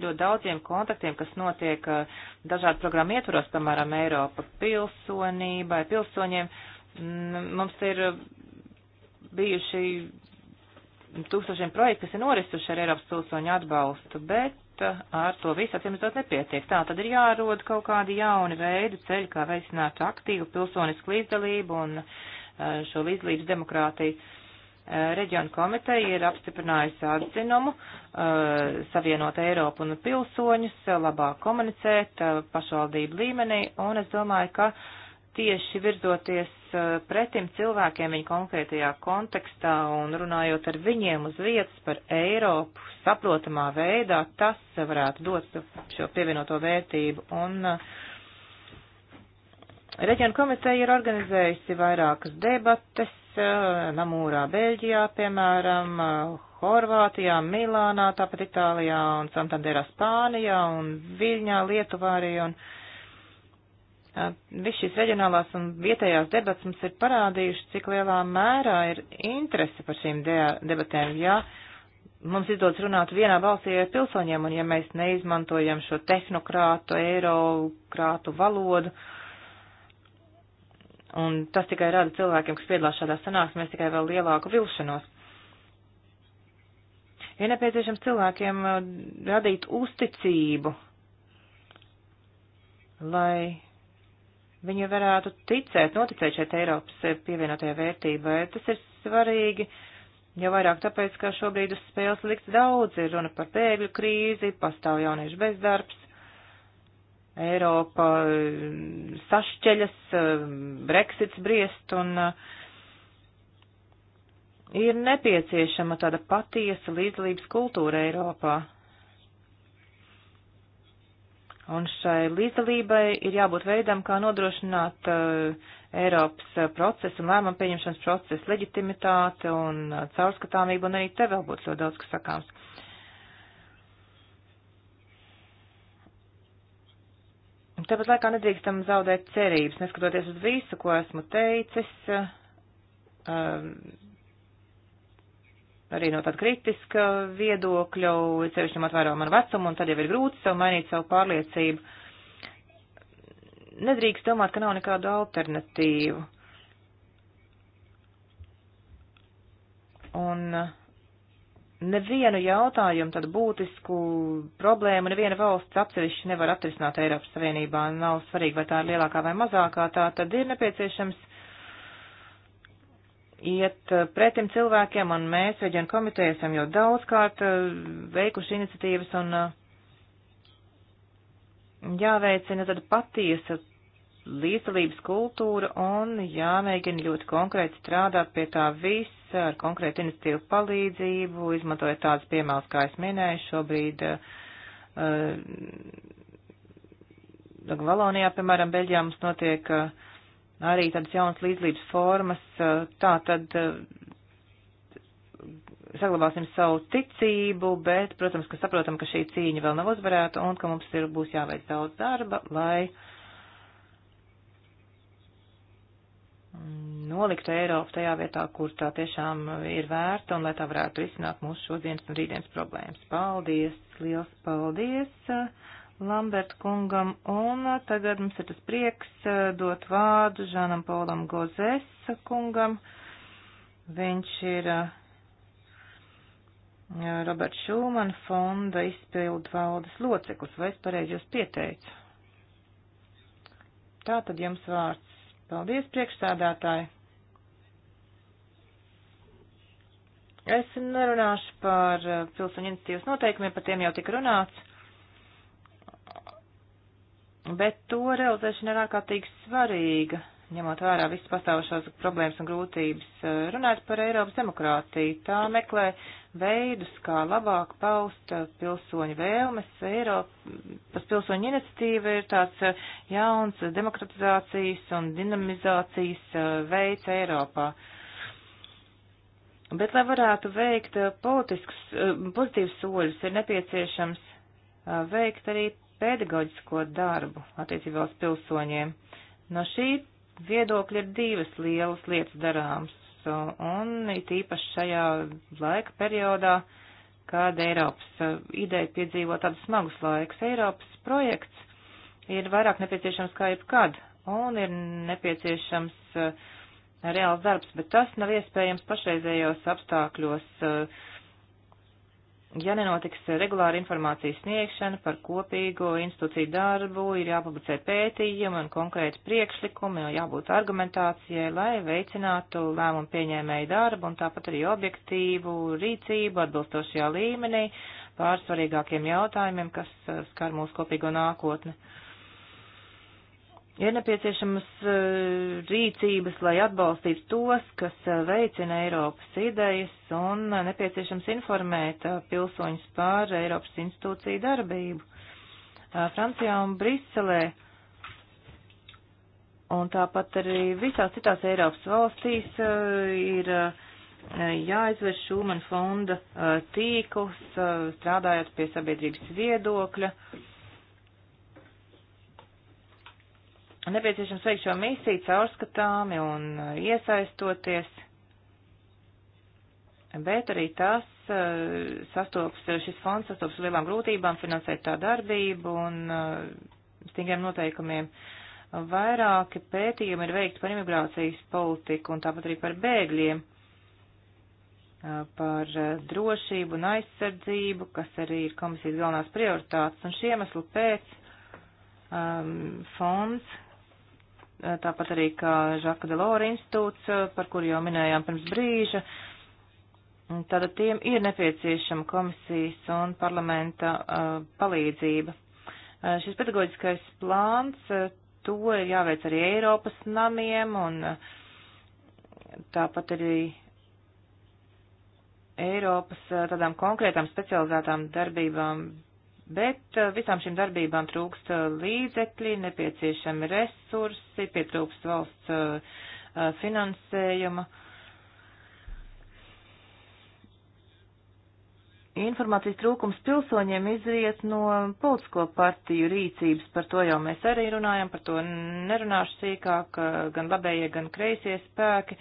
ļoti daudziem kontaktiem, kas notiek eh, dažādu programmu ietvaros, piemēram, Eiropa pilsonībai, pilsoņiem. Mums ir bijuši tūkstošiem projektu, kas ir norisuši ar Eiropas pilsoņu atbalstu, bet eh, ar to visu atsimtot nepietiek. Tā tad ir jāroda kaut kādi jauni veidi ceļi, kā veicināt aktīvu pilsonisku līdzdalību un eh, šo līdzdalības demokrātiju. Eh, reģiona komiteja ir apstiprinājusi atzinumu eh, savienot Eiropu un pilsoņus, eh, labāk komunicēt pašvaldību līmenī, un es domāju, ka tieši virzoties pretim cilvēkiem viņa konkrētajā kontekstā un runājot ar viņiem uz vietas par Eiropu saprotamā veidā, tas varētu dot šo pievienoto vērtību. Un Reģiona komiteja ir organizējusi vairākas debates Lamūrā, eh, Beļģijā, piemēram, eh, Horvātijā, Milānā, tāpat Itālijā un Santanderā, Spānijā un Viļņā, Lietuvā arī. Un, eh, Viss šīs reģionālās un vietējās debats mums ir parādījuši, cik lielā mērā ir interese par šīm debatēm. Ja mums izdodas runāt vienā balsī ar pilsoņiem, un ja mēs neizmantojam šo tehnokrātu, eirokrātu valodu, uh, Un tas tikai rada cilvēkiem, kas piedalās šādā sanāksmēs, tikai vēl lielāku vilšanos. Ir ja nepieciešams cilvēkiem uh, radīt uzticību, lai viņi varētu ticēt, noticēt šeit Eiropas eh, pievienotajai vērtībai. Tas ir svarīgi, jo vairāk tāpēc, ka šobrīd uz spēles likt daudz, ir runa par bēgļu krīzi, pastāv jauniešu bezdarbs, Eiropa sašķeļas, Brexits briest un uh, ir nepieciešama tāda patiesa līdzlības kultūra Eiropā. Un šai līdzdalībai ir jābūt veidam, kā nodrošināt uh, Eiropas uh, procesu un lēmumu pieņemšanas procesu leģitimitāti un uh, caurskatāmību, un arī te vēl būtu ļoti daudz, kas sakāms. Tāpat laikā nedrīkstam zaudēt cerības, neskatoties uz visu, ko esmu teicis, um, arī no tāda kritiska viedokļa, cevišķi ņemot vērā manu vecumu, un tad jau ir grūti sev mainīt savu pārliecību. Nedrīkst domāt, ka nav nekādu alternatīvu. Un uh, nevienu jautājumu, tad būtisku problēmu neviena valsts atsevišķi nevar atrisināt Eiropas Savienībā. Nav svarīgi, vai tā ir lielākā vai mazākā, tā tad ir nepieciešams iet uh, pretim cilvēkiem, un mēs reģionu komiteja esam jau daudzkārt uh, veikuši iniciatīvas un uh, jāveicina tad patiesa līdzdalības kultūra un jāmēģina ļoti konkrēti strādāt pie tā visa ar konkrētu iniciatīvu palīdzību, izmantojot tādas piemēras, kā es minēju, šobrīd uh, Valonijā, piemēram, Beļģijā mums notiek uh, arī tādas jaunas līdzdalības formas, uh, tā tad uh, saglabāsim savu ticību, bet, protams, ka saprotam, ka šī cīņa vēl nav uzvarēta un ka mums ir būs jāveic daudz darba, lai uh, nolikt Eiropu tajā vietā, kur tā tiešām ir vērta un lai tā varētu risināt mūsu šodienas un rītdienas problēmas. Paldies, liels paldies eh, Lambert kungam un eh, tagad mums ir tas prieks eh, dot vārdu Žanam Polam Gozes kungam. Viņš ir Robert Šūman fonda izpildu valdes loceklis, vai es pareizi jūs pieteicu? Tā tad jums vārds. Paldies, priekšstādātāji! Es nerunāšu par uh, pilsoņu iniciatīvas noteikumiem, par tiem jau tika runāts, bet to realizēšana ir ārkārtīgi svarīga ņemot vērā visas pastāvošās problēmas un grūtības, eh, runāt par Eiropas demokrātiju. Tā meklē veidus, kā labāk paust eh, pilsoņu vēlmes. Eiropas pilsoņu iniciatīva ir tāds eh, jauns demokratizācijas un dinamizācijas veids Eiropā. Bet, lai varētu veikt politiskus, pozitīvus soļus, ir nepieciešams veikt arī pedagoģisko darbu attiecībā uz pilsoņiem. No šī viedokļa ir divas lielas lietas darāms, un it īpaši šajā laika periodā, kad Eiropas ideja piedzīvo tādus smagus laikus, Eiropas projekts ir vairāk nepieciešams kā jebkad, un ir nepieciešams reāls darbs, bet tas nav iespējams pašreizējos apstākļos. Uh, Ja nenotiks regulāra informācijas sniegšana par kopīgo institūciju darbu, ir jāpublicē pētījumi un konkrēti priekšlikumi, un jābūt argumentācijai, lai veicinātu lēmumu pieņēmēju darbu un tāpat arī objektīvu rīcību atbilstošajā līmenī pārsvarīgākiem jautājumiem, kas eh, skar mūsu kopīgo nākotni. Uh, Ir nepieciešamas eh, rīcības, lai atbalstītu tos, kas eh, veicina Eiropas idejas, un eh, nepieciešams informēt pilsoņus par Eiropas institūciju darbību. Francijā un Briselē, un tāpat arī visās citās Eiropas valstīs ir jāizver Šūman fonda tīkls, strādājot pie sabiedrības viedokļa nepieciešams veikt šo misiju caurskatāmi un uh, iesaistoties, bet arī tas uh, sastops, uh, šis fonds sastops ar lielām grūtībām finansēt tā darbību un stingriem noteikumiem. Vairāki pētījumi ir veikti par imigrācijas politiku un tāpat arī par bēgļiem, par drošību un aizsardzību, kas arī ir komisijas galvenās prioritātes. Un šiem eslu pēc um, fonds Eh, tāpat arī kā Žaka Delora institūts, eh, par kuru jau minējām pirms brīža. Mm, tātad tiem ir nepieciešama komisijas un parlamenta eh, palīdzība. Šis pedagoģiskais plāns, to ir jāveic arī Eiropas namiem un tāpat arī Eiropas tādām konkrētām specializētām darbībām Bet eh, visām šīm darbībām trūkst eh, līdzekļi, nepieciešami resursi, pietrūkst valsts eh, finansējuma. Informācijas trūkums pilsoņiem izriet no politisko partiju rīcības, par to jau mēs arī runājam, par to nerunāšu sīkāk, gan labējie, gan kreisie spēki.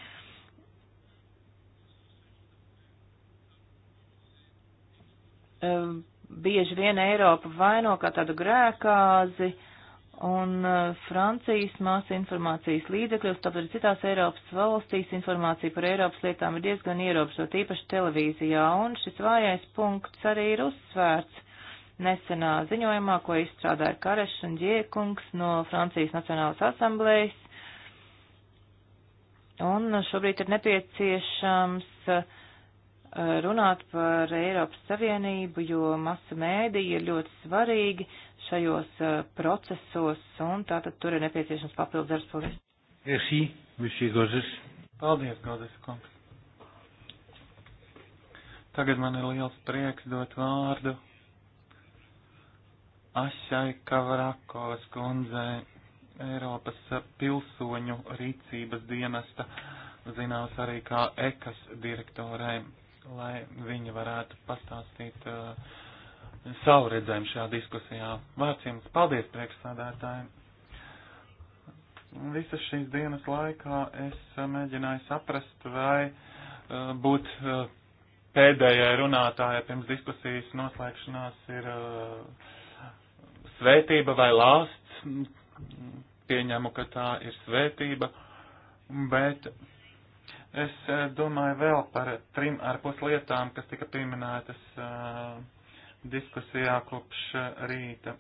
Um, bieži vien Eiropa vaino kā tādu grēkāzi un eh, Francijas māsu informācijas līdzekļos, tāpēc citās Eiropas valstīs informācija par Eiropas lietām ir diezgan ierobežota, īpaši televīzijā, un šis vājais punkts arī ir uzsvērts nesenā ziņojumā, ko izstrādāja Kareš un Džiekungs no Francijas Nacionālas asamblējas. Un eh, šobrīd ir nepieciešams uh, runāt par Eiropas Savienību, jo masu mēdīja ir ļoti svarīgi šajos uh, procesos, un tātad tur ir nepieciešams papildus darbs. Paldies. Merci, monsieur Gozes. Paldies, Gozes kungs. Tagad man ir liels prieks dot vārdu Ašai Kavarakovas kundzei Eiropas pilsoņu rīcības dienesta, zināms arī kā ekas direktorēm lai viņi varētu pastāstīt uh, savu redzējumu šajā diskusijā. Vārds jums paldies, priekšsādātāji! Visas šīs dienas laikā es uh, mēģināju saprast, vai uh, būt uh, pēdējai runātājai pirms diskusijas noslēgšanās ir uh, svētība vai lāsts. Pieņemu, ka tā ir svētība, bet Es eh, domāju vēl par trim ar pus lietām, kas tika pieminētas uh, diskusijā kopš eh, rīta.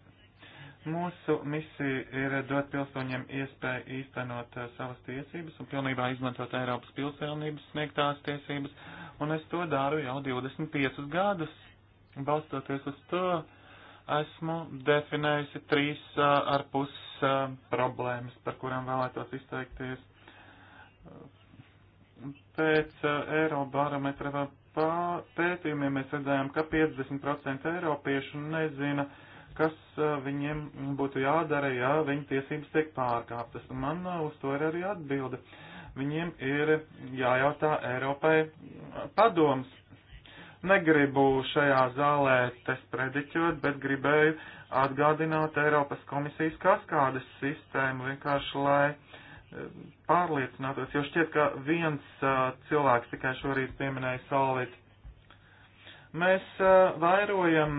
Mūsu misija ir dot pilsoņiem iespēju īstenot uh, savas tiesības un pilnībā izmantot Eiropas pilsēlnības sniegtās tiesības, un es to daru jau 25 gadus. Balstoties uz to, esmu definējusi trīs uh, ar pus problēmas, par kurām vēlētos izteikties Pēc eh, Eirobarometra pētījumiem mēs redzējām, ka 50% Eiropiešu nezina, kas eh, viņiem būtu jādara, ja viņu tiesības tiek pārkāptas. Un man eh, uz to ir arī atbilde. Viņiem ir jājautā Eiropai padoms. Negribu šajā zālē te sprediķot, bet gribēju atgādināt Eiropas komisijas kaskādes sistēmu vienkārši, lai pārliecinātos, jo šķiet, ka viens cilvēks tikai šorīt pieminēja solīt. Mēs vairojam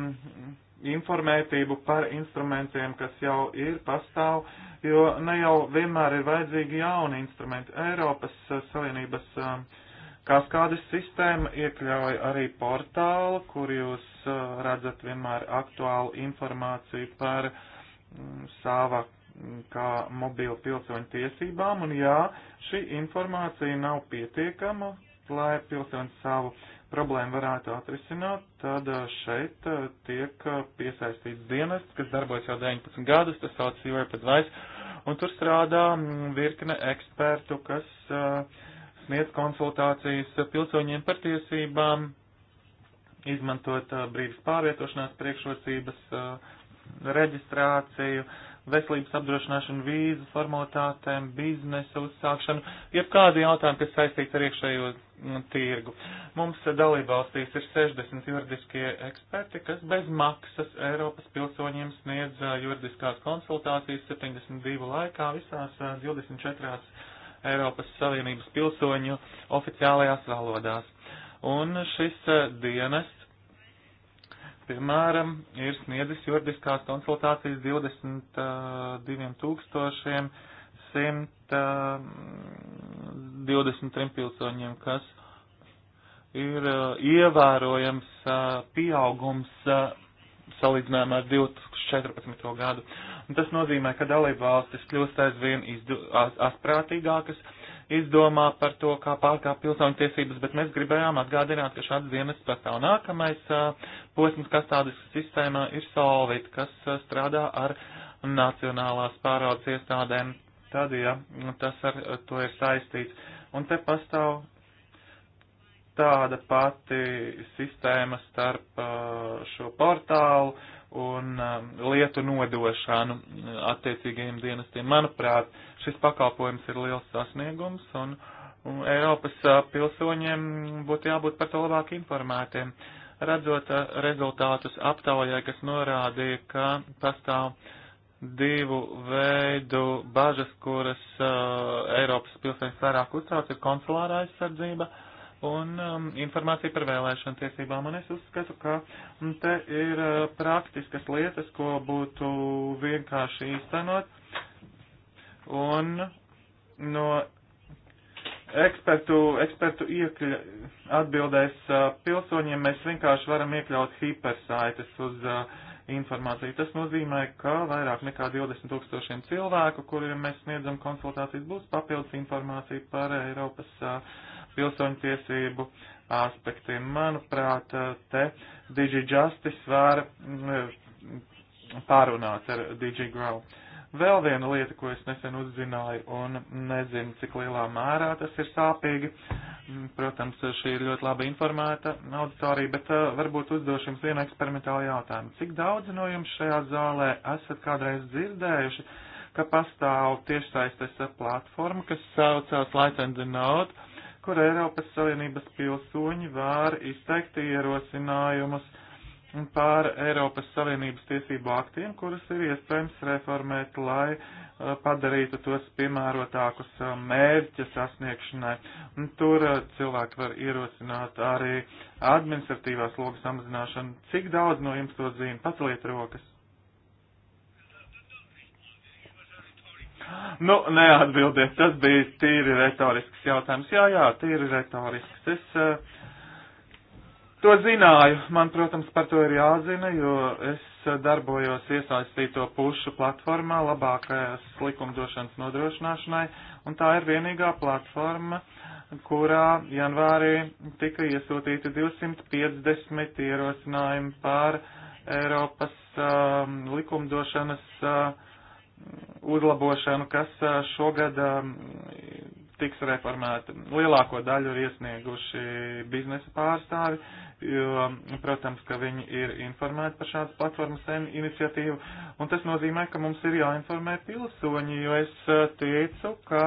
informētību par instrumentiem, kas jau ir pastāv, jo ne jau vienmēr ir vajadzīgi jauni instrumenti. Eiropas Savienības kaskādes sistēma iekļauj arī portālu, kur jūs redzat vienmēr aktuālu informāciju par sāvaku kā mobīlu pilsoņu tiesībām, un jā, šī informācija nav pietiekama, lai pilsoņi savu problēmu varētu atrisināt, tad šeit tiek piesaistīts dienests, kas darbojas jau 19 gadus, tas sauc Europe Advice, un tur strādā virkne ekspertu, kas sniedz konsultācijas pilsoņiem par tiesībām, izmantot brīvas pārvietošanās priekšrocības reģistrāciju, uh, veselības apdrošināšanu, vīzu formalitātēm, biznesa uzsākšanu, jebkādi jautājumi, kas saistīts ar iekšējo mm, tirgu. Mums dalībvalstīs ir 60 juridiskie eksperti, kas bez maksas Eiropas pilsoņiem sniedz juridiskās konsultācijas 72 laikā visās 24 Eiropas Savienības pilsoņu oficiālajās valodās. Un šis dienas piemēram, ir sniedzis juridiskās konsultācijas 22,123 mm, pilsoņiem, kas ir uh, ievērojams uh, pieaugums uh, salīdzinājumā ar 2014. gadu. Un tas nozīmē, ka dalībvalstis kļūst aizvien asprātīgākas. Izdu izdomā par to, kā pārkāpt pilsoņu tiesības, bet mēs gribējām atgādināt, ka šāds dienas pastāv. Nākamais posms kastādiskā sistēmā ir Solvit, kas strādā ar nacionālās pārvaldes iestādēm. Tad, ja tas ar to ir saistīts. Un te pastāv tāda pati sistēma starp šo portālu un um, lietu nodošanu uh, attiecīgajiem dienestiem. Manuprāt, šis pakalpojums ir liels sasniegums un, un Eiropas uh, pilsoņiem būtu jābūt par to labāk informētiem. Redzot uh, rezultātus aptaujai, kas norādīja, ka pastāv divu veidu bažas, kuras uh, Eiropas pilsēņas vairāk uztrauc, ir konsulārā aizsardzība. Uh, un um, informāciju par vēlēšanu tiesībām. Un es uzskatu, ka mm, te ir uh, praktiskas lietas, ko būtu vienkārši īstenot. Un no ekspertu, ekspertu iekļa, atbildēs uh, pilsoņiem mēs vienkārši varam iekļaut hipersaites uz uh, informāciju. Tas nozīmē, ka vairāk nekā 20 tūkstošiem cilvēku, kuriem mēs sniedzam konsultācijas, būs papildus informācija par Eiropas uh, pilsoņu tiesību aspekti. Manuprāt, te DigiJustice var mm, pārunāts ar DigiGrow. Vēl viena lieta, ko es nesen uzzināju un nezinu, cik lielā mērā tas ir sāpīgi. Mm, protams, šī ir ļoti labi informēta auditorija, bet uh, varbūt uzdošu jums vienu eksperimentālu jautājumu. Cik daudz no jums šajā zālē esat kādreiz dzirdējuši, ka pastāv tiešsaistes platforma, kas saucās License Note, kur Eiropas Savienības pilsoņi var izteikt ierosinājumus par Eiropas Savienības tiesību aktiem, kurus ir iespējams reformēt, lai eh, padarītu tos piemērotākus eh, mērķa sasniegšanai. Un tur eh, cilvēki var ierosināt arī administratīvās logas samazināšanu. Cik daudz no jums to zina? Paceliet rokas! Nu, neatbildiet, tas bija tīri retorisks jautājums. Jā, jā, tīri retorisks. Es uh, to zināju. Man, protams, par to ir jāzina, jo es darbojos iesaistīto pušu platformā labākajās likumdošanas nodrošināšanai, un tā ir vienīgā platforma, kurā janvārī tika iesūtīti 250 ierosinājumi par Eiropas um, likumdošanas uh, uzlabošanu, kas šogad tiks reformēta. Lielāko daļu ir iesnieguši biznesa pārstāvi, jo, protams, ka viņi ir informēti par šādas platformas iniciatīvu, un tas nozīmē, ka mums ir jāinformē pilsoņi, jo es teicu, ka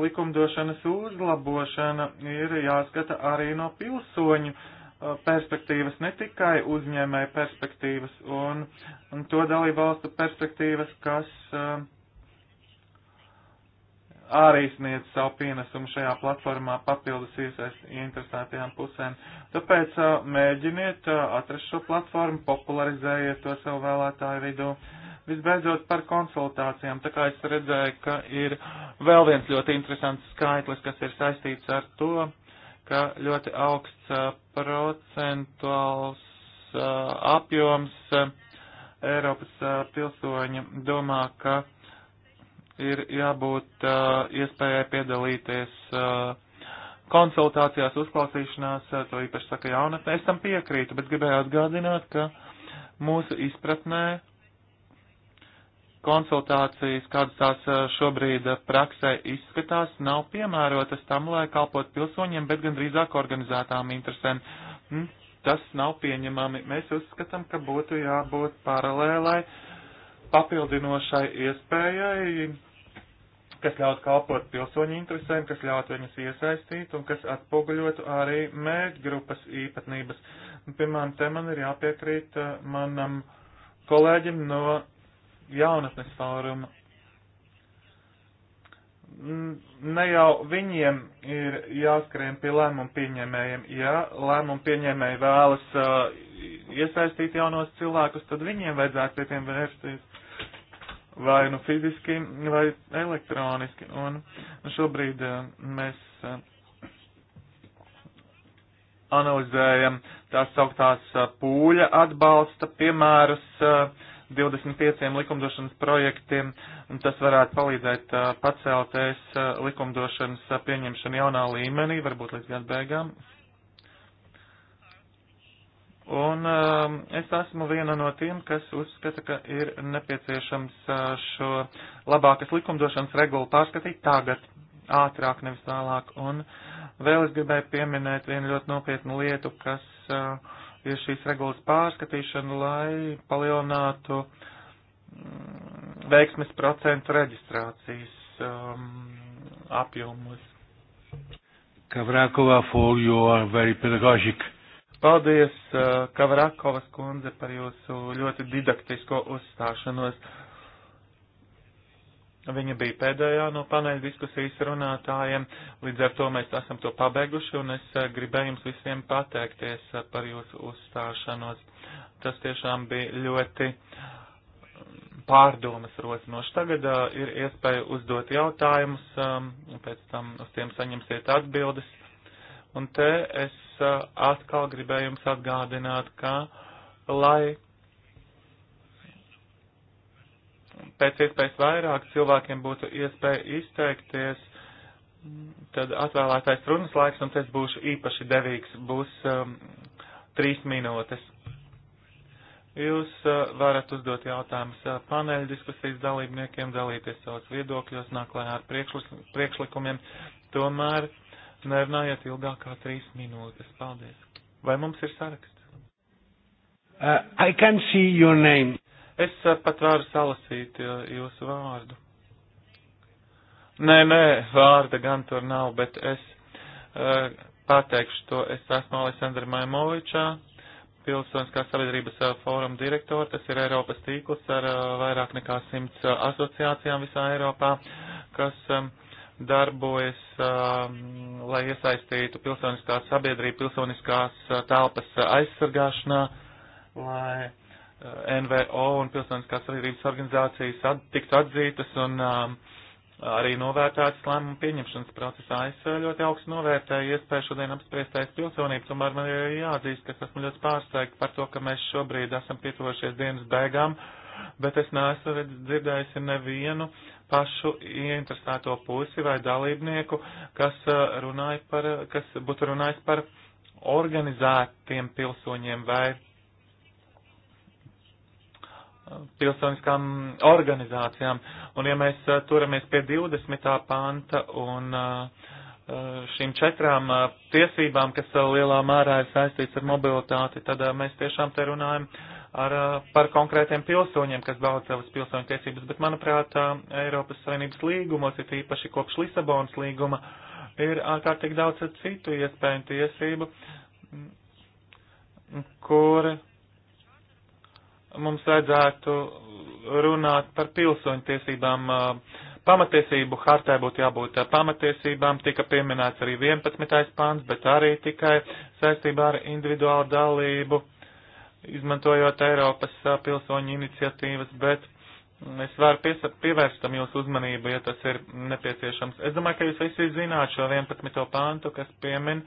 likumdošanas uzlabošana ir jāskata arī no pilsoņu Uh, perspektīvas, ne tikai uzņēmēja perspektīvas un, un to dalībvalstu perspektīvas, kas uh, arī sniedz savu pienesumu šajā platformā papildus iesaist interesētajām pusēm. Tāpēc uh, mēģiniet uh, atrast šo platformu, popularizējiet to savu vēlētāju vidū. Visbeidzot par konsultācijām, tā kā es redzēju, ka ir vēl viens ļoti interesants skaitlis, kas ir saistīts ar to, ka ļoti augsts uh, procentuāls uh, apjoms uh, Eiropas uh, pilsoņa domā, ka ir jābūt uh, iespējai piedalīties uh, konsultācijās, uzklausīšanās, uh, to īpaši saka jaunatnē. Es tam piekrītu, bet gribēju atgādināt, ka mūsu izpratnē konsultācijas, kādas tās eh, šobrīd eh, praksē izskatās, nav piemērotas tam, lai kalpot pilsoņiem, bet gan drīzāk organizētām interesēm. Hm? Tas nav pieņemami. Mēs uzskatām, ka būtu jābūt paralēlai, papildinošai iespējai, kas ļaut kalpot pilsoņu interesēm, kas ļaut viņus iesaistīt un kas atpoguļotu arī mērķgrupas īpatnības. Piemēram, te man ir jāpiekrīt eh, manam kolēģim no jaunatnes fóruma. Ne jau viņiem ir jāskrien pie lēmumu pieņēmējiem. Ja lēmumu pieņēmēji vēlas uh, iesaistīt jaunos cilvēkus, tad viņiem vajadzētu pie tiem vērsties vai nu fiziski, vai elektroniski. Un šobrīd uh, mēs uh, analizējam tās sauktās uh, pūļa atbalsta piemērus uh, 25 likumdošanas projektiem, un tas varētu palīdzēt pacelties likumdošanas pieņemšanu jaunā līmenī, varbūt līdz gadu beigām. Un es esmu viena no tiem, kas uzskata, ka ir nepieciešams šo labākas likumdošanas regulu pārskatīt tagad, ātrāk, nevis vēlāk. Un vēl es gribēju pieminēt vienu ļoti nopietnu lietu, kas uh, ir šīs regulas pārskatīšana, lai palielinātu mm, veiksmes procentu reģistrācijas um, apjomus. Kavrakova, for your very pedagogic. Paldies, uh, Kavrakovas kundze, par jūsu ļoti didaktisko uzstāšanos. Viņa bija pēdējā no paneļa diskusijas runātājiem, līdz ar to mēs esam to pabeiguši, un es eh, gribēju jums visiem pateikties eh, par jūsu uzstāšanos. Tas tiešām bija ļoti mm, pārdomas rosinoši. Tagad uh, ir iespēja uzdot jautājumus, um, pēc tam uz tiem saņemsiet atbildes. Un te es uh, atkal gribēju jums atgādināt, ka, lai pēc iespējas vairāk cilvēkiem būtu iespēja izteikties, tad atvēlētais runas laiks, un es būšu īpaši devīgs, būs um, trīs minūtes. Jūs uh, varat uzdot jautājumus uh, paneļa diskusijas dalībniekiem, dalīties savos viedokļos, nāklājā ar priekšlikumiem, tomēr nerunājiet ilgāk kā trīs minūtes. Paldies. Vai mums ir saraksts? Uh, I can see your name. Es uh, pat varu salasīt uh, jūsu vārdu. Nē, nē, vārda gan tur nav, bet es uh, pateikšu to. Es esmu Alessandra Maimovičā, Pilsoniskās sabiedrības uh, fóruma direktora. Tas ir Eiropas tīkls ar uh, vairāk nekā simts uh, asociācijām visā Eiropā, kas um, darbojas, um, lai iesaistītu pilsoniskās sabiedrību, pilsoniskās telpas aizsargāšanā, lai Eh, NVO un pilsoniskās sabiedrības organizācijas at, tiks atzītas un um, arī novērtētas lēmumu pieņemšanas procesā. Es eh, ļoti augstu novērtēju iespēju šodien apspriestais pilsonību, tomēr man ir jāatzīst, ka esmu ļoti pārsteigts par to, ka mēs šobrīd esam pietuvojušies dienas beigām, bet es neesmu dzirdējusi nevienu pašu ieinteresēto pusi vai dalībnieku, kas, eh, runāja par, kas būtu runājis par organizētiem pilsoņiem vai pilsoniskām organizācijām. Un ja mēs uh, turamies pie 20. panta un uh, uh, šīm četrām tiesībām, kas lielā mērā ir saistīts ar mobilitāti, tad mēs tiešām te runājam ar, par konkrētiem pilsoņiem, kas bauda savas pilsoņu tiesības. Bet, manuprāt, Eiropas Savienības līgumos, ir īpaši kopš Lisabonas līguma, ir ārkārtīgi daudz citu iespēju un tiesību, kur mums vajadzētu runāt par pilsoņu tiesībām. Pamatiesību hartē būtu jābūt pamatiesībām, tika pieminēts arī 11. pāns, bet arī tikai saistībā ar individuālu dalību, izmantojot Eiropas pilsoņu iniciatīvas, bet es varu piesa, pievērst tam jūsu uzmanību, ja tas ir nepieciešams. Es domāju, ka jūs visi zināt šo 11. pāntu, kas piemina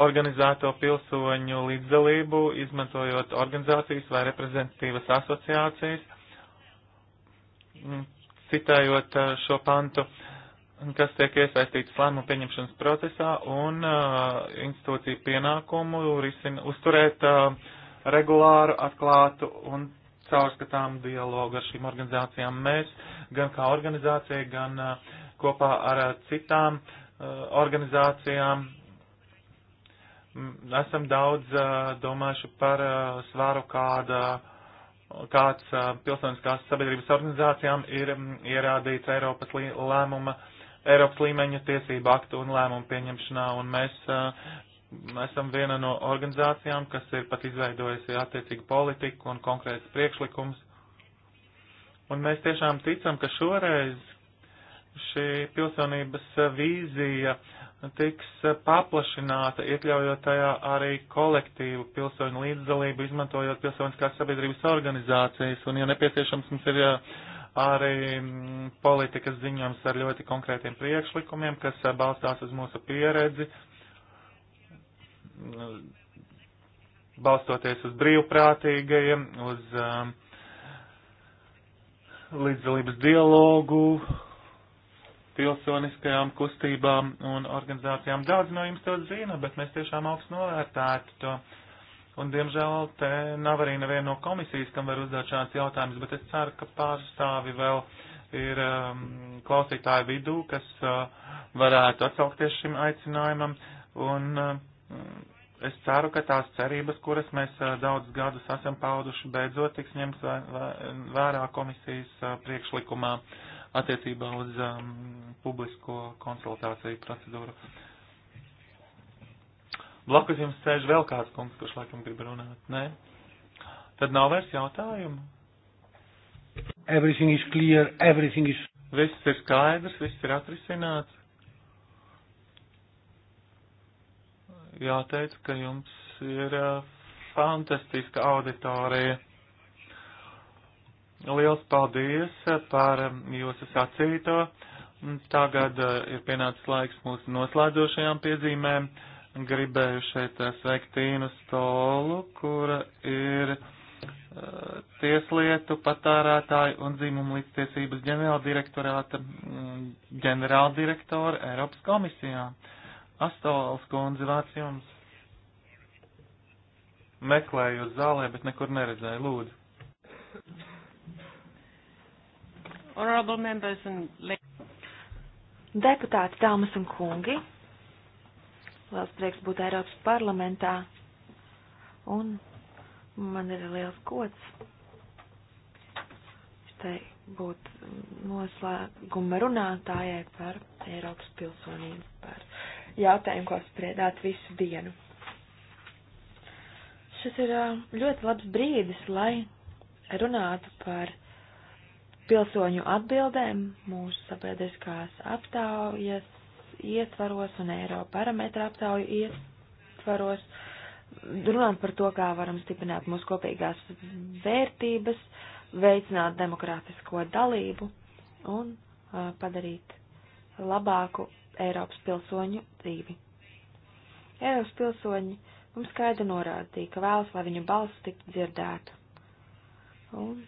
organizēto pilsoņu līdzdalību, izmantojot organizācijas vai reprezentatīvas asociācijas, citējot eh, šo pantu, kas tiek iesaistīts lēmumu pieņemšanas procesā un uh, institūciju pienākumu risina, uzturēt uh, regulāru, atklātu un caurskatām dialogu ar šīm organizācijām. Mēs gan kā organizācija, gan uh, kopā ar uh, citām uh, organizācijām Mm, esam daudz domājuši par svaru, kāda, kāds pilsoniskās sabiedrības organizācijām ir mm, ierādīts Eiropas lēmuma, Eiropas līmeņa tiesību aktu un lēmumu pieņemšanā, un mēs esam viena no organizācijām, kas ir pat izveidojusi attiecīgu politiku un konkrētas priekšlikums. Un mēs tiešām ticam, ka šoreiz šī pilsonības vīzija uh, tiks eh, paplašināta, iekļaujot tajā arī kolektīvu pilsoņu līdzdalību, izmantojot pilsoniskās sabiedrības organizācijas, un, ja nepieciešams, mums ir eh, arī mm, politikas ziņojums ar ļoti konkrētiem priekšlikumiem, kas eh, balstās uz mūsu pieredzi, mm, balstoties uz brīvprātīgajiem, uz līdzdalības dialogu, pilsoniskajām kustībām un organizācijām. Daudz no jums to zina, bet mēs tiešām augstu novērtētu to. Un, diemžēl, te nav arī neviena no komisijas, kam var uzdot šāds jautājums, bet es ceru, ka pārstāvi vēl ir um, klausītāju vidū, kas uh, varētu atsaukties šim aicinājumam. Un uh, es ceru, ka tās cerības, kuras mēs uh, daudz gadus esam pauduši, beidzot tiks ņemts vērā komisijas uh, priekšlikumā. Uh, attiecībā uz um, publisko konsultāciju procedūru. Blakus jums sēž vēl kāds kungs, kurš laikam grib runāt. Nē? Tad nav vairs jautājumu. Everything is clear, everything is. Viss ir skaidrs, viss ir atrisināts. Jāteic, ka jums ir uh, fantastiska auditorija. Liels paldies eh, par eh, jūsu sacīto. Tagad eh, ir pienācis laiks mūsu noslēdzošajām piezīmēm. Gribēju šeit sveikt Tīnu Stolu, kura ir tieslietu patārētāju un dzīmumu līdztiesības ģenerāldirektorāta mm, ģenerāldirektora Eiropas komisijā. Astols kundze vārds jums. Meklēju uz zālē, bet nekur neredzēju. Lūdzu. Honorable members and Deputāti, dāmas un kungi, liels prieks būt Eiropas parlamentā un man ir liels gods te būt noslēguma runātājai par Eiropas pilsonību, par jautājumu, ko spriedāt visu dienu. Šis ir ļoti labs brīdis, lai runātu par pilsoņu atbildēm mūsu sabiedriskās aptaujas ietvaros un eiro parametra aptauju ietvaros. Runājam par to, kā varam stiprināt mūsu kopīgās vērtības, veicināt demokrātisko dalību un uh, padarīt labāku Eiropas pilsoņu dzīvi. Eiropas pilsoņi mums skaidri norādīja, ka vēlas, lai viņu balss tiktu dzirdēta. Un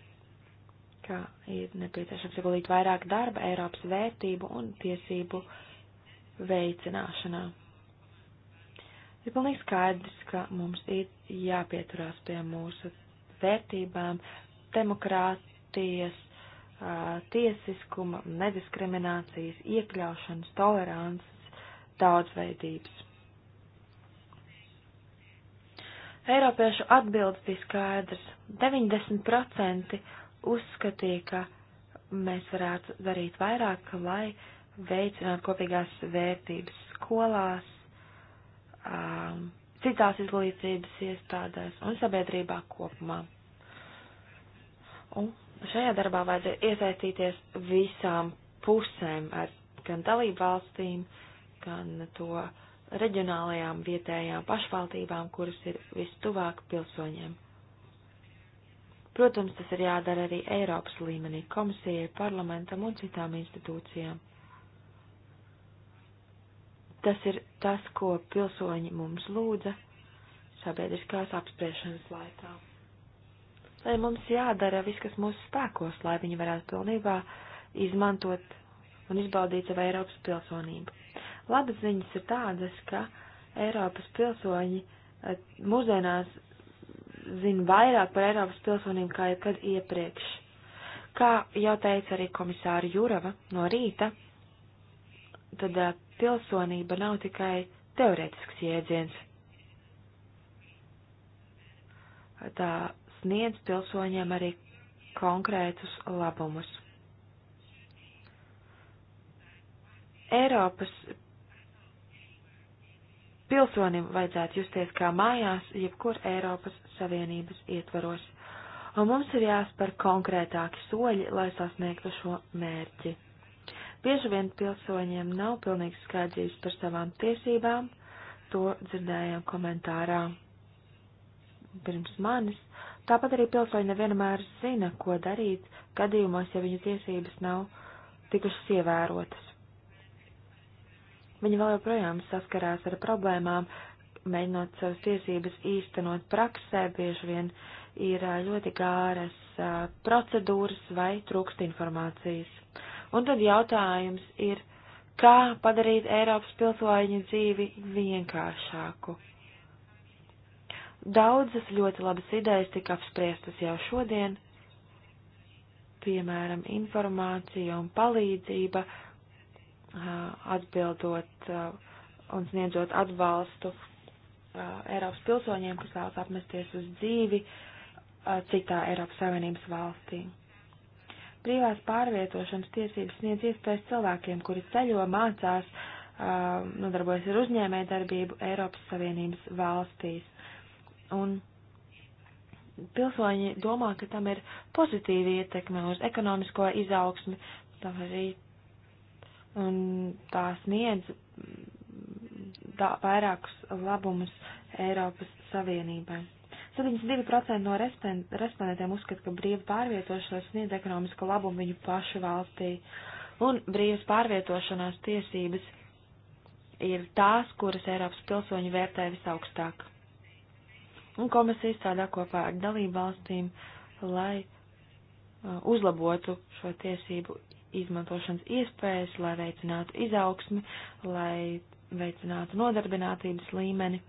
ka ir nepieciešams ieguldīt vairāk darba Eiropas vērtību un tiesību veicināšanā. Ir pilnīgi skaidrs, ka mums ir jāpieturās pie mūsu vērtībām, demokrātijas, tiesiskuma, nediskriminācijas, iekļaušanas, tolerances, daudzveidības. Eiropiešu atbildes bija skaidrs - 90% uzskatīja, ka mēs varētu darīt vairāk, lai veicinātu kopīgās vērtības skolās, um, citās izglītības iestādēs un sabiedrībā kopumā. Un šajā darbā vajadzēja iesaistīties visām pusēm, ar gan dalību valstīm, gan to reģionālajām vietējām pašvaldībām, kuras ir vistuvāk pilsoņiem. Protams, tas ir jādara arī Eiropas līmenī, komisijai, parlamentam un citām institūcijām. Tas ir tas, ko pilsoņi mums lūdza sabiedriskās apspriešanas laikā. Lai mums jādara viss, kas mūsu spēkos, lai viņi varētu pilnībā izmantot un izbaudīt savu Eiropas pilsonību. Labas ziņas ir tādas, ka Eiropas pilsoņi eh, mūsdienās zina vairāk par Eiropas pilsonību kā jebkad iepriekš. Kā jau teica arī komisāra Jurava no rīta, tad eh, pilsonība nav tikai teorētisks jēdziens. Tā sniedz pilsoņiem arī konkrētus labumus. Eiropas Pilsonim vajadzētu justies kā mājās, jebkur Eiropas Savienības ietvaros, un mums ir jāspēr konkrētāki soļi, lai sasniegtu šo mērķi. Bieži vien pilsoņiem nav pilnīgi skaidrības par savām tiesībām, to dzirdējām komentārā pirms manis, tāpat arī pilsoņi nevienmēr zina, ko darīt gadījumos, ja viņu tiesības nav tikušas ievērotas. Viņi vēl joprojām saskarās ar problēmām, mēģinot savas tiesības īstenot praksē, bieži vien ir ļoti gāras procedūras vai trūkst informācijas. Un tad jautājums ir, kā padarīt Eiropas pilsoņu dzīvi vienkāršāku. Daudzas ļoti labas idejas tika apspriestas jau šodien, piemēram, informācija un palīdzība atbildot un sniedzot atbalstu Eiropas pilsoņiem, kas vēlas apmesties uz dzīvi citā Eiropas Savienības valstī. Brīvās pārvietošanas tiesības sniedz iespējas cilvēkiem, kuri ceļo, mācās, nodarbojas ar uzņēmē darbību Eiropas Savienības valstīs. Un pilsoņi domā, ka tam ir pozitīva ietekme uz ekonomisko izaugsmi, tam arī un tās niedz tā, vairākus labumus Eiropas Savienībai. 72% no respondentiem uzskata, ka brīva pārvietošanās sniedz ekonomisku labumu viņu pašu valstī, un brīvas pārvietošanās tiesības ir tās, kuras Eiropas pilsoņi vērtē visaugstāk. Un komisija strādā kopā ar dalību valstīm, lai uh, uzlabotu šo tiesību izmantošanas iespējas, lai veicinātu izaugsmi, lai veicinātu nodarbinātības līmeni.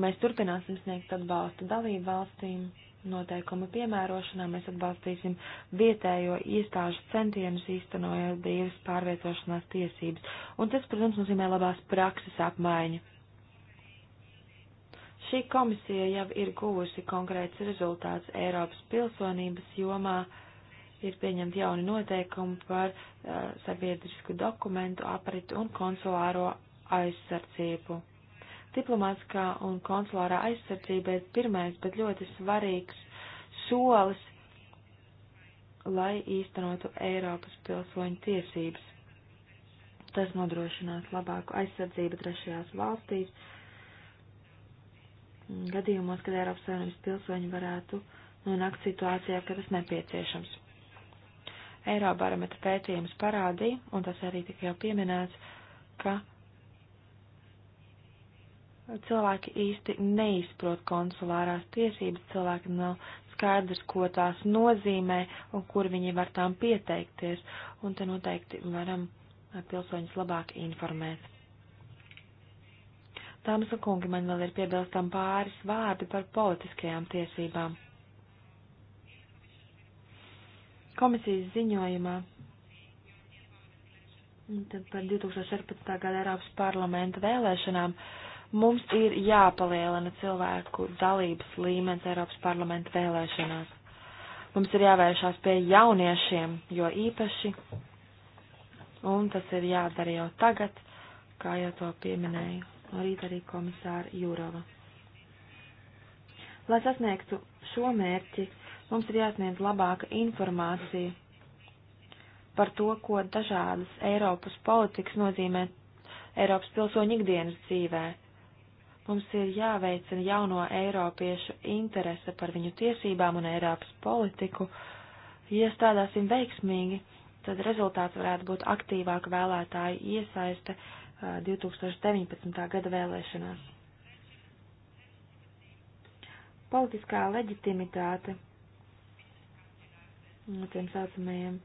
Mēs turpināsim sniegt atbalstu dalību valstīm noteikumu piemērošanā. Mēs atbalstīsim vietējo iestāžu centienus īstenojot brīvas pārvietošanās tiesības. Un tas, protams, nozīmē labās prakses apmaiņu. Šī komisija jau ir guvusi konkrēts rezultāts Eiropas pilsonības jomā ir pieņemti jauni noteikumi par uh, sabiedrisku dokumentu apritu un konsulāro aizsardzību. Diplomātiskā un konsulārā aizsardzība ir pirmais, bet ļoti svarīgs solis, lai īstenotu Eiropas pilsoņu tiesības. Tas nodrošinās labāku aizsardzību trešajās valstīs, gadījumos, kad Eiropas Savienības pilsoņi varētu nonākt situācijā, kad tas nepieciešams. Eirobarometra pētījums parādīja, un tas arī tika jau pieminēts, ka cilvēki īsti neizprot konsulārās tiesības, cilvēki nav skaidrs, ko tās nozīmē un kur viņi var tām pieteikties, un te noteikti varam pilsoņus labāk informēt. Dāmas un kungi, man vēl ir piebilstam pāris vārdi par politiskajām tiesībām. komisijas ziņojumā par 2014. gada Eiropas parlamenta vēlēšanām mums ir jāpalielina cilvēku dalības līmenis Eiropas parlamenta vēlēšanās. Mums ir jāvēršās pie jauniešiem, jo īpaši, un tas ir jādara jau tagad, kā jau to pieminēju, rīt arī komisāra Jūrova. Lai sasniegtu šo mērķi, Mums ir jāsniedz labāka informācija par to, ko dažādas Eiropas politikas nozīmē Eiropas pilsoņu ikdienas dzīvē. Mums ir jāveicina jauno Eiropiešu interese par viņu tiesībām un Eiropas politiku. Ja strādāsim veiksmīgi, tad rezultāts varētu būt aktīvāka vēlētāju iesaiste 2019. gada vēlēšanās. Politiskā leģitimitāte no tiem saucamajiem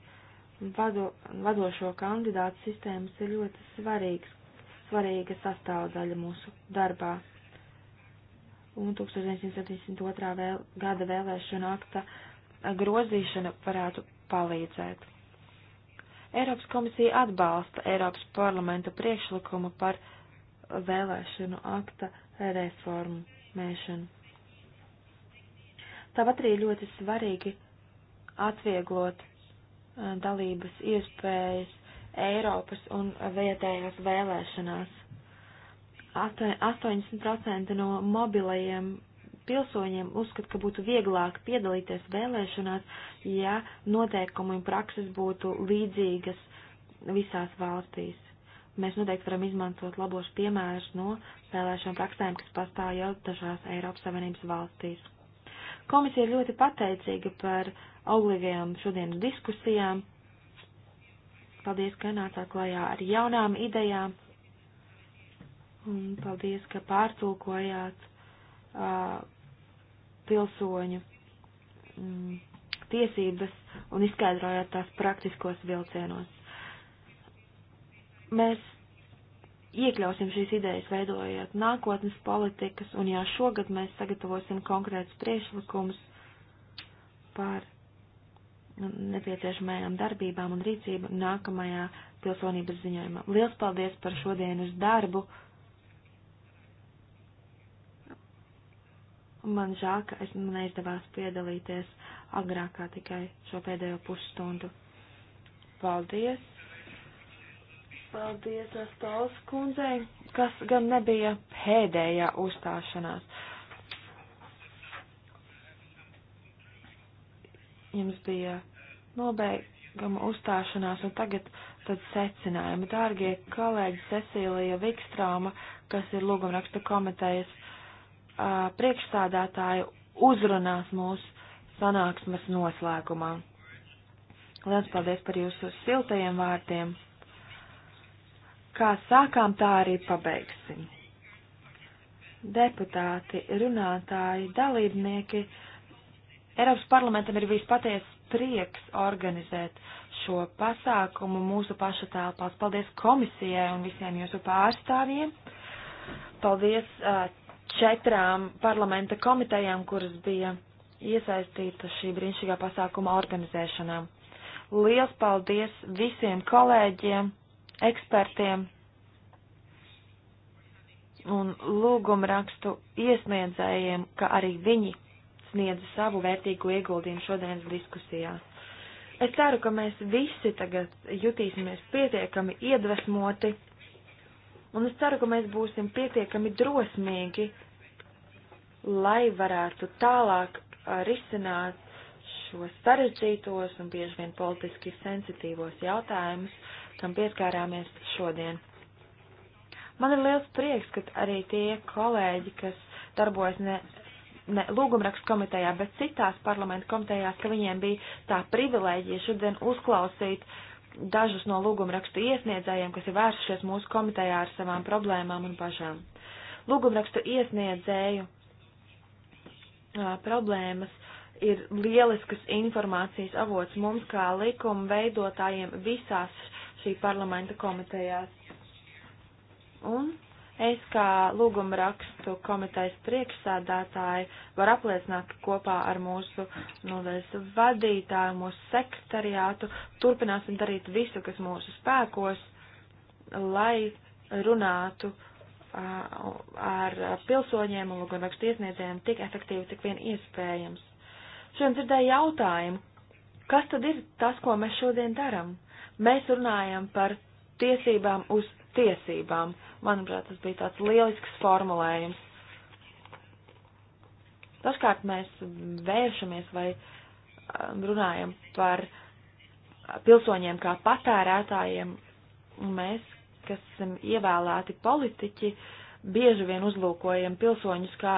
vado, vadošo kandidātu sistēmas ir ļoti svarīgs, svarīga sastāvdaļa mūsu darbā. Un 1972. Vēl, gada vēlēšana akta grozīšana varētu palīdzēt. Eiropas komisija atbalsta Eiropas parlamenta priekšlikumu par vēlēšanu akta reformu mēšanu. Tāpat arī ļoti svarīgi atvieglot uh, dalības iespējas Eiropas un vietējās vēlēšanās. 80% no mobilajiem pilsoņiem uzskata, ka būtu vieglāk piedalīties vēlēšanās, ja noteikumi un prakses būtu līdzīgas visās valstīs. Mēs noteikti varam izmantot labos piemērus no vēlēšanu praksēm, kas pastāv jau dažās Eiropas Savienības valstīs. Komisija ir ļoti pateicīga par auglīgajām šodienas diskusijām. Paldies, ka nācāt klajā ar jaunām idejām. Un paldies, ka pārtulkojāt uh, pilsoņu mm, tiesības un izskaidrojāt tās praktiskos vilcienos. Mēs iekļausim šīs idejas, veidojot nākotnes politikas, un ja šogad mēs sagatavosim konkrētus priešlikumus par nepieciešamajām darbībām un rīcību nākamajā pilsonības ziņojumā. Liels paldies par šodienas darbu! Man žēl, ka es man neizdevās piedalīties agrākā tikai šo pēdējo pusstundu. Paldies! Paldies Astols kundzei, kas gan nebija pēdējā uzstāšanās. Jums bija nobeigama uzstāšanās un tagad tad secinājumi. Dārgie kolēģi Cecīlija Vikstrāma, kas ir lūgumraksta komitejas priekšstādātāja, uzrunās mūsu sanāksmes noslēgumā. Liels paldies par jūsu siltajiem vārdiem! Kā sākām, tā arī pabeigsim. Deputāti, runātāji, dalībnieki, Eiropas parlamentam ir vispaties prieks organizēt šo pasākumu mūsu pašu telpās. Paldies komisijai un visiem jūsu pārstāvjiem. Paldies uh, četrām parlamenta komitejām, kuras bija iesaistīta šī brīnišķīgā pasākuma organizēšanā. Liels paldies visiem kolēģiem, ekspertiem un lūgumrakstu iesniedzējiem, ka arī viņi sniedz savu vērtīgu ieguldījumu šodienas diskusijā. Es ceru, ka mēs visi tagad jutīsimies pietiekami iedvesmoti, un es ceru, ka mēs būsim pietiekami drosmīgi, lai varētu tālāk risināt šos sarežģītos un bieži vien politiski sensitīvos jautājumus, kam pieskārāmies šodien. Man ir liels prieks, ka arī tie kolēģi, kas darbojas ne, ne lūgumrakstu komitejā, bet citās parlamentu komitejās, ka viņiem bija tā privilēģija šodien uzklausīt dažus no lūgumrakstu iesniedzējiem, kas ir vērsušies mūsu komitejā ar savām problēmām un pašām. Lūgumrakstu iesniedzēju a, problēmas ir lieliskas informācijas avots mums kā likuma veidotājiem visās šī parlamenta komitejās. Un es kā lūguma rakstu komitejas priekšsādātāji varu apliecināt, ka kopā ar mūsu nodaļas vadītāju, mūsu sekretariātu turpināsim darīt visu, kas mūsu spēkos, lai runātu ar pilsoņiem un lūgumrakstu iesniedzējiem tik efektīvi, cik vien iespējams. Šodien dzirdēju jautājumu, kas tad ir tas, ko mēs šodien darām? Mēs runājam par tiesībām uz tiesībām. Manuprāt, tas bija tāds lielisks formulējums. Dažkārt mēs vēršamies vai um, runājam par pilsoņiem kā patērētājiem, un mēs, kas esam ievēlēti politiķi, bieži vien uzlūkojam pilsoņus kā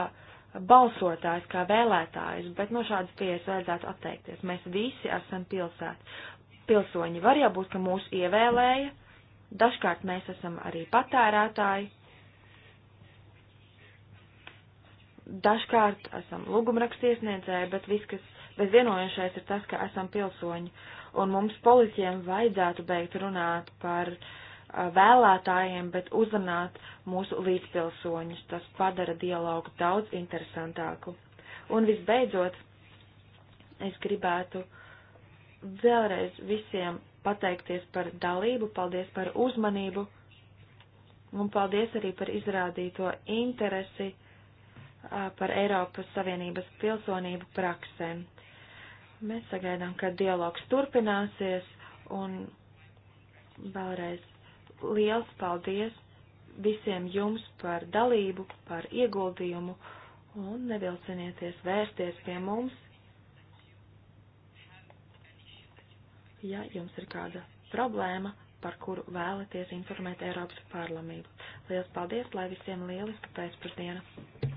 balsotājs, kā vēlētājs, bet no šādas pieejas vajadzētu atteikties. Mēs visi esam pilsēti pilsoņi var jau būt, ka mūs ievēlēja, dažkārt mēs esam arī patērētāji, dažkārt esam lūgumrakstiesniedzēji, bet viss, kas bez vienojušais ir tas, ka esam pilsoņi, un mums politiķiem vajadzētu beigt runāt par uh, vēlētājiem, bet uzrunāt mūsu līdzpilsoņus. Tas padara dialogu daudz interesantāku. Un visbeidzot, es gribētu uh, vēlreiz visiem pateikties par dalību, paldies par uzmanību un paldies arī par izrādīto interesi par Eiropas Savienības pilsonību praksēm. Mēs sagaidām, ka dialogs turpināsies un vēlreiz liels paldies visiem jums par dalību, par ieguldījumu un nevilcinieties vērsties pie mums ja jums ir kāda problēma, par kuru vēlaties informēt Eiropas parlamentu. Lielas paldies, lai visiem lieliska pēcpusdiena!